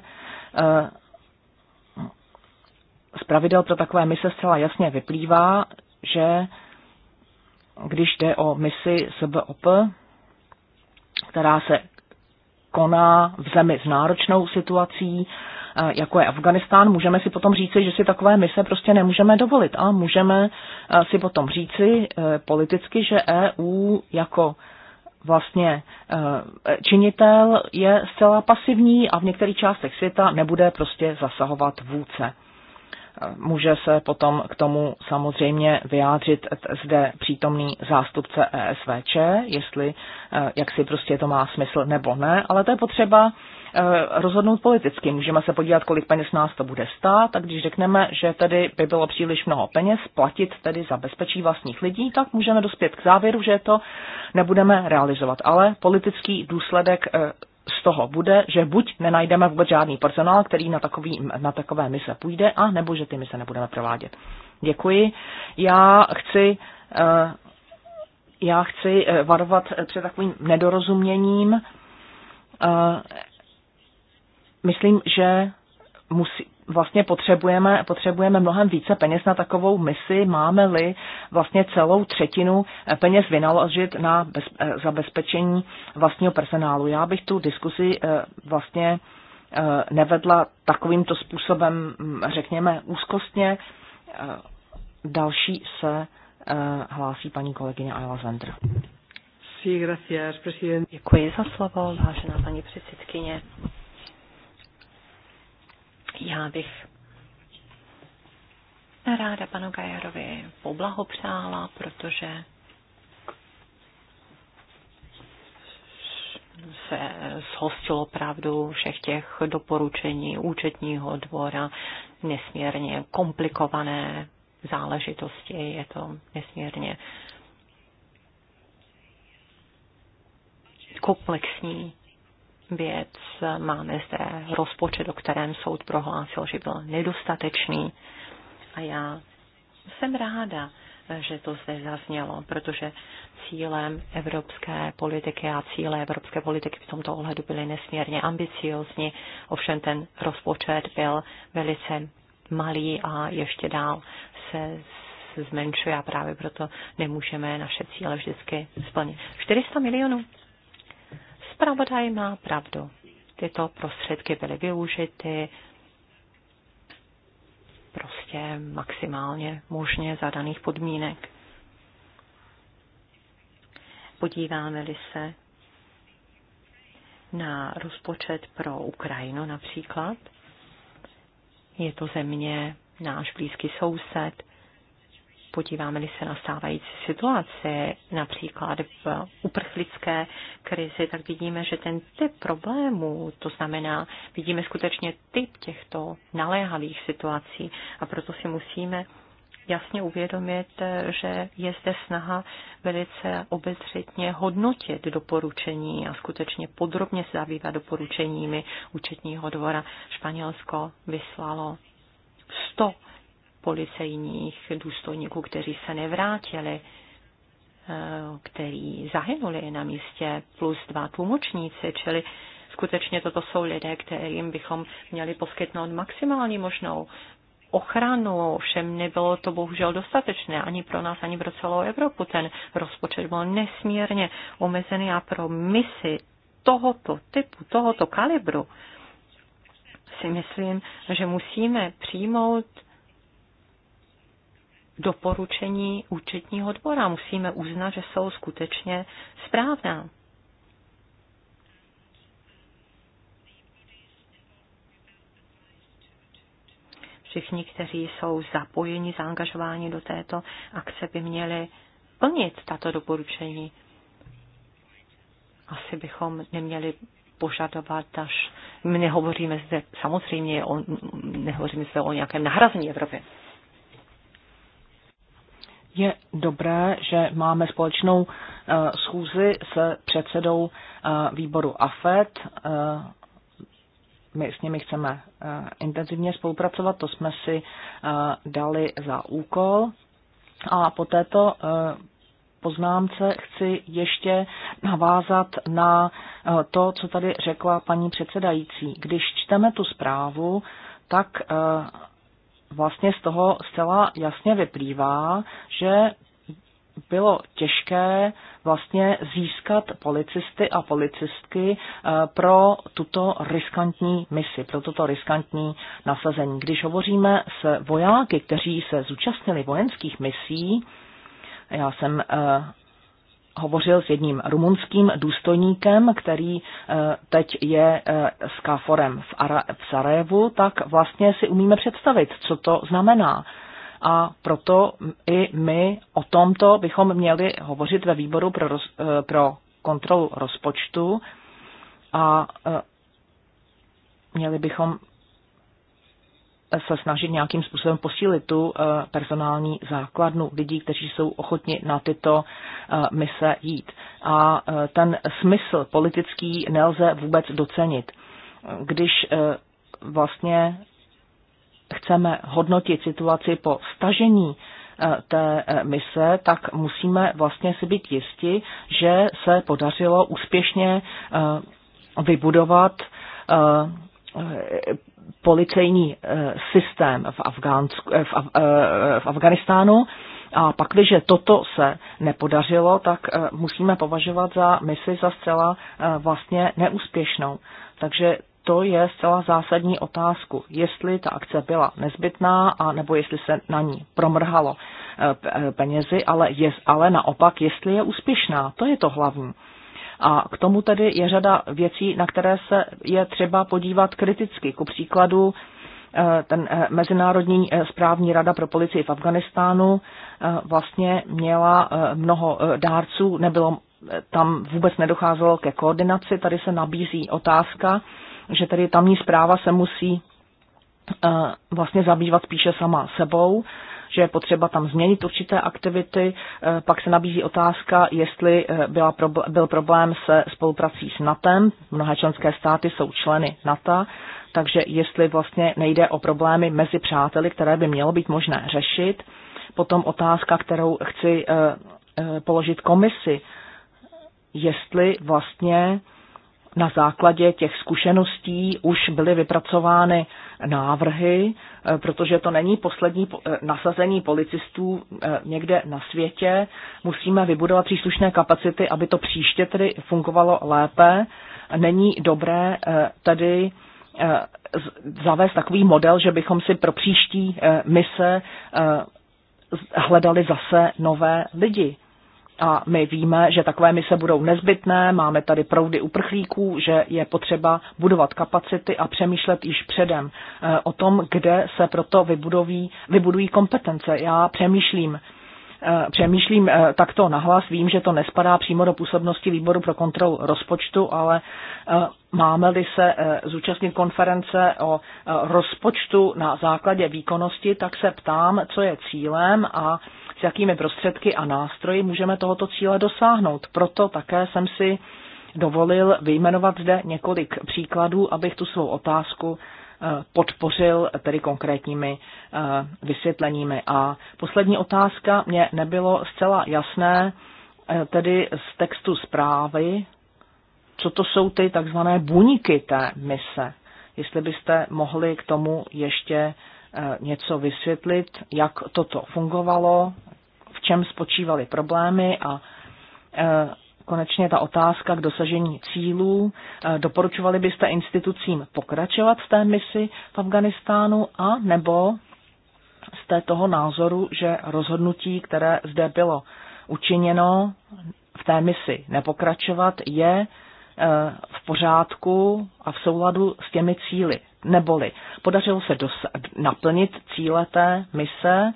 z pravidel pro takové mise zcela jasně vyplývá, že když jde o misi SBOP, která se koná v zemi s náročnou situací, eh, jako je Afganistán, můžeme si potom říci, že si takové mise prostě nemůžeme dovolit. A můžeme eh, si potom říci eh, politicky, že EU jako vlastně činitel je zcela pasivní a v některých částech světa nebude prostě zasahovat vůdce. Může se potom k tomu samozřejmě vyjádřit zde přítomný zástupce ESVČ, jestli eh, jak si prostě to má smysl nebo ne, ale to je potřeba eh, rozhodnout politicky. Můžeme se podívat, kolik peněz nás to bude stát a když řekneme, že tedy by bylo příliš mnoho peněz platit tedy za bezpečí vlastních lidí, tak můžeme dospět k závěru, že to nebudeme realizovat. Ale politický důsledek eh, z toho bude, že buď nenajdeme vůbec žádný personál, který na, takový, na takové mise půjde, a nebo že ty mise nebudeme provádět. Děkuji. Já chci eh, já chci eh, varovat před takovým nedorozuměním. Eh, myslím, že musí, vlastně potřebujeme, potřebujeme mnohem více peněz na takovou misi, máme-li vlastně celou třetinu peněz vynaložit na bez, eh, zabezpečení vlastního personálu. Já bych tu diskusi eh, vlastně eh, nevedla takovýmto způsobem, mm, řekněme, úzkostně. Další se hlásí paní kolegyně Ayla Zendr. Děkuji za slovo, vážená paní předsedkyně. Já bych ráda panu Gajarovi poblahopřála, protože se zhostilo pravdu všech těch doporučení účetního dvora, nesmírně komplikované záležitosti, je to nesmírně komplexní věc. Máme zde rozpočet, o kterém soud prohlásil, že byl nedostatečný. A já jsem ráda, že to zde zaznělo, protože cílem evropské politiky a cíle evropské politiky v tomto ohledu byly nesmírně ambiciozní, ovšem ten rozpočet byl velice malý a ještě dál se zmenšuje a právě proto nemůžeme naše cíle vždycky splnit. 400 milionů zpravodaj má pravdu. Tyto prostředky byly využity prostě maximálně možně za daných podmínek. Podíváme-li se na rozpočet pro Ukrajinu například, je to země náš blízký soused, podíváme-li se na stávající situaci, například v uprchlické krizi, tak vidíme, že ten typ problémů, to znamená, vidíme skutečně typ těchto naléhavých situací a proto si musíme jasně uvědomit, že je zde snaha velice obezřetně hodnotit doporučení a skutečně podrobně se zabývat doporučeními účetního dvora. Španělsko vyslalo 100 policejních důstojníků, kteří se nevrátili, eh, kteří zahynuli na místě, plus dva tlumočníci, čili skutečně toto jsou lidé, kterým bychom měli poskytnout maximální možnou ochranu, všem nebylo to bohužel dostatečné ani pro nás, ani pro celou Evropu. Ten rozpočet byl nesmírně omezený a pro misi tohoto typu, tohoto kalibru si myslím, že musíme přijmout doporučení účetního dvora. Musíme uznat, že jsou skutečně správná. Všichni, kteří jsou zapojeni, zaangažováni do této akce, by měli plnit tato doporučení. Asi bychom neměli požadovat, až my nehovoříme zde, samozřejmě o, nehovoříme zde o nějakém nahrazení Evropy. Je dobré, že máme společnou eh, schůzi s předsedou eh, výboru AFET. Eh, my s nimi chceme intenzivně spolupracovat, to jsme si dali za úkol. A po této poznámce chci ještě navázat na to, co tady řekla paní předsedající. Když čteme tu zprávu, tak vlastně z toho zcela jasně vyplývá, že bylo těžké vlastně získat policisty a policistky eh, pro tuto riskantní misi, pro toto riskantní nasazení. Když hovoříme s vojáky, kteří se zúčastnili vojenských misí, já jsem eh, hovořil s jedním rumunským důstojníkem, který eh, teď je eh, s Káforem v, Ara- v Sarajevu, tak vlastně si umíme představit, co to znamená. A proto i my o tomto bychom měli hovořit ve výboru pro, roz, eh, pro kontrolu rozpočtu a měli bychom se snažit nějakým způsobem posílit tu eh, personální základnu lidí, kteří jsou ochotni na tyto eh, mise jít. A eh, ten smysl politický nelze vůbec docenit. Když vlastně chceme hodnotit situaci po stažení té mise, tak musíme vlastně si být jisti, že se podařilo úspěšně vybudovat Eh, policejní eh, systém v, Afgánsku, eh, v, Af, v Afganistánu. A pak, když toto se nepodařilo, tak musíme považovat za misi za zcela vlastně neúspěšnou. Takže to je zcela zásadní otázku, jestli ta akce byla nezbytná a nebo jestli se na ní promrhalo penězi, ale, je, ale naopak, jestli je úspěšná. To je to hlavní. A k tomu tedy je řada věcí, na které se je třeba podívat kriticky. Ku příkladu eh, ten eh, Mezinárodní eh, správní rada pro policii v Afganistánu vlastně měla mnoho dárců, nebylo tam vůbec nedocházelo ke koordinaci. Tady se nabízí otázka, že tedy tamní zpráva se musí vlastně zabývat spíše sama sebou že je potřeba tam změnit určité aktivity. Eh, pak se nabízí otázka, jestli eh, byla, byl problém se spoluprací s NATEM. Mnohé členské státy jsou členy NATO, takže jestli vlastně nejde o problémy mezi přáteli, které by mělo být možné řešit. Potom otázka, kterou chci eh, položit komisi, jestli vlastně na základě těch zkušeností už byly vypracovány návrhy, e, protože to není poslední e, nasazení policistů e, někde na světě. Musíme vybudovat příslušné kapacity, aby to příště tedy fungovalo lépe. Není dobré tedy zavést takový model, že bychom si pro příští mise hledali zase nové lidi. A my víme, že takové mise budou nezbytné, máme tady proudy uprchlíků, že je potřeba budovat kapacity a přemýšlet již předem eh, o tom, kde se proto vybudoví, vybudují kompetence. Já přemýšlím, eh, přemýšlím eh, takto nahlas. Vím, že to nespadá přímo do působnosti výboru pro kontrolu rozpočtu, ale máme-li se zúčastnit konference o rozpočtu na základě výkonnosti, tak se ptám, co je cílem a s jakými prostředky a nástroji můžeme tohoto cíle dosáhnout. Proto také jsem si dovolil vyjmenovat zde několik příkladů, abych tu svou otázku eh, podpořil tedy konkrétními eh, vysvětleními. A poslední otázka mě nebylo zcela jasné, eh, tedy z textu zprávy, co to jsou ty takzvané buňky té mise. Jestli byste mohli k tomu ještě Eh, něco vysvětlit, jak toto fungovalo, v čem spočívaly problémy a eh, konečně ta otázka k dosažení cílů. Eh, doporučovali byste institucím pokračovat v té misi v Afganistánu a nebo jste toho názoru, že rozhodnutí, které zde bylo učiněno v té misi nepokračovat, je v pořádku a v souladu s těmi cíly neboli podařilo se dos- naplnit cíle té mise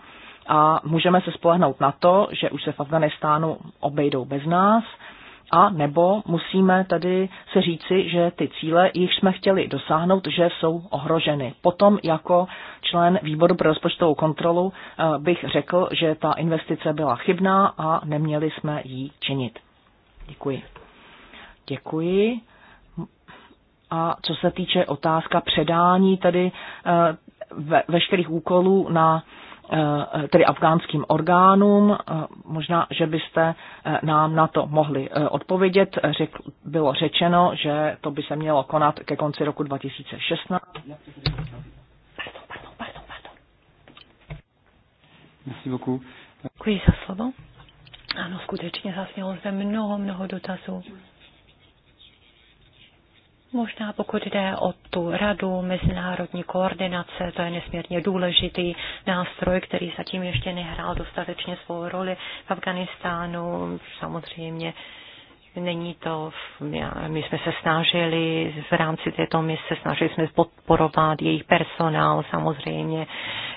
a můžeme se spolehnout na to, že už se v Afganistánu obejdou bez nás, a nebo musíme tady se říci, že ty cíle, jich jsme chtěli dosáhnout, že jsou ohroženy. Potom jako člen výboru pro rozpočtovou kontrolu eh, bych řekl, že ta investice byla chybná a neměli jsme ji činit. Děkuji. Děkuji. A co se týče otázka předání tedy eh, ve, veškerých úkolů na eh, tedy afgánským orgánům. Eh, možná, že byste nám na to mohli odpovědět. Řek, bylo řečeno, že to by se mělo konat ke konci roku 2016. Děkuji za slovo. Ano, skutečně zasnělo zde mnoho, mnoho dotazů. Možná pokud jde o tu radu mezinárodní koordinace, to je nesmírně důležitý nástroj, který zatím ještě nehrál dostatečně svou roli v Afganistánu. Samozřejmě Není to, my jsme se snažili v rámci této mise, snažili jsme podporovat jejich personál samozřejmě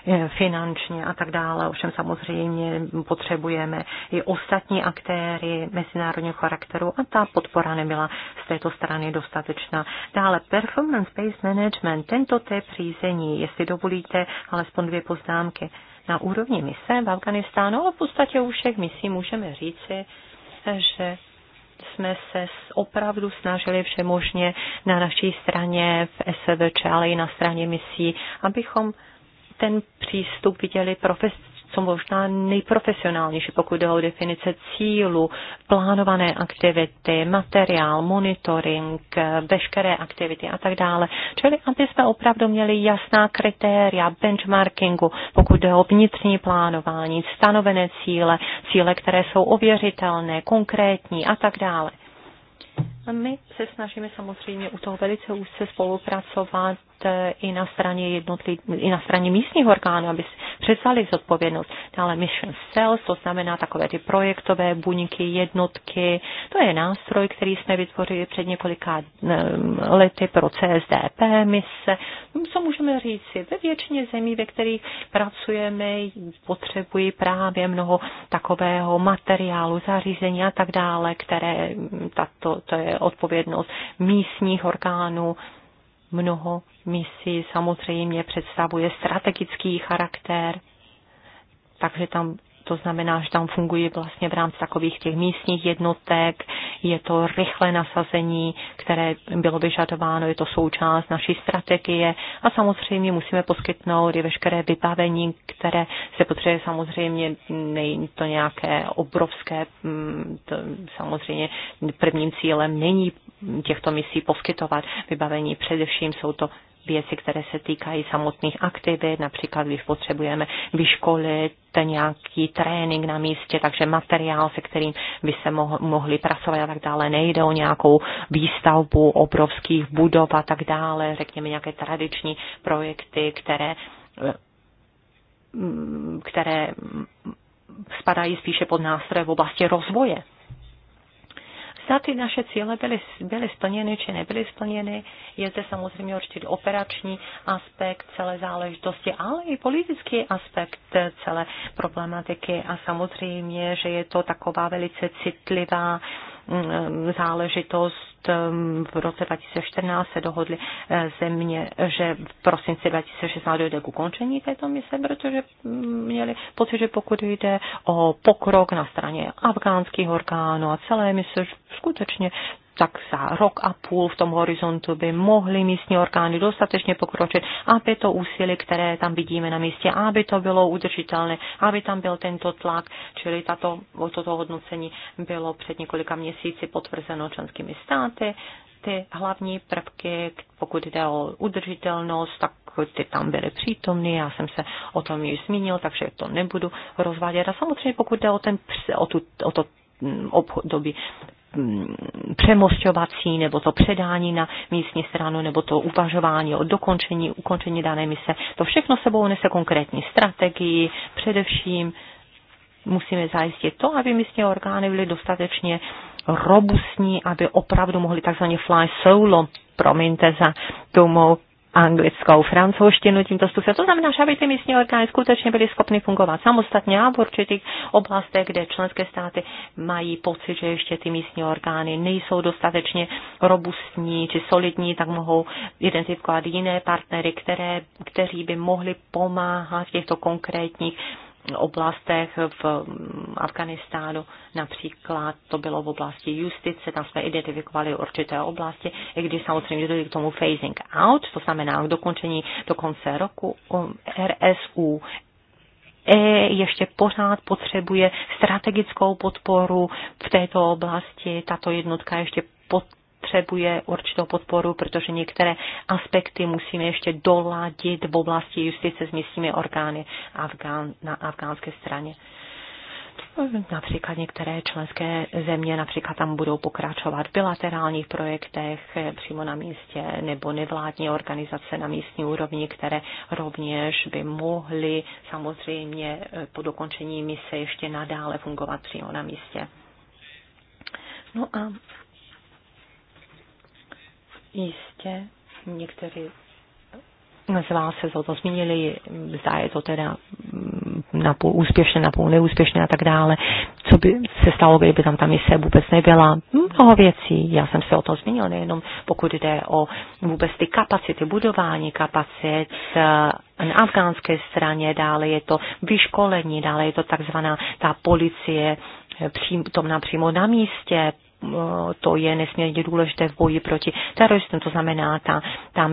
eh, finančně a tak dále. Ovšem samozřejmě potřebujeme i ostatní aktéry mezinárodního charakteru a ta podpora nebyla z této strany dostatečná. Dále performance-based management, tento typ řízení, jestli dovolíte, alespoň dvě poznámky. Na úrovni mise v Afganistánu, ale v podstatě u všech misí můžeme říci, že jsme se opravdu snažili všemožně na naší straně v SVČ, ale i na straně misí, abychom ten přístup viděli profes, co možná nejprofesionálnější, pokud jde o definice cílu, plánované aktivity, materiál, monitoring, veškeré aktivity a tak dále. Čili aby jsme opravdu měli jasná kritéria benchmarkingu, pokud jde o vnitřní plánování, stanovené cíle, cíle, které jsou ověřitelné, konkrétní a tak dále my se snažíme samozřejmě u toho velice úzce spolupracovat eh, i na straně jednotlí, i na straně místních orgánů, aby si zodpovědnost. Dále Mission Cells, to znamená takové ty projektové buňky, jednotky. To je nástroj, který jsme vytvořili před několika eh, lety pro CSDP mise. Co můžeme říci? Ve většině zemí, ve kterých pracujeme, potřebují právě mnoho takového materiálu, zařízení a tak dále, které tato, to je odpovědnost místních orgánů. Mnoho misí samozřejmě představuje strategický charakter, takže tam to znamená, že tam fungují vlastně v rámci takových těch místních jednotek, je to rychlé nasazení, které bylo vyžadováno, je to součást naší strategie a samozřejmě musíme poskytnout i veškeré vybavení, které se potřebuje samozřejmě, není to nějaké obrovské, mm, to samozřejmě prvním cílem není těchto misí poskytovat vybavení, především jsou to věci, které se týkají samotných aktivit, například když potřebujeme vyškolit nějaký trénink na místě, takže materiál, se kterým by se mohli pracovat a tak dále. Nejde o nějakou výstavbu obrovských budov a tak dále, řekněme nějaké tradiční projekty, které mm, které spadají spíše pod nástroje v oblasti rozvoje zda ty naše cíle byly, byly splněny či nebyly splněny. Je zde samozřejmě určitý operační aspekt celé záležitosti, ale i politický aspekt celé problematiky a samozřejmě, že je to taková velice citlivá uh, Mm, záležitost. Mm, v roce 2014 se dohodly eh, země, že v prosinci 2016 dojde k ukončení této mise, protože mm, měli pocit, že pokud jde o pokrok na straně afgánských orgánů a celé mise, skutečně tak za rok a půl v tom horizontu by mohly místní orgány dostatečně pokročit, aby to úsilí, které tam vidíme na místě, aby to bylo udržitelné, aby tam byl tento tlak, čili tato, toto hodnocení bylo před několika měsíci potvrzeno členskými státy. Ty hlavní prvky, pokud jde o udržitelnost, tak ty tam byly přítomny, já jsem se o tom již zmínil, takže to nebudu rozvádět. A samozřejmě pokud jde o, ten, o, tu, o to období Mm, přemošťovací nebo to předání na místní stranu nebo to uvažování o dokončení, ukončení dané mise. To všechno sebou nese konkrétní strategii, především musíme zajistit to, aby místní orgány byly dostatečně robustní, aby opravdu mohli takzvaně fly solo, promiňte za tomu anglickou, francouzštinu tímto způsobem. To znamená, že aby ty místní orgány skutečně byly schopny fungovat samostatně a v určitých oblastech, kde členské státy mají pocit, že ještě ty místní orgány nejsou dostatečně robustní či solidní, tak mohou identifikovat jiné partnery, které, kteří by mohli pomáhat v těchto konkrétních oblastech v mm, Afganistánu, například to bylo v oblasti justice, tam jsme identifikovali určité oblasti, i když samozřejmě dojde k tomu phasing out, to znamená k dokončení do konce roku um, RSU, E ještě pořád potřebuje strategickou podporu v této oblasti. Tato jednotka ještě pod, potřebuje určitou podporu, protože některé aspekty musíme ještě doladit v oblasti justice s místními orgány Afgán, na afgánské straně. Například některé členské země, například tam budou pokračovat v bilaterálních projektech přímo na místě nebo nevládní organizace na místní úrovni, které rovněž by mohly samozřejmě eh, po dokončení mise ještě nadále fungovat přímo na místě. No a Jistě, někteří z vás se o to zmínili, zdá je to teda napůl úspěšné, napůl neúspěšné a tak dále. Co by se stalo, kdyby tam ta mise vůbec nebyla? No, mnoho věcí, já jsem se o to zmínil, nejenom pokud jde o vůbec ty kapacity, budování kapacit eh, na afgánské straně, dále je to vyškolení, dále je to takzvaná ta policie, tom napřímo na místě, to je nesmírně důležité v boji proti teroristům, to znamená ta, ta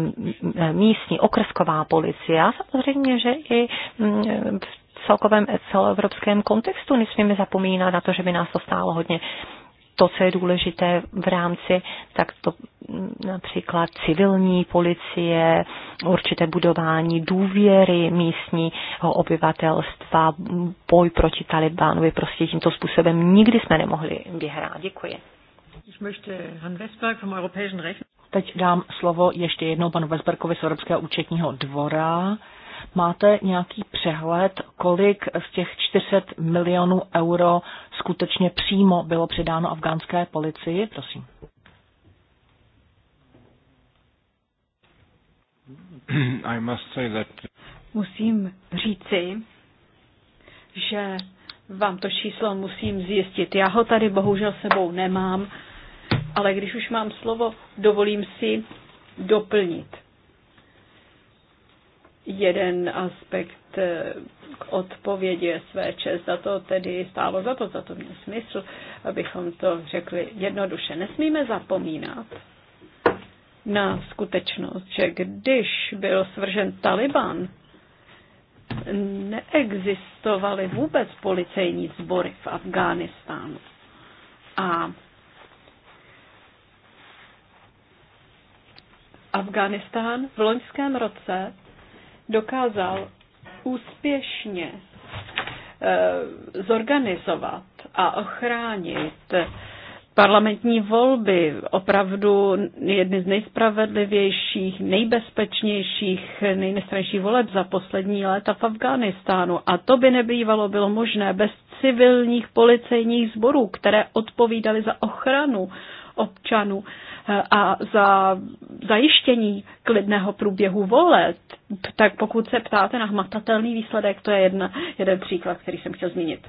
místní okrsková policie a samozřejmě, že i mm, v celkovém celoevropském kontextu nesmíme zapomínat na to, že by nás to stálo hodně to, co je důležité v rámci, tak to mm, například civilní policie, určité budování důvěry místního obyvatelstva, boj proti Talibánovi, prostě tímto způsobem nikdy jsme nemohli vyhrát. Děkuji. Teď dám slovo ještě jednou panu Vesberkovi z Evropského účetního dvora. Máte nějaký přehled, kolik z těch 400 milionů euro skutečně přímo bylo předáno afgánské policii? Prosím. I must say that... Musím říci, že vám to číslo musím zjistit. Já ho tady bohužel sebou nemám ale když už mám slovo, dovolím si doplnit jeden aspekt eh, k odpovědi čest. Za to tedy stálo za to, za to měl smysl, abychom to řekli jednoduše. Nesmíme zapomínat na skutečnost, že když byl svržen Taliban, neexistovaly vůbec policejní sbory v Afghánistánu. A Afganistán v loňském roce dokázal úspěšně eh, zorganizovat a ochránit parlamentní volby, opravdu jedny z nejspravedlivějších, nejbezpečnějších, nejnestranějších voleb za poslední léta v Afghánistánu. A to by nebývalo bylo možné bez civilních policejních sborů, které odpovídaly za ochranu občanů eh, a za zajištění klidného průběhu voleb, tak pokud se ptáte na hmatatelný výsledek, to je jedna, jeden příklad, který jsem chtěl zmínit.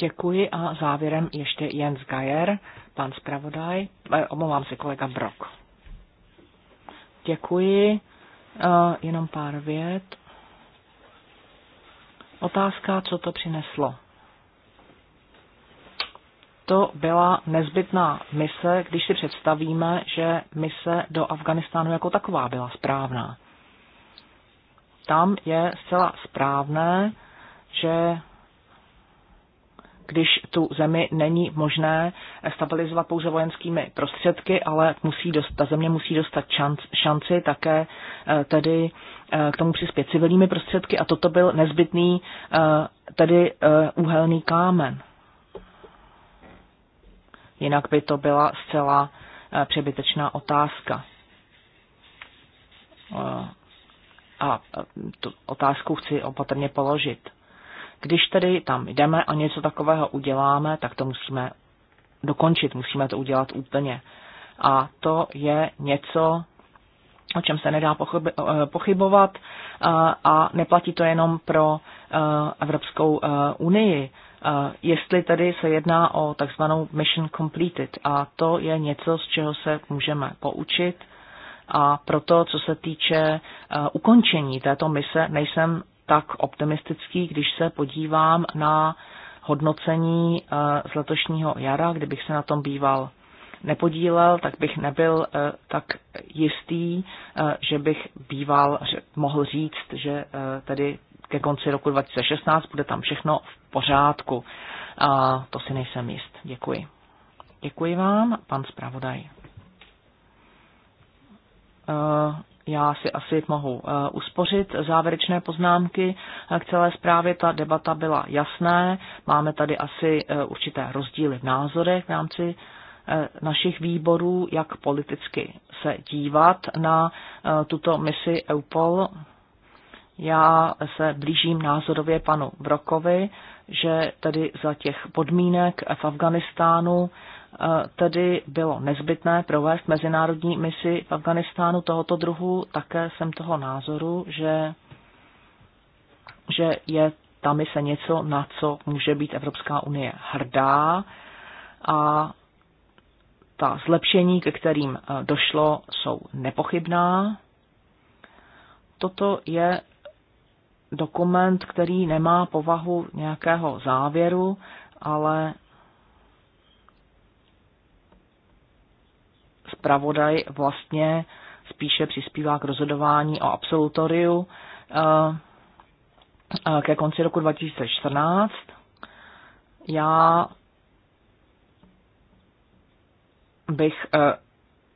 Děkuji a závěrem ještě Jens Gajer, pan zpravodaj, eh, omlouvám se kolega Brok. Děkuji, eh, jenom pár vět. Otázka, co to přineslo to byla nezbytná mise, když si představíme, že mise do Afganistánu jako taková byla správná. Tam je zcela správné, že když tu zemi není možné stabilizovat pouze vojenskými prostředky, ale musí dost, ta země musí dostat šanc, šanci také eh, tedy eh, k tomu přispět civilními prostředky a toto byl nezbytný eh, tedy úhelný kámen jinak by to byla zcela eh, přebytečná otázka. Eh, a eh, tu otázku chci opatrně položit. Když tedy tam jdeme a něco takového uděláme, tak to musíme dokončit, musíme to udělat úplně. A to je něco, o čem se nedá pochybovat a neplatí to jenom pro Evropskou unii. Eh, jestli tady se jedná o takzvanou mission completed. A to je něco, z čeho se můžeme poučit. A proto, co se týče eh, ukončení této mise, nejsem tak optimistický, když se podívám na hodnocení eh, z letošního jara, kdybych se na tom býval nepodílel, tak bych nebyl tak jistý, že bych býval mohl říct, že tedy ke konci roku 2016 bude tam všechno v pořádku. A to si nejsem jist. Děkuji. Děkuji vám, pan zpravodaj. E, já si asi mohu e, uspořit závěrečné poznámky k celé zprávě. Ta debata byla jasná. Máme tady asi e, určité rozdíly v názorech v rámci našich výborů, jak politicky se dívat na tuto misi EUPOL já se blížím názorově panu Brokovi, že tedy za těch podmínek v Afganistánu eh, tedy bylo nezbytné provést mezinárodní misi v Afganistánu tohoto druhu. Také jsem toho názoru, že, že je ta mise něco, na co může být Evropská unie hrdá a ta zlepšení, ke kterým eh, došlo, jsou nepochybná. Toto je dokument, který nemá povahu nějakého závěru, ale zpravodaj vlastně spíše přispívá k rozhodování o absolutoriu eh, eh, ke konci roku 2014. Já bych eh,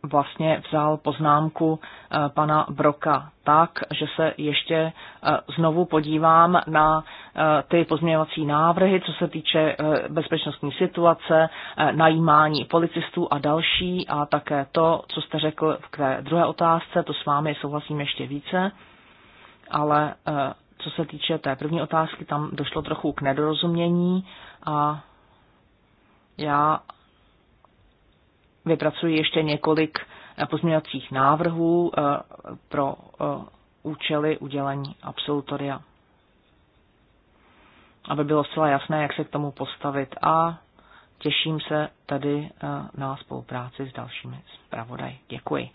vlastně vzal poznámku eh, pana Broka tak, že se ještě eh, znovu podívám na eh, ty pozměňovací návrhy, co se týče bezpečnostní situace, najímání policistů a další a také to, co jste řekl v té druhé otázce, to s vámi souhlasím ještě více, ale co se týče té první otázky, tam došlo trochu k nedorozumění a já vypracuji ještě několik eh, pozměňovacích návrhů eh, pro eh, účely udělení absolutoria. Aby bylo zcela jasné, jak se k tomu postavit a těším se tady na spolupráci s dalšími zpravodaj. Děkuji.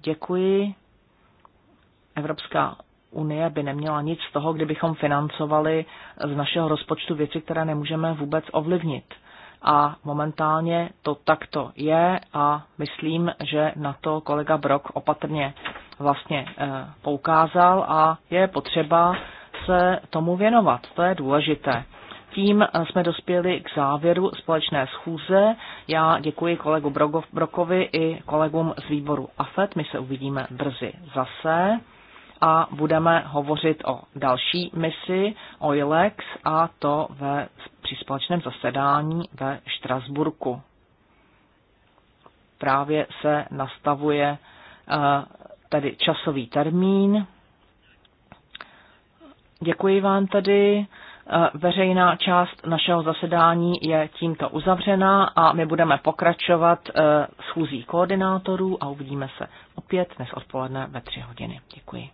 Děkuji. Evropská unie by neměla nic z toho, kdybychom financovali z našeho rozpočtu věci, které nemůžeme vůbec ovlivnit a momentálně to takto je a myslím, že na to kolega Brok opatrně vlastně eh, poukázal a je potřeba se tomu věnovat. To je důležité. Tím eh, jsme dospěli k závěru společné schůze. Já děkuji kolegu Brokovi i kolegům z výboru AFET. My se uvidíme brzy zase a budeme hovořit o další misi OILEX a to ve, při společném zasedání ve Štrasburku. Právě se nastavuje eh, tedy časový termín. Děkuji vám tedy. Eh, veřejná část našeho zasedání je tímto uzavřená a my budeme pokračovat eh, schůzí koordinátorů a uvidíme se opět dnes odpoledne ve tři hodiny. Děkuji.